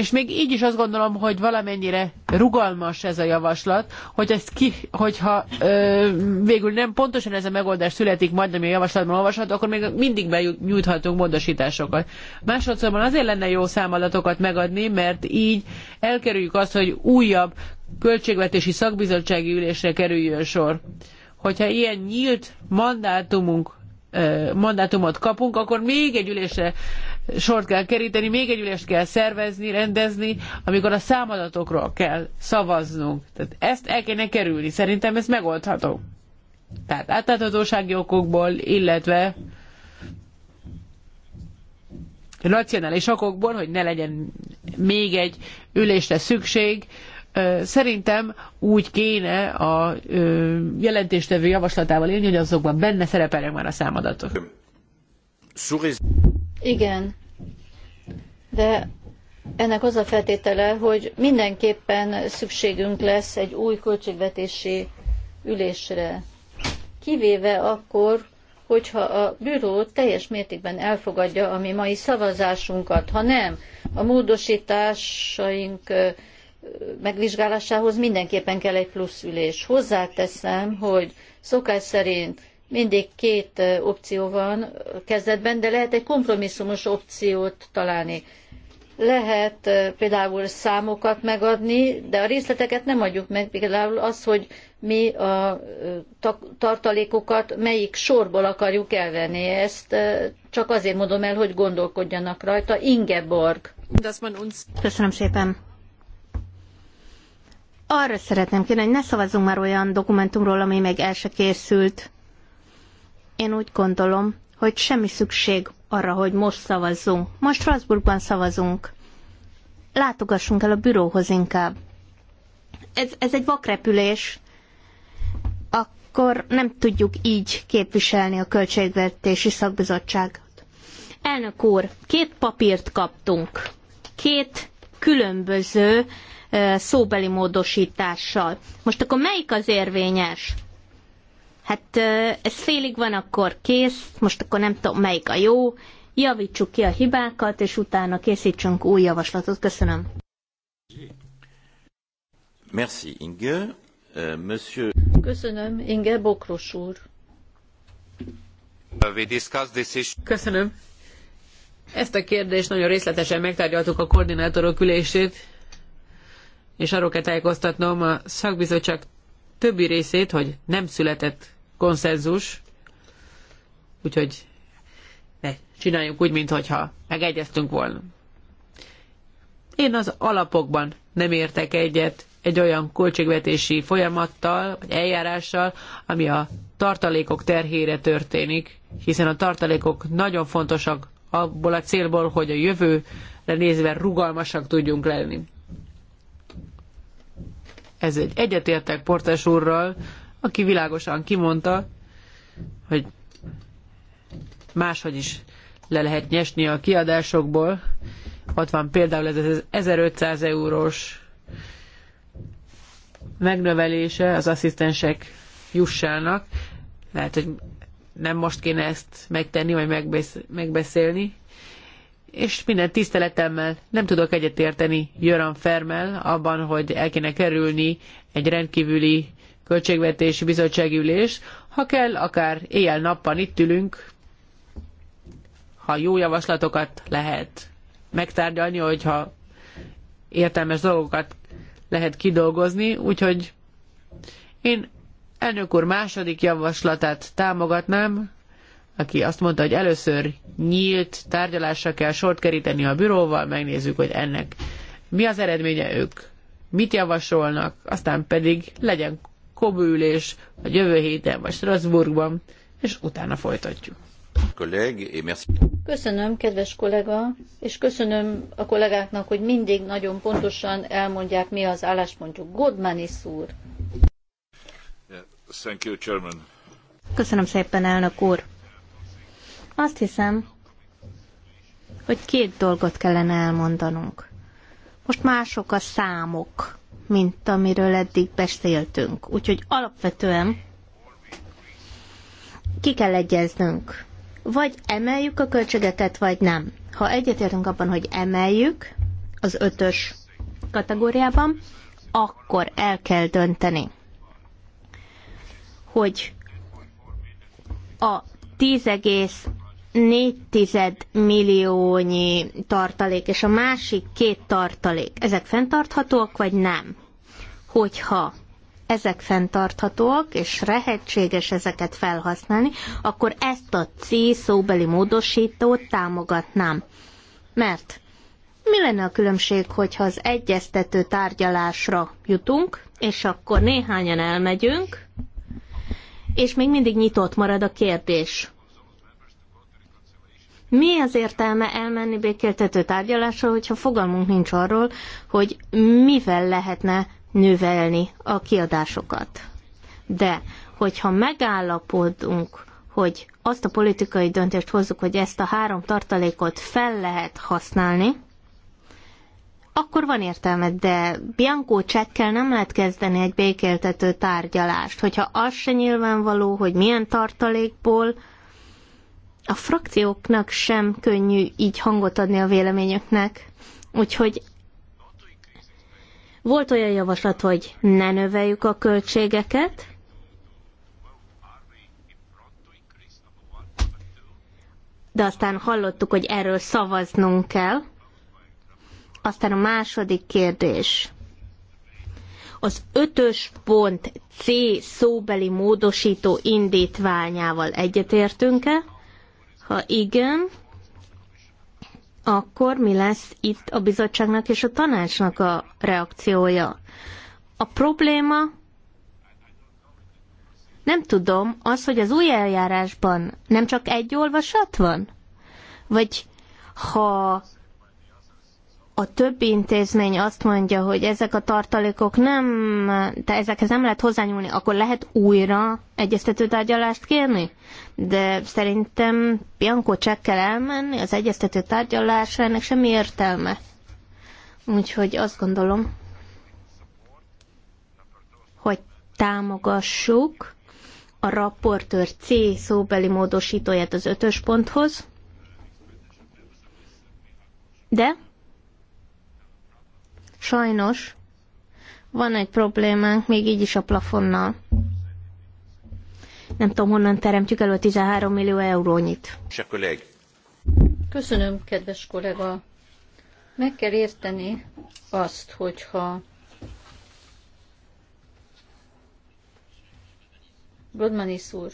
és még így is azt gondolom, hogy valamennyire rugalmas ez a javaslat, hogy ezt ki, hogyha ö, végül nem pontosan ez a megoldás születik majd, ami a javaslatban olvasható, akkor még mindig benyújthatunk módosításokat. Másodszorban azért lenne jó számadatokat megadni, mert így elkerüljük azt, hogy újabb költségvetési szakbizottsági ülésre kerüljön sor. Hogyha ilyen nyílt mandátumunk mandátumot kapunk, akkor még egy ülésre sort kell keríteni, még egy ülést kell szervezni, rendezni, amikor a számadatokról kell szavaznunk. Tehát ezt el kéne kerülni. Szerintem ez megoldható. Tehát átláthatósági okokból, illetve racionális okokból, hogy ne legyen még egy ülésre szükség, szerintem úgy kéne a jelentéstevő javaslatával élni, hogy azokban benne szerepeljenek már a számadatok. Igen, de ennek az a feltétele, hogy mindenképpen szükségünk lesz egy új költségvetési ülésre. Kivéve akkor, hogyha a bűró teljes mértékben elfogadja a mi mai szavazásunkat. Ha nem, a módosításaink megvizsgálásához mindenképpen kell egy plusz ülés. Hozzáteszem, hogy szokás szerint mindig két opció van kezdetben, de lehet egy kompromisszumos opciót találni. Lehet például számokat megadni, de a részleteket nem adjuk meg, például az, hogy mi a tartalékokat melyik sorból akarjuk elvenni. Ezt csak azért mondom el, hogy gondolkodjanak rajta. Ingeborg. Köszönöm szépen arra szeretném kérni, hogy ne szavazzunk már olyan dokumentumról, ami még el se készült én úgy gondolom, hogy semmi szükség arra, hogy most szavazzunk. Most Strasbourgban szavazunk. Látogassunk el a bürohoz inkább. Ez, ez egy vakrepülés. Akkor nem tudjuk így képviselni a Költségvetési Szakbizottságot. Elnök úr, két papírt kaptunk. Két különböző szóbeli módosítással. Most akkor melyik az érvényes? Hát ez félig van, akkor kész, most akkor nem tudom, melyik a jó, javítsuk ki a hibákat, és utána készítsünk új javaslatot. Köszönöm. Merci, Inge. Euh, monsieur... Köszönöm, Inge Bokros úr. Köszönöm. Ezt a kérdést nagyon részletesen megtárgyaltuk a koordinátorok ülését, és arról kell tájékoztatnom a szakbizottság többi részét, hogy nem született konszenzus, úgyhogy ne csináljunk úgy, mintha megegyeztünk volna. Én az alapokban nem értek egyet egy olyan költségvetési folyamattal, vagy eljárással, ami a tartalékok terhére történik, hiszen a tartalékok nagyon fontosak abból a célból, hogy a jövőre nézve rugalmasak tudjunk lenni. Ez egy egyetértek Portes úrral, aki világosan kimondta, hogy máshogy is le lehet nyesni a kiadásokból. Ott van például ez az 1500 eurós megnövelése az asszisztensek jussának. Lehet, hogy nem most kéne ezt megtenni, vagy megbeszélni, és minden tiszteletemmel nem tudok egyetérteni Jöran Fermel abban, hogy el kéne kerülni egy rendkívüli költségvetési bizottsági ülés. Ha kell, akár éjjel-nappal itt ülünk, ha jó javaslatokat lehet megtárgyalni, hogyha értelmes dolgokat lehet kidolgozni, úgyhogy én elnök úr második javaslatát támogatnám, aki azt mondta, hogy először nyílt tárgyalásra kell sort keríteni a büróval, megnézzük, hogy ennek mi az eredménye ők, mit javasolnak, aztán pedig legyen kobülés a jövő héten vagy Strasbourgban, és utána folytatjuk. Köszönöm, kedves kollega, és köszönöm a kollégáknak, hogy mindig nagyon pontosan elmondják, mi az álláspontjuk. Godmanis úr. Köszönöm szépen, elnök úr. Azt hiszem, hogy két dolgot kellene elmondanunk. Most mások a számok, mint amiről eddig beszéltünk. Úgyhogy alapvetően ki kell egyeznünk. Vagy emeljük a költségeket, vagy nem. Ha egyetértünk abban, hogy emeljük az ötös kategóriában, akkor el kell dönteni, hogy a 4 milliónyi tartalék, és a másik két tartalék, ezek fenntarthatóak, vagy nem? Hogyha ezek fenntarthatóak, és lehetséges ezeket felhasználni, akkor ezt a C szóbeli módosítót támogatnám. Mert mi lenne a különbség, hogyha az egyeztető tárgyalásra jutunk, és akkor néhányan elmegyünk, és még mindig nyitott marad a kérdés. Mi az értelme elmenni békéltető tárgyalásra, hogyha fogalmunk nincs arról, hogy mivel lehetne növelni a kiadásokat? De, hogyha megállapodunk, hogy azt a politikai döntést hozzuk, hogy ezt a három tartalékot fel lehet használni, akkor van értelme, de Bianco csekkel nem lehet kezdeni egy békéltető tárgyalást, hogyha az se nyilvánvaló, hogy milyen tartalékból a frakcióknak sem könnyű így hangot adni a véleményüknek, úgyhogy volt olyan javaslat, hogy ne növeljük a költségeket, de aztán hallottuk, hogy erről szavaznunk kell. Aztán a második kérdés. Az ötös pont C szóbeli módosító indítványával egyetértünk-e? Ha igen, akkor mi lesz itt a bizottságnak és a tanácsnak a reakciója? A probléma nem tudom, az, hogy az új eljárásban nem csak egy olvasat van? Vagy ha a többi intézmény azt mondja, hogy ezek a tartalékok nem, de ezekhez nem lehet hozzányúlni, akkor lehet újra egyeztető tárgyalást kérni? De szerintem Bianco kell elmenni az egyeztető tárgyalásra, ennek semmi értelme. Úgyhogy azt gondolom, hogy támogassuk a raportőr C szóbeli módosítóját az ötös ponthoz, de Sajnos van egy problémánk, még így is a plafonnal. Nem tudom, honnan teremtjük elő 13 millió eurónyit. Köszönöm, kedves kollega. Meg kell érteni azt, hogyha Godmanis úr,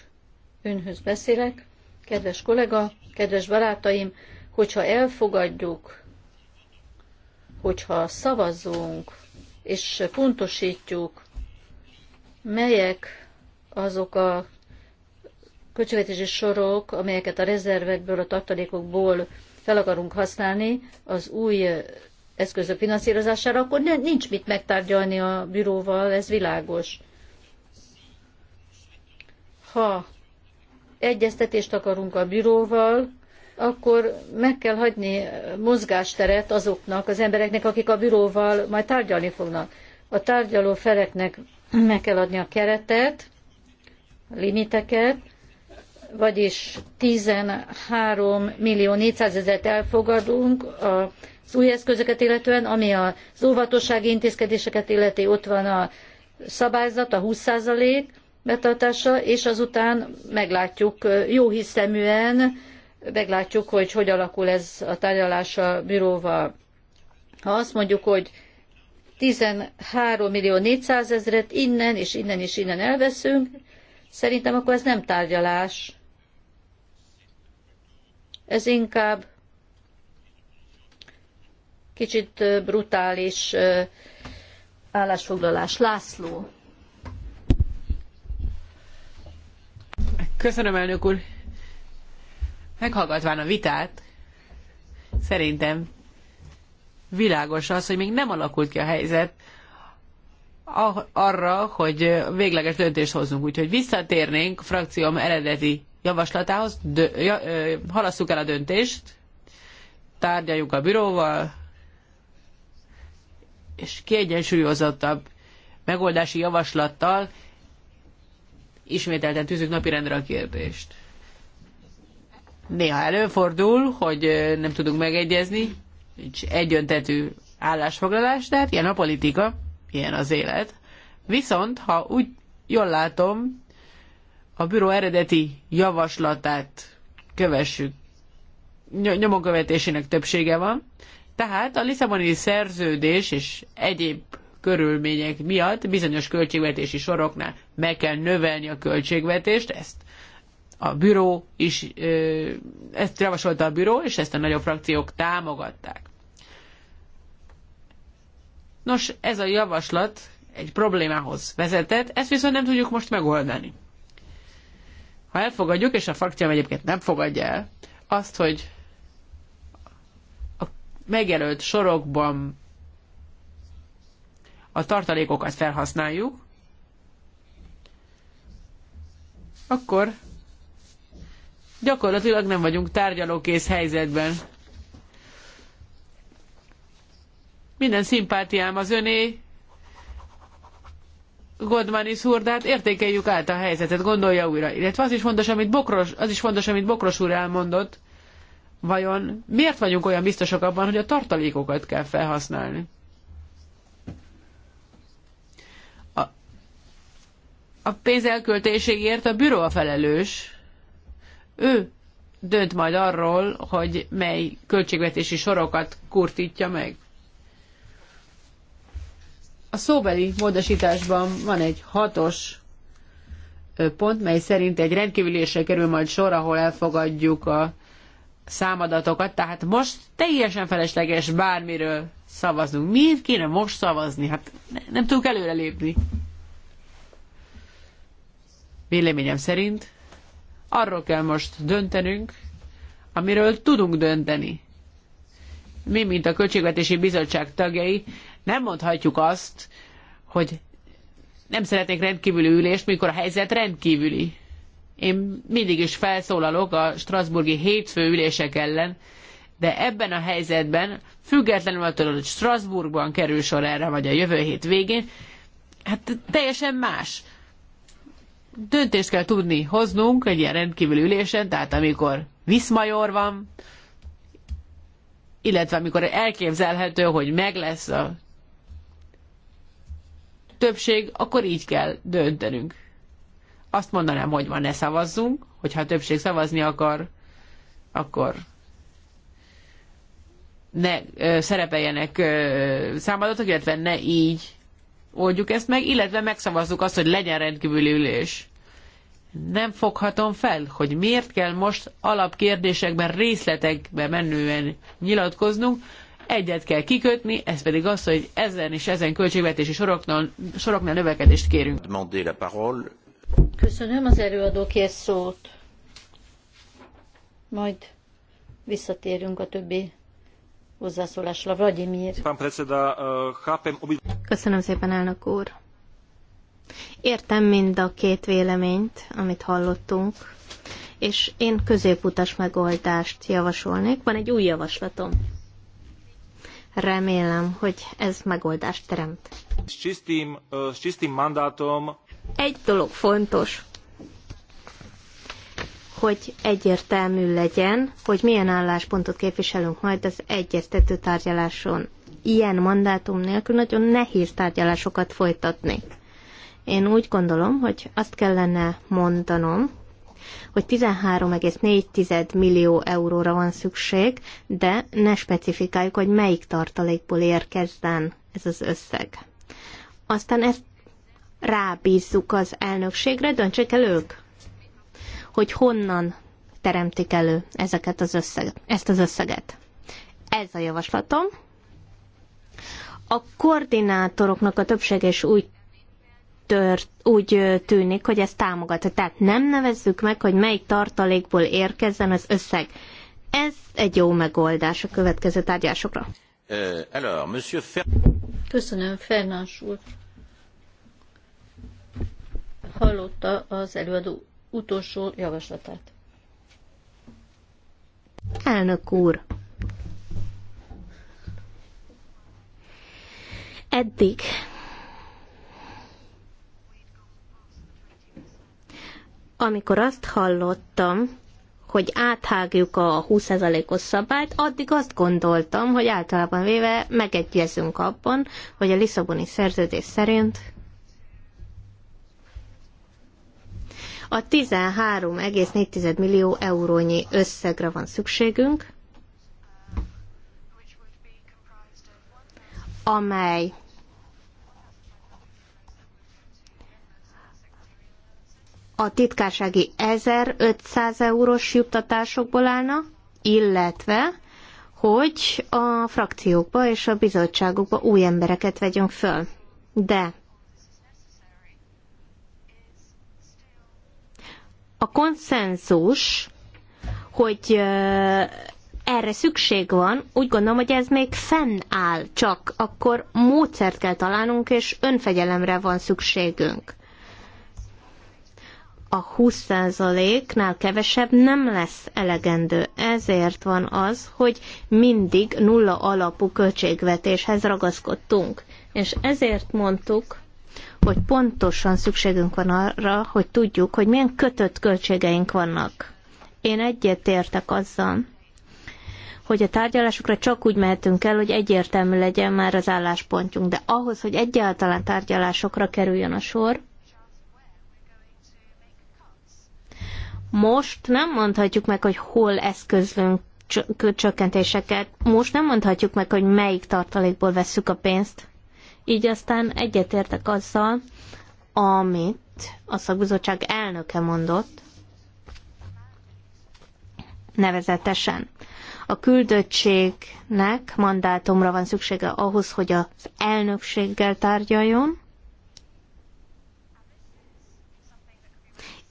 önhöz beszélek, kedves kollega, kedves barátaim, hogyha elfogadjuk hogyha szavazzunk és pontosítjuk, melyek azok a költségvetési sorok, amelyeket a rezervekből, a tartalékokból fel akarunk használni az új eszközök finanszírozására, akkor nincs mit megtárgyalni a büróval, ez világos. Ha egyeztetést akarunk a büróval, akkor meg kell hagyni mozgásteret azoknak, az embereknek, akik a bíróval majd tárgyalni fognak. A tárgyaló feleknek meg kell adni a keretet, limiteket, vagyis 13 millió 400 ezeret elfogadunk az új eszközöket illetően, ami az óvatossági intézkedéseket illeti, ott van a szabályzat, a 20 betartása, és azután meglátjuk jó hiszeműen, meglátjuk, hogy hogy alakul ez a tárgyalás a bíróval. Ha azt mondjuk, hogy 13 millió 400 ezret innen és innen és innen elveszünk, szerintem akkor ez nem tárgyalás. Ez inkább kicsit brutális állásfoglalás. László. Köszönöm, elnök úr meghallgatván a vitát, szerintem világos az, hogy még nem alakult ki a helyzet ah- arra, hogy végleges döntést hozzunk. Úgyhogy visszatérnénk a frakcióm eredeti javaslatához, dö- ja, ö, halasszuk el a döntést, tárgyaljuk a büróval, és kiegyensúlyozottabb megoldási javaslattal ismételten tűzünk napirendre a kérdést. Néha előfordul, hogy nem tudunk megegyezni, nincs egyöntetű állásfoglalás, de hát ilyen a politika, ilyen az élet. Viszont, ha úgy jól látom, a büro eredeti javaslatát kövessük, nyomonkövetésének többsége van, tehát a Lisszaboni szerződés és egyéb körülmények miatt bizonyos költségvetési soroknál meg kell növelni a költségvetést, ezt a büró is, ezt javasolta a büró, és ezt a nagyobb frakciók támogatták. Nos, ez a javaslat egy problémához vezetett, ezt viszont nem tudjuk most megoldani. Ha elfogadjuk, és a frakcióm egyébként nem fogadja el, azt, hogy a megjelölt sorokban a tartalékokat felhasználjuk, akkor gyakorlatilag nem vagyunk tárgyalókész helyzetben. Minden szimpátiám az öné, Godmani is úr, de hát értékeljük át a helyzetet, gondolja újra. Illetve az is fontos, amit Bokros, az is fontos, amit Bokros úr elmondott, vajon miért vagyunk olyan biztosak abban, hogy a tartalékokat kell felhasználni? A, a pénz elköltéségért a büro a felelős, ő dönt majd arról, hogy mely költségvetési sorokat kurtítja meg. A szóbeli módosításban van egy hatos pont, mely szerint egy rendkívülésre kerül majd sor, ahol elfogadjuk a számadatokat, tehát most teljesen felesleges bármiről szavaznunk. Miért kéne most szavazni? Hát nem tudunk előrelépni. Véleményem szerint Arról kell most döntenünk, amiről tudunk dönteni. Mi, mint a Költségvetési Bizottság tagjai, nem mondhatjuk azt, hogy nem szeretnék rendkívüli ülést, mikor a helyzet rendkívüli. Én mindig is felszólalok a Strasburgi hétfő ülések ellen, de ebben a helyzetben, függetlenül attól, hogy Strasbourgban kerül sor erre, vagy a jövő hét végén, hát teljesen más döntést kell tudni hoznunk egy ilyen rendkívül ülésen, tehát amikor viszmajor van, illetve amikor elképzelhető, hogy meg lesz a többség, akkor így kell döntenünk. Azt mondanám, hogy van ne szavazzunk, hogyha a többség szavazni akar, akkor ne ö, szerepeljenek ö, számadatok, illetve ne így oldjuk ezt meg, illetve megszavazzuk azt, hogy legyen rendkívüli ülés. Nem foghatom fel, hogy miért kell most alapkérdésekben, részletekbe menően nyilatkoznunk, egyet kell kikötni, ez pedig az, hogy ezen és ezen költségvetési soroknál, soroknál növekedést kérünk. Köszönöm az előadókért szót. Majd visszatérünk a többi hozzászólásra. Vladimir. Eh, Köszönöm szépen, elnök úr. Értem mind a két véleményt, amit hallottunk, és én középutas megoldást javasolnék. Van egy új javaslatom. Remélem, hogy ez megoldást teremt. Egy dolog fontos hogy egyértelmű legyen, hogy milyen álláspontot képviselünk majd az egyeztető tárgyaláson. Ilyen mandátum nélkül nagyon nehéz tárgyalásokat folytatni. Én úgy gondolom, hogy azt kellene mondanom, hogy 13,4 millió euróra van szükség, de ne specifikáljuk, hogy melyik tartalékból érkezzen ez az összeg. Aztán ezt rábízzuk az elnökségre, döntsék el ők hogy honnan teremtik elő ezeket az összeg, ezt az összeget. Ez a javaslatom. A koordinátoroknak a többsége is úgy, tört, úgy tűnik, hogy ezt támogatja. Tehát nem nevezzük meg, hogy mely tartalékból érkezzen az összeg. Ez egy jó megoldás a következő tárgyásokra. Köszönöm, Fernás úr. Hallotta az előadó utolsó javaslatát. Elnök úr! Eddig amikor azt hallottam, hogy áthágjuk a 20%-os szabályt, addig azt gondoltam, hogy általában véve megegyezünk abban, hogy a Lisszaboni szerződés szerint A 13,4 millió eurónyi összegre van szükségünk, amely a titkársági 1500 eurós juttatásokból állna, illetve hogy a frakciókba és a bizottságokba új embereket vegyünk föl. De a konszenzus, hogy erre szükség van, úgy gondolom, hogy ez még fennáll, csak akkor módszert kell találnunk, és önfegyelemre van szükségünk. A 20%-nál kevesebb nem lesz elegendő. Ezért van az, hogy mindig nulla alapú költségvetéshez ragaszkodtunk. És ezért mondtuk, hogy pontosan szükségünk van arra, hogy tudjuk, hogy milyen kötött költségeink vannak. Én egyetértek azzal, hogy a tárgyalásokra csak úgy mehetünk el, hogy egyértelmű legyen már az álláspontjunk, de ahhoz, hogy egyáltalán tárgyalásokra kerüljön a sor, most nem mondhatjuk meg, hogy hol eszközlünk csökkentéseket, most nem mondhatjuk meg, hogy melyik tartalékból vesszük a pénzt. Így aztán egyetértek azzal, amit a szakbizottság elnöke mondott, nevezetesen. A küldöttségnek mandátumra van szüksége ahhoz, hogy az elnökséggel tárgyaljon,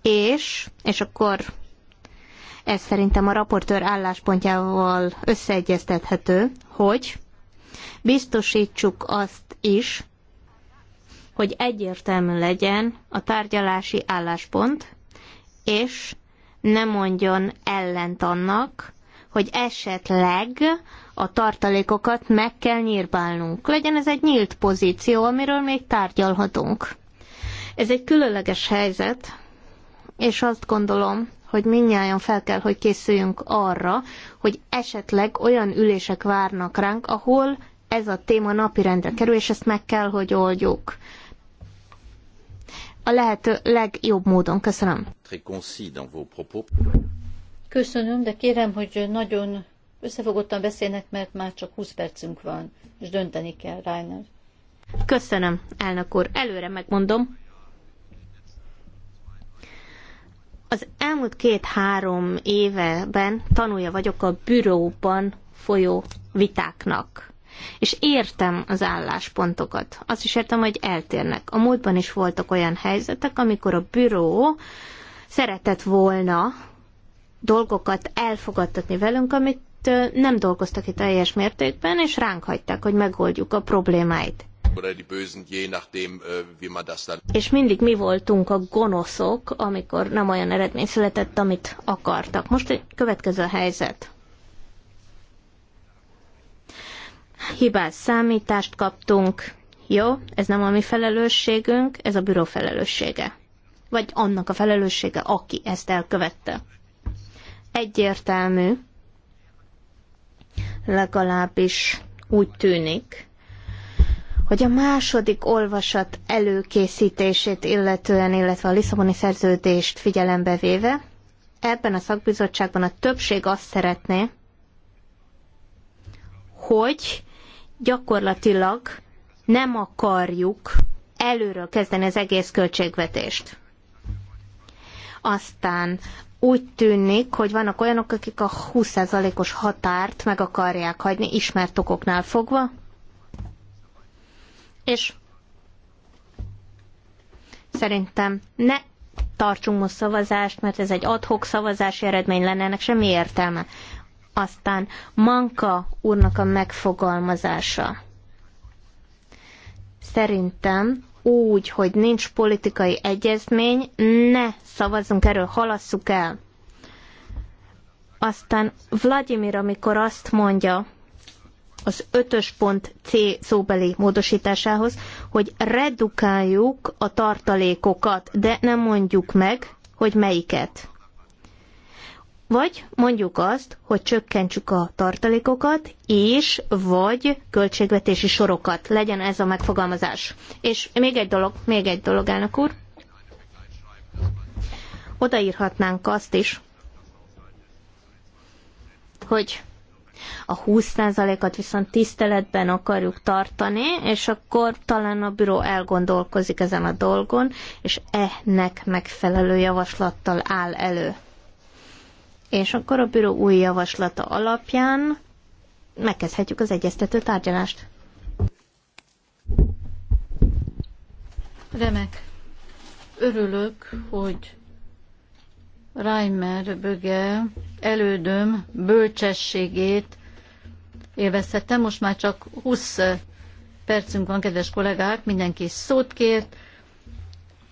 és, és akkor ez szerintem a raportőr álláspontjával összeegyeztethető, hogy biztosítsuk azt is, hogy egyértelmű legyen a tárgyalási álláspont, és ne mondjon ellent annak, hogy esetleg a tartalékokat meg kell nyírbálnunk. Legyen ez egy nyílt pozíció, amiről még tárgyalhatunk. Ez egy különleges helyzet, és azt gondolom, hogy mindnyáján fel kell, hogy készüljünk arra, hogy esetleg olyan ülések várnak ránk, ahol ez a téma napirendre kerül, és ezt meg kell, hogy oldjuk. A lehető legjobb módon. Köszönöm. Köszönöm, de kérem, hogy nagyon összefogottan beszélnek, mert már csak 20 percünk van, és dönteni kell, Rainer. Köszönöm, elnök úr. Előre megmondom, az elmúlt két-három éveben tanulja vagyok a büróban folyó vitáknak. És értem az álláspontokat. Azt is értem, hogy eltérnek. A múltban is voltak olyan helyzetek, amikor a büró szeretett volna dolgokat elfogadtatni velünk, amit nem dolgoztak itt teljes mértékben, és ránk hagyták, hogy megoldjuk a problémáit. És mindig mi voltunk a gonoszok, amikor nem olyan eredmény született, amit akartak. Most egy következő helyzet. Hibás számítást kaptunk. Jó, ez nem a mi felelősségünk, ez a büro felelőssége. Vagy annak a felelőssége, aki ezt elkövette. Egyértelmű, legalábbis úgy tűnik, hogy a második olvasat előkészítését illetően, illetve a Lisszaboni szerződést figyelembe véve, ebben a szakbizottságban a többség azt szeretné, hogy gyakorlatilag nem akarjuk előről kezdeni az egész költségvetést. Aztán úgy tűnik, hogy vannak olyanok, akik a 20%-os határt meg akarják hagyni, ismert okoknál fogva. És szerintem ne tartsunk most szavazást, mert ez egy adhok szavazási eredmény lenne, ennek semmi értelme. Aztán Manka úrnak a megfogalmazása. Szerintem úgy, hogy nincs politikai egyezmény, ne szavazzunk erről, halasszuk el. Aztán Vladimir, amikor azt mondja, az ötös pont C szóbeli módosításához, hogy redukáljuk a tartalékokat, de nem mondjuk meg, hogy melyiket. Vagy mondjuk azt, hogy csökkentsük a tartalékokat, és vagy költségvetési sorokat. Legyen ez a megfogalmazás. És még egy dolog, még egy dolog, elnök úr. Odaírhatnánk azt is, hogy a 20%-at viszont tiszteletben akarjuk tartani, és akkor talán a büro elgondolkozik ezen a dolgon, és ennek megfelelő javaslattal áll elő és akkor a bíró új javaslata alapján megkezdhetjük az egyeztető tárgyalást. Remek. Örülök, hogy Reimer Böge elődöm bölcsességét élvezhettem. Most már csak 20 percünk van, kedves kollégák, mindenki szót kért,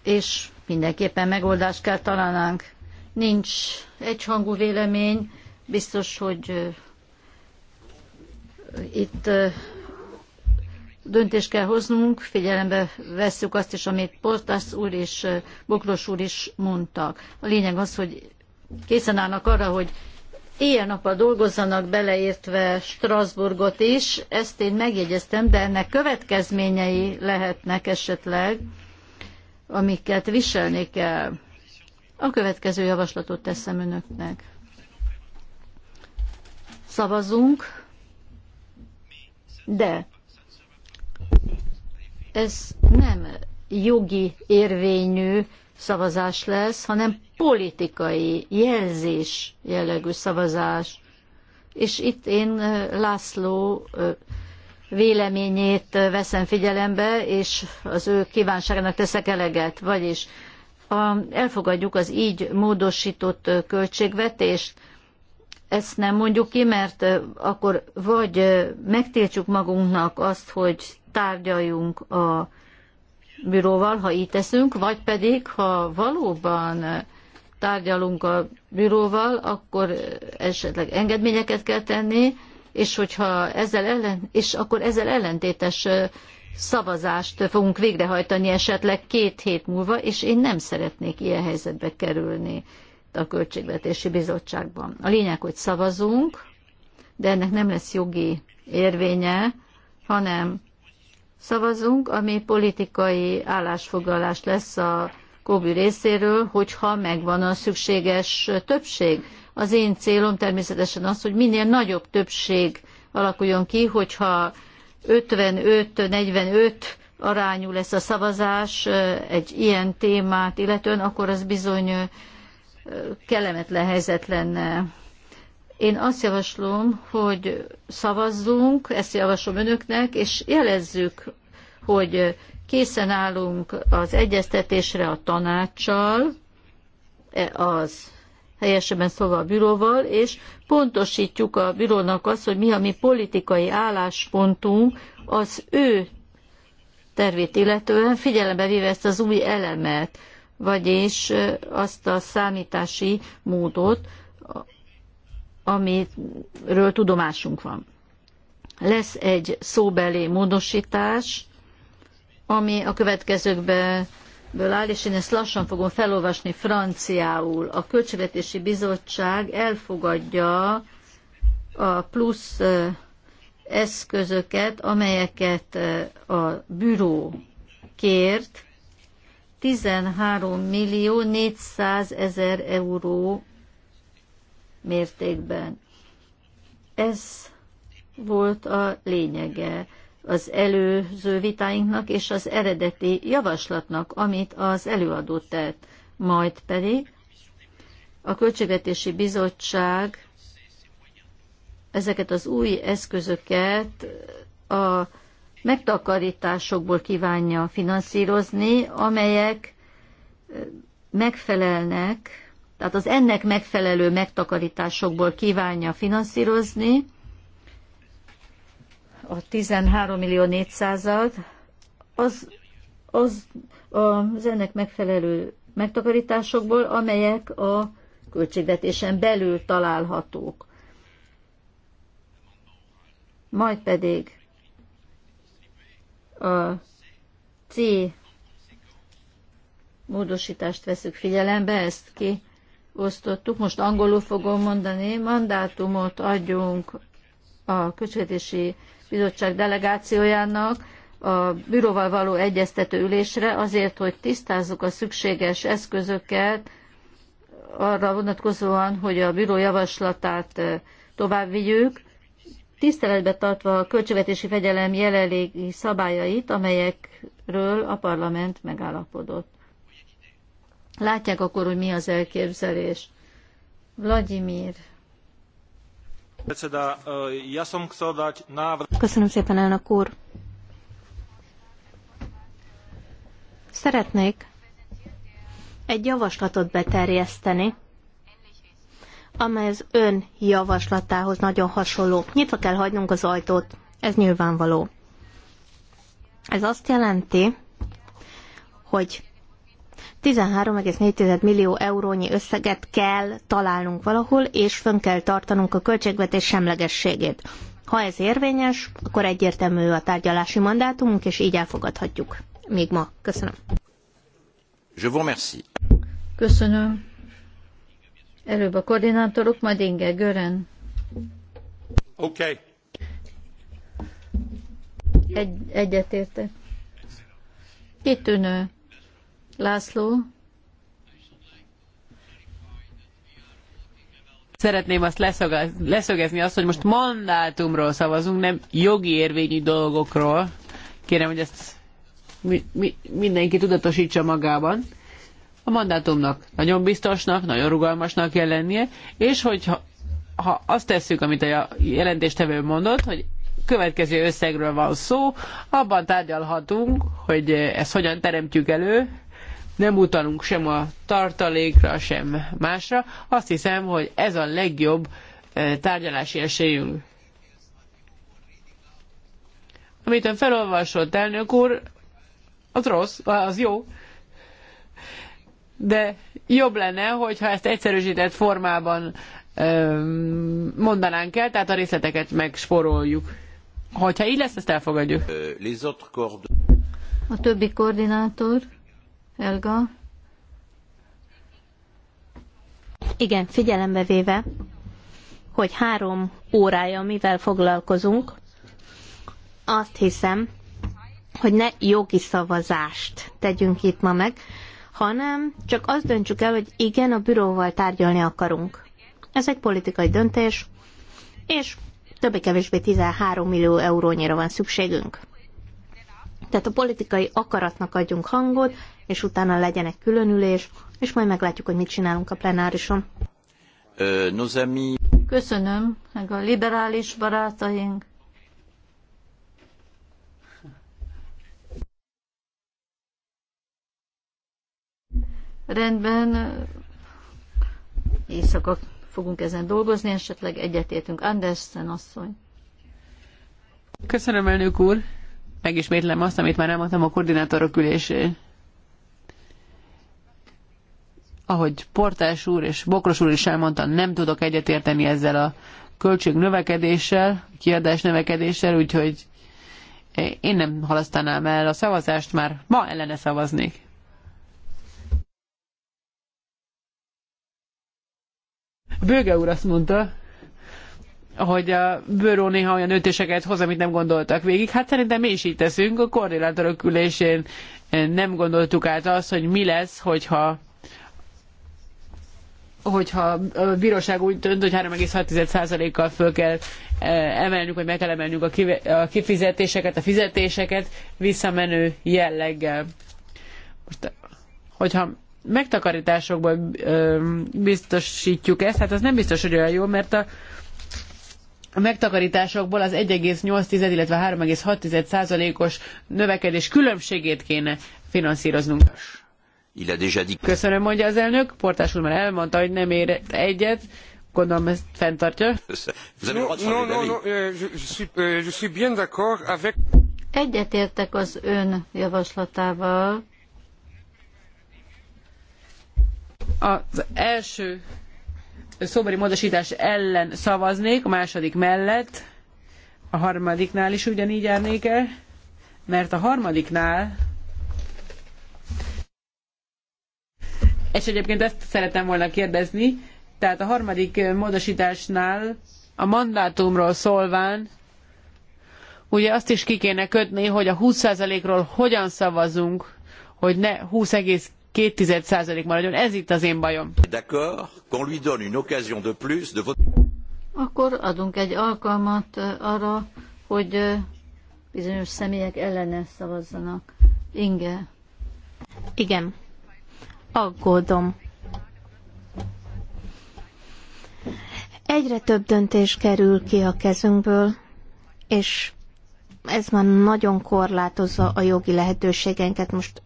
és mindenképpen megoldást kell találnánk nincs egyhangú vélemény, biztos, hogy itt döntést kell hoznunk, figyelembe vesszük azt is, amit Portas úr és Bokros úr is mondtak. A lényeg az, hogy készen állnak arra, hogy ilyen nappal dolgozzanak, beleértve Strasbourgot is, ezt én megjegyeztem, de ennek következményei lehetnek esetleg, amiket viselni kell. A következő javaslatot teszem önöknek. Szavazunk, de ez nem jogi érvényű szavazás lesz, hanem politikai jelzés jellegű szavazás. És itt én László véleményét veszem figyelembe, és az ő kívánságának teszek eleget, vagyis ha elfogadjuk az így módosított költségvetést, ezt nem mondjuk ki, mert akkor vagy megtiltjuk magunknak azt, hogy tárgyaljunk a bíróval, ha így teszünk, vagy pedig, ha valóban tárgyalunk a bíróval, akkor esetleg engedményeket kell tenni, és hogyha ezzel ellen, és akkor ezzel ellentétes szavazást fogunk végrehajtani esetleg két hét múlva, és én nem szeretnék ilyen helyzetbe kerülni a Költségvetési Bizottságban. A lényeg, hogy szavazunk, de ennek nem lesz jogi érvénye, hanem szavazunk, ami politikai állásfoglalás lesz a Kóbi részéről, hogyha megvan a szükséges többség. Az én célom természetesen az, hogy minél nagyobb többség alakuljon ki, hogyha 55-45 arányú lesz a szavazás egy ilyen témát illetően, akkor az bizony kellemetlen helyzet lenne. Én azt javaslom, hogy szavazzunk, ezt javaslom önöknek, és jelezzük, hogy készen állunk az egyeztetésre a tanácssal, e, az helyesebben szóval a büróval, és pontosítjuk a bürónak azt, hogy mi a mi politikai álláspontunk az ő tervét illetően, figyelembe véve ezt az új elemet, vagyis azt a számítási módot, amiről tudomásunk van. Lesz egy szóbeli módosítás, ami a következőkben ből áll, és én ezt lassan fogom felolvasni franciául. A Költségvetési Bizottság elfogadja a plusz eszközöket, amelyeket a büró kért, 13 millió 400 ezer euró mértékben. Ez volt a lényege az előző vitáinknak és az eredeti javaslatnak, amit az előadó tett. Majd pedig a Költségvetési Bizottság ezeket az új eszközöket a megtakarításokból kívánja finanszírozni, amelyek megfelelnek, tehát az ennek megfelelő megtakarításokból kívánja finanszírozni, a 13 millió 400 az, az az ennek megfelelő megtakarításokból, amelyek a költségvetésen belül találhatók. Majd pedig a C módosítást veszük figyelembe, ezt kiosztottuk. Most angolul fogom mondani, mandátumot adjunk a költségvetési bizottság delegációjának a bíróval való egyeztető ülésre azért, hogy tisztázzuk a szükséges eszközöket arra vonatkozóan, hogy a bíró javaslatát tovább vigyük, tiszteletbe tartva a költségvetési fegyelem jelenlegi szabályait, amelyekről a parlament megállapodott. Látják akkor, hogy mi az elképzelés. Vladimir Eh, Köszönöm szépen, elnök úr. Szeretnék egy javaslatot beterjeszteni, amely az ön javaslatához nagyon hasonló. Nyitva kell hagynunk az ajtót, ez nyilvánvaló. Ez azt jelenti, hogy 13,4 millió eurónyi összeget kell találnunk valahol, és fönn kell tartanunk a költségvetés semlegességét. Ha ez érvényes, akkor egyértelmű a tárgyalási mandátumunk, és így elfogadhatjuk. Még ma. Köszönöm. Je vous remercie. Köszönöm. Előbb a koordinátorok, majd Inge Gören. Oké. Okay. Egy, egyetértek. Kitűnő. László. Szeretném azt leszögezni, azt, hogy most mandátumról szavazunk, nem jogi érvényű dolgokról. Kérem, hogy ezt mi, mi, mindenki tudatosítsa magában. A mandátumnak nagyon biztosnak, nagyon rugalmasnak kell lennie, és hogyha ha azt tesszük, amit a jelentéstevő mondott, hogy következő összegről van szó, abban tárgyalhatunk, hogy ezt hogyan teremtjük elő, nem utalunk sem a tartalékra, sem másra. Azt hiszem, hogy ez a legjobb eh, tárgyalási esélyünk. Amit ön felolvasott, elnök úr, az rossz, az jó, de jobb lenne, hogyha ezt egyszerűsített formában mondanánk el, tehát a részleteket megsporoljuk. Hogyha így lesz, ezt elfogadjuk. Euh, a többi koordinátor Elga. Igen, figyelembe véve, hogy három órája mivel foglalkozunk, azt hiszem, hogy ne jogi szavazást tegyünk itt ma meg, hanem csak azt döntsük el, hogy igen, a büróval tárgyalni akarunk. Ez egy politikai döntés, és többé-kevésbé 13 millió eurónyira van szükségünk. Tehát a politikai akaratnak adjunk hangot, és utána legyenek különülés, és majd meglátjuk, hogy mit csinálunk a plenárison. nos ami... Köszönöm, meg a liberális barátaink. Rendben, éjszaka fogunk ezen dolgozni, esetleg egyetértünk. Andersen asszony. Köszönöm, elnök úr megismétlem azt, amit már elmondtam a koordinátorok ülésén. Ahogy Portás úr és Bokros úr is elmondta, nem tudok egyetérteni ezzel a költség növekedéssel, kiadás növekedéssel, úgyhogy én nem halasztanám el a szavazást, már ma ellene szavaznék. Bőge úr azt mondta, hogy a bőró néha olyan öntéseket hoz, amit nem gondoltak végig. Hát szerintem mi is így teszünk. A koordinátorok ülésén nem gondoltuk át azt, hogy mi lesz, hogyha hogyha a bíróság úgy dönt, hogy 3,6%-kal föl kell eh, emelnünk, vagy meg kell emelnünk a kifizetéseket, a fizetéseket visszamenő jelleggel. Most, hogyha megtakarításokból eh, biztosítjuk ezt, hát az nem biztos, hogy olyan jó, mert a a megtakarításokból az 1,8, illetve 3,6 százalékos növekedés különbségét kéne finanszíroznunk. Köszönöm, mondja az elnök. Portás úr már elmondta, hogy nem ér egyet. Gondolom ezt fenntartja. Egyetértek az ön javaslatával. Az első szóbeli módosítás ellen szavaznék, a második mellett, a harmadiknál is ugyanígy járnék el, mert a harmadiknál és egyébként ezt szeretem volna kérdezni, tehát a harmadik módosításnál a mandátumról szólván ugye azt is ki kéne kötni, hogy a 20%-ról hogyan szavazunk, hogy ne 20, 0,2% maradjon. Ez itt az én bajom. Akkor adunk egy alkalmat uh, arra, hogy uh, bizonyos személyek ellene szavazzanak. Inge. Igen. Aggódom. Egyre több döntés kerül ki a kezünkből, és ez már nagyon korlátozza a jogi lehetőségeinket. Most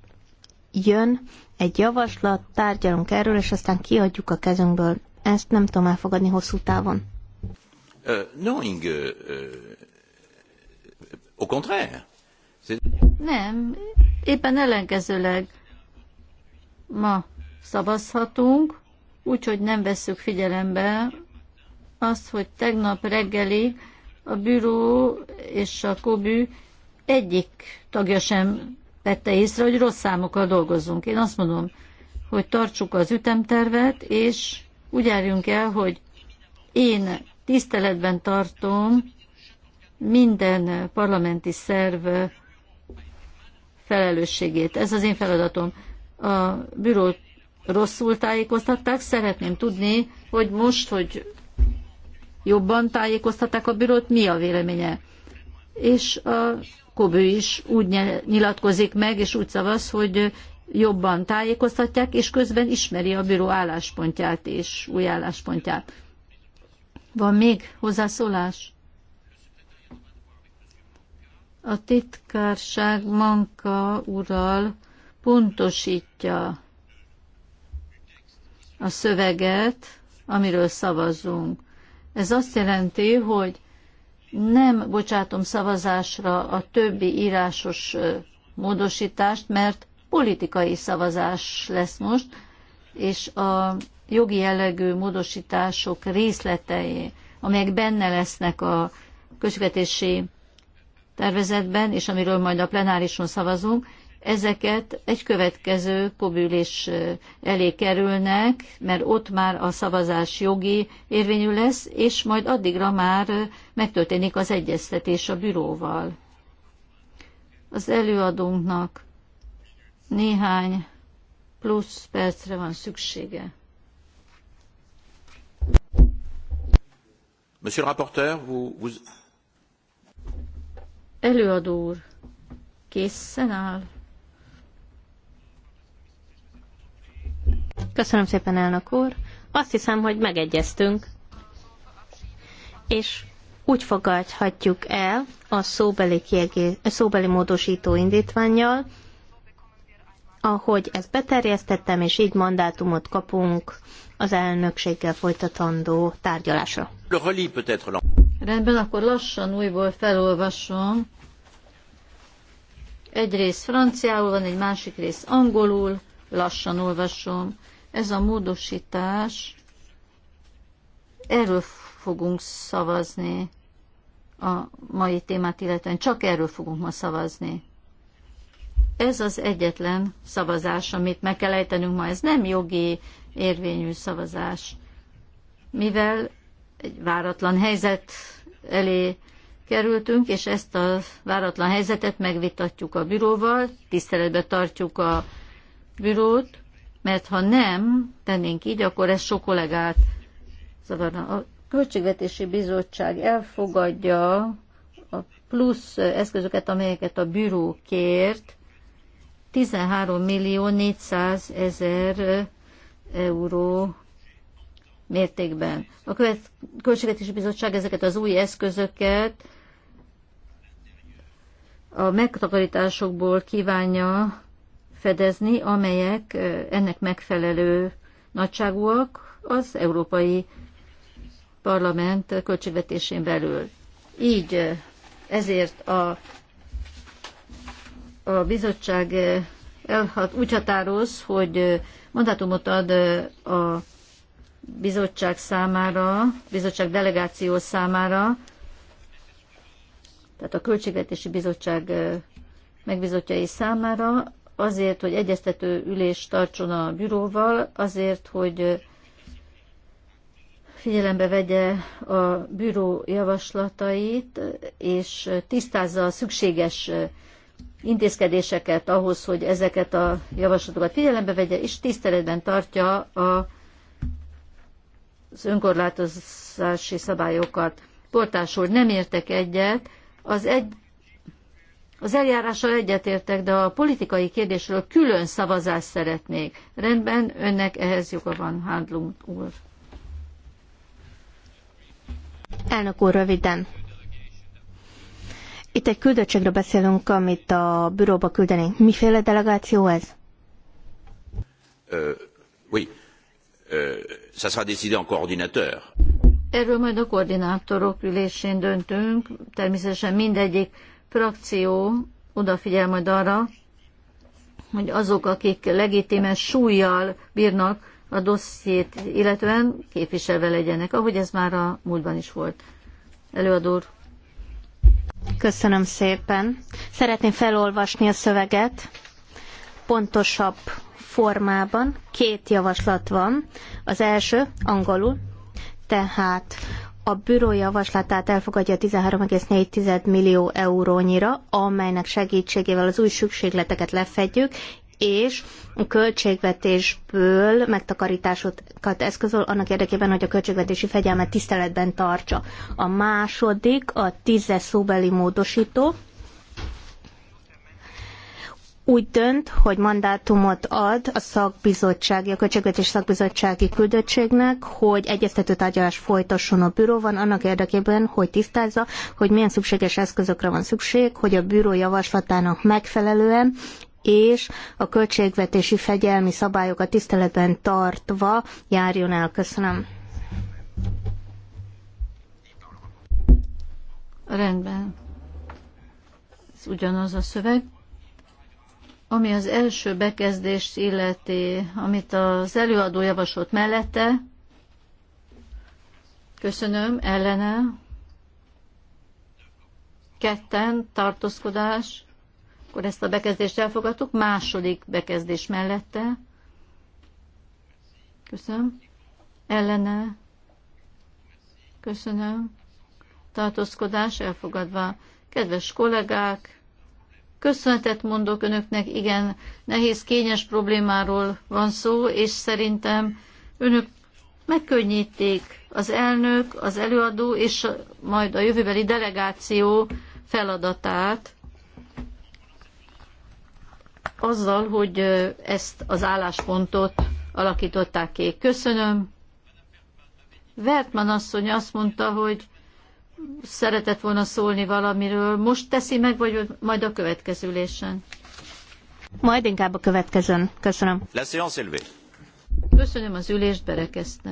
jön egy javaslat, tárgyalunk erről, és aztán kiadjuk a kezünkből. Ezt nem tudom elfogadni hosszú távon. Uh, knowing, uh, uh, au contraire. Nem, éppen ellenkezőleg ma szavazhatunk, úgyhogy nem vesszük figyelembe azt, hogy tegnap reggelig a büró és a kobű egyik tagja sem vette észre, hogy rossz számokkal dolgozunk. Én azt mondom, hogy tartsuk az ütemtervet, és úgy járjunk el, hogy én tiszteletben tartom minden parlamenti szerv felelősségét. Ez az én feladatom. A bürót rosszul tájékoztatták, szeretném tudni, hogy most, hogy jobban tájékoztatták a bürót, mi a véleménye és a Kobő is úgy nyilatkozik meg, és úgy szavaz, hogy jobban tájékoztatják, és közben ismeri a bíró álláspontját és új álláspontját. Van még hozzászólás? A titkárság Manka ural pontosítja a szöveget, amiről szavazunk. Ez azt jelenti, hogy nem bocsátom szavazásra a többi írásos módosítást, mert politikai szavazás lesz most, és a jogi jellegű módosítások részletei, amelyek benne lesznek a közvetési tervezetben, és amiről majd a plenárison szavazunk, ezeket egy következő kobülés elé kerülnek, mert ott már a szavazás jogi érvényű lesz, és majd addigra már megtörténik az egyeztetés a büróval. Az előadónknak néhány plusz percre van szüksége. Monsieur le rapporteur, vous, vous... Előadó úr, készen áll? Köszönöm szépen, elnök úr. Azt hiszem, hogy megegyeztünk, és úgy fogadhatjuk el a szóbeli, kiegé... szóbeli módosító indítványjal, ahogy ezt beterjesztettem, és így mandátumot kapunk az elnökséggel folytatandó tárgyalásra. Rendben, akkor lassan újból felolvasom. Egy rész franciául van, egy másik rész angolul lassan olvasom. Ez a módosítás, erről fogunk szavazni a mai témát illetően. Csak erről fogunk ma szavazni. Ez az egyetlen szavazás, amit meg kell ejtenünk ma. Ez nem jogi érvényű szavazás. Mivel egy váratlan helyzet elé kerültünk, és ezt a váratlan helyzetet megvitatjuk a büróval, tiszteletbe tartjuk a bürót, mert ha nem tennénk így, akkor ez sok kollégát zavarna. A Költségvetési Bizottság elfogadja a plusz eszközöket, amelyeket a büró kért, 13 millió 400 ezer euró mértékben. A követ, Költségvetési Bizottság ezeket az új eszközöket a megtakarításokból kívánja fedezni, amelyek ennek megfelelő nagyságúak az Európai Parlament költségvetésén belül. Így ezért a, a bizottság elhat, úgy határoz, hogy mandátumot ad a bizottság számára, bizottság delegáció számára, tehát a Költségvetési Bizottság megbizotjai számára azért, hogy egyeztető ülést tartson a bíróval, azért, hogy figyelembe vegye a bíró javaslatait, és tisztázza a szükséges intézkedéseket ahhoz, hogy ezeket a javaslatokat figyelembe vegye, és tiszteletben tartja a, az önkorlátozási szabályokat. Portás úr, nem értek egyet. Az egy, az eljárással egyetértek, de a politikai kérdésről külön szavazást szeretnék. Rendben, önnek ehhez joga van, Handlung úr. Elnök úr, röviden. Itt egy küldöttségről beszélünk, amit a büróba küldenénk. Miféle delegáció ez? Uh, oui. Uh, ça sera décidé en coordinateur. Erről majd a koordinátorok ülésén döntünk. Természetesen mindegyik frakció odafigyel majd arra, hogy azok, akik legitimes súlyjal bírnak a dossziét, illetően képviselve legyenek, ahogy ez már a múltban is volt. Előadó úr. Köszönöm szépen. Szeretném felolvasni a szöveget pontosabb formában. Két javaslat van. Az első angolul, tehát a büró javaslatát elfogadja 13,4 millió eurónyira, amelynek segítségével az új szükségleteket lefedjük, és a költségvetésből megtakarításokat eszközöl annak érdekében, hogy a költségvetési fegyelmet tiszteletben tartsa. A második, a tízes szóbeli módosító, úgy dönt, hogy mandátumot ad a szakbizottsági, a költségvetés szakbizottsági küldöttségnek, hogy egyeztető tárgyalás folytasson a bűróban, annak érdekében, hogy tisztázza, hogy milyen szükséges eszközökre van szükség, hogy a bűró javaslatának megfelelően és a költségvetési fegyelmi szabályokat tiszteletben tartva járjon el. Köszönöm. Rendben. Ez ugyanaz a szöveg. Ami az első bekezdést illeti, amit az előadó javasolt mellette, köszönöm, ellene, ketten, tartózkodás, akkor ezt a bekezdést elfogadtuk, második bekezdés mellette, köszönöm, ellene, köszönöm, tartózkodás elfogadva. Kedves kollégák, Köszönetet mondok önöknek, igen, nehéz, kényes problémáról van szó, és szerintem önök megkönnyíték az elnök, az előadó és majd a jövőbeli delegáció feladatát azzal, hogy ezt az álláspontot alakították ki. Köszönöm. Vertman asszony azt mondta, hogy szeretett volna szólni valamiről. Most teszi meg, vagy majd a következő ülésen? Majd inkább a következőn. Köszönöm. La séance élevée. Köszönöm az ülést, berekeztem.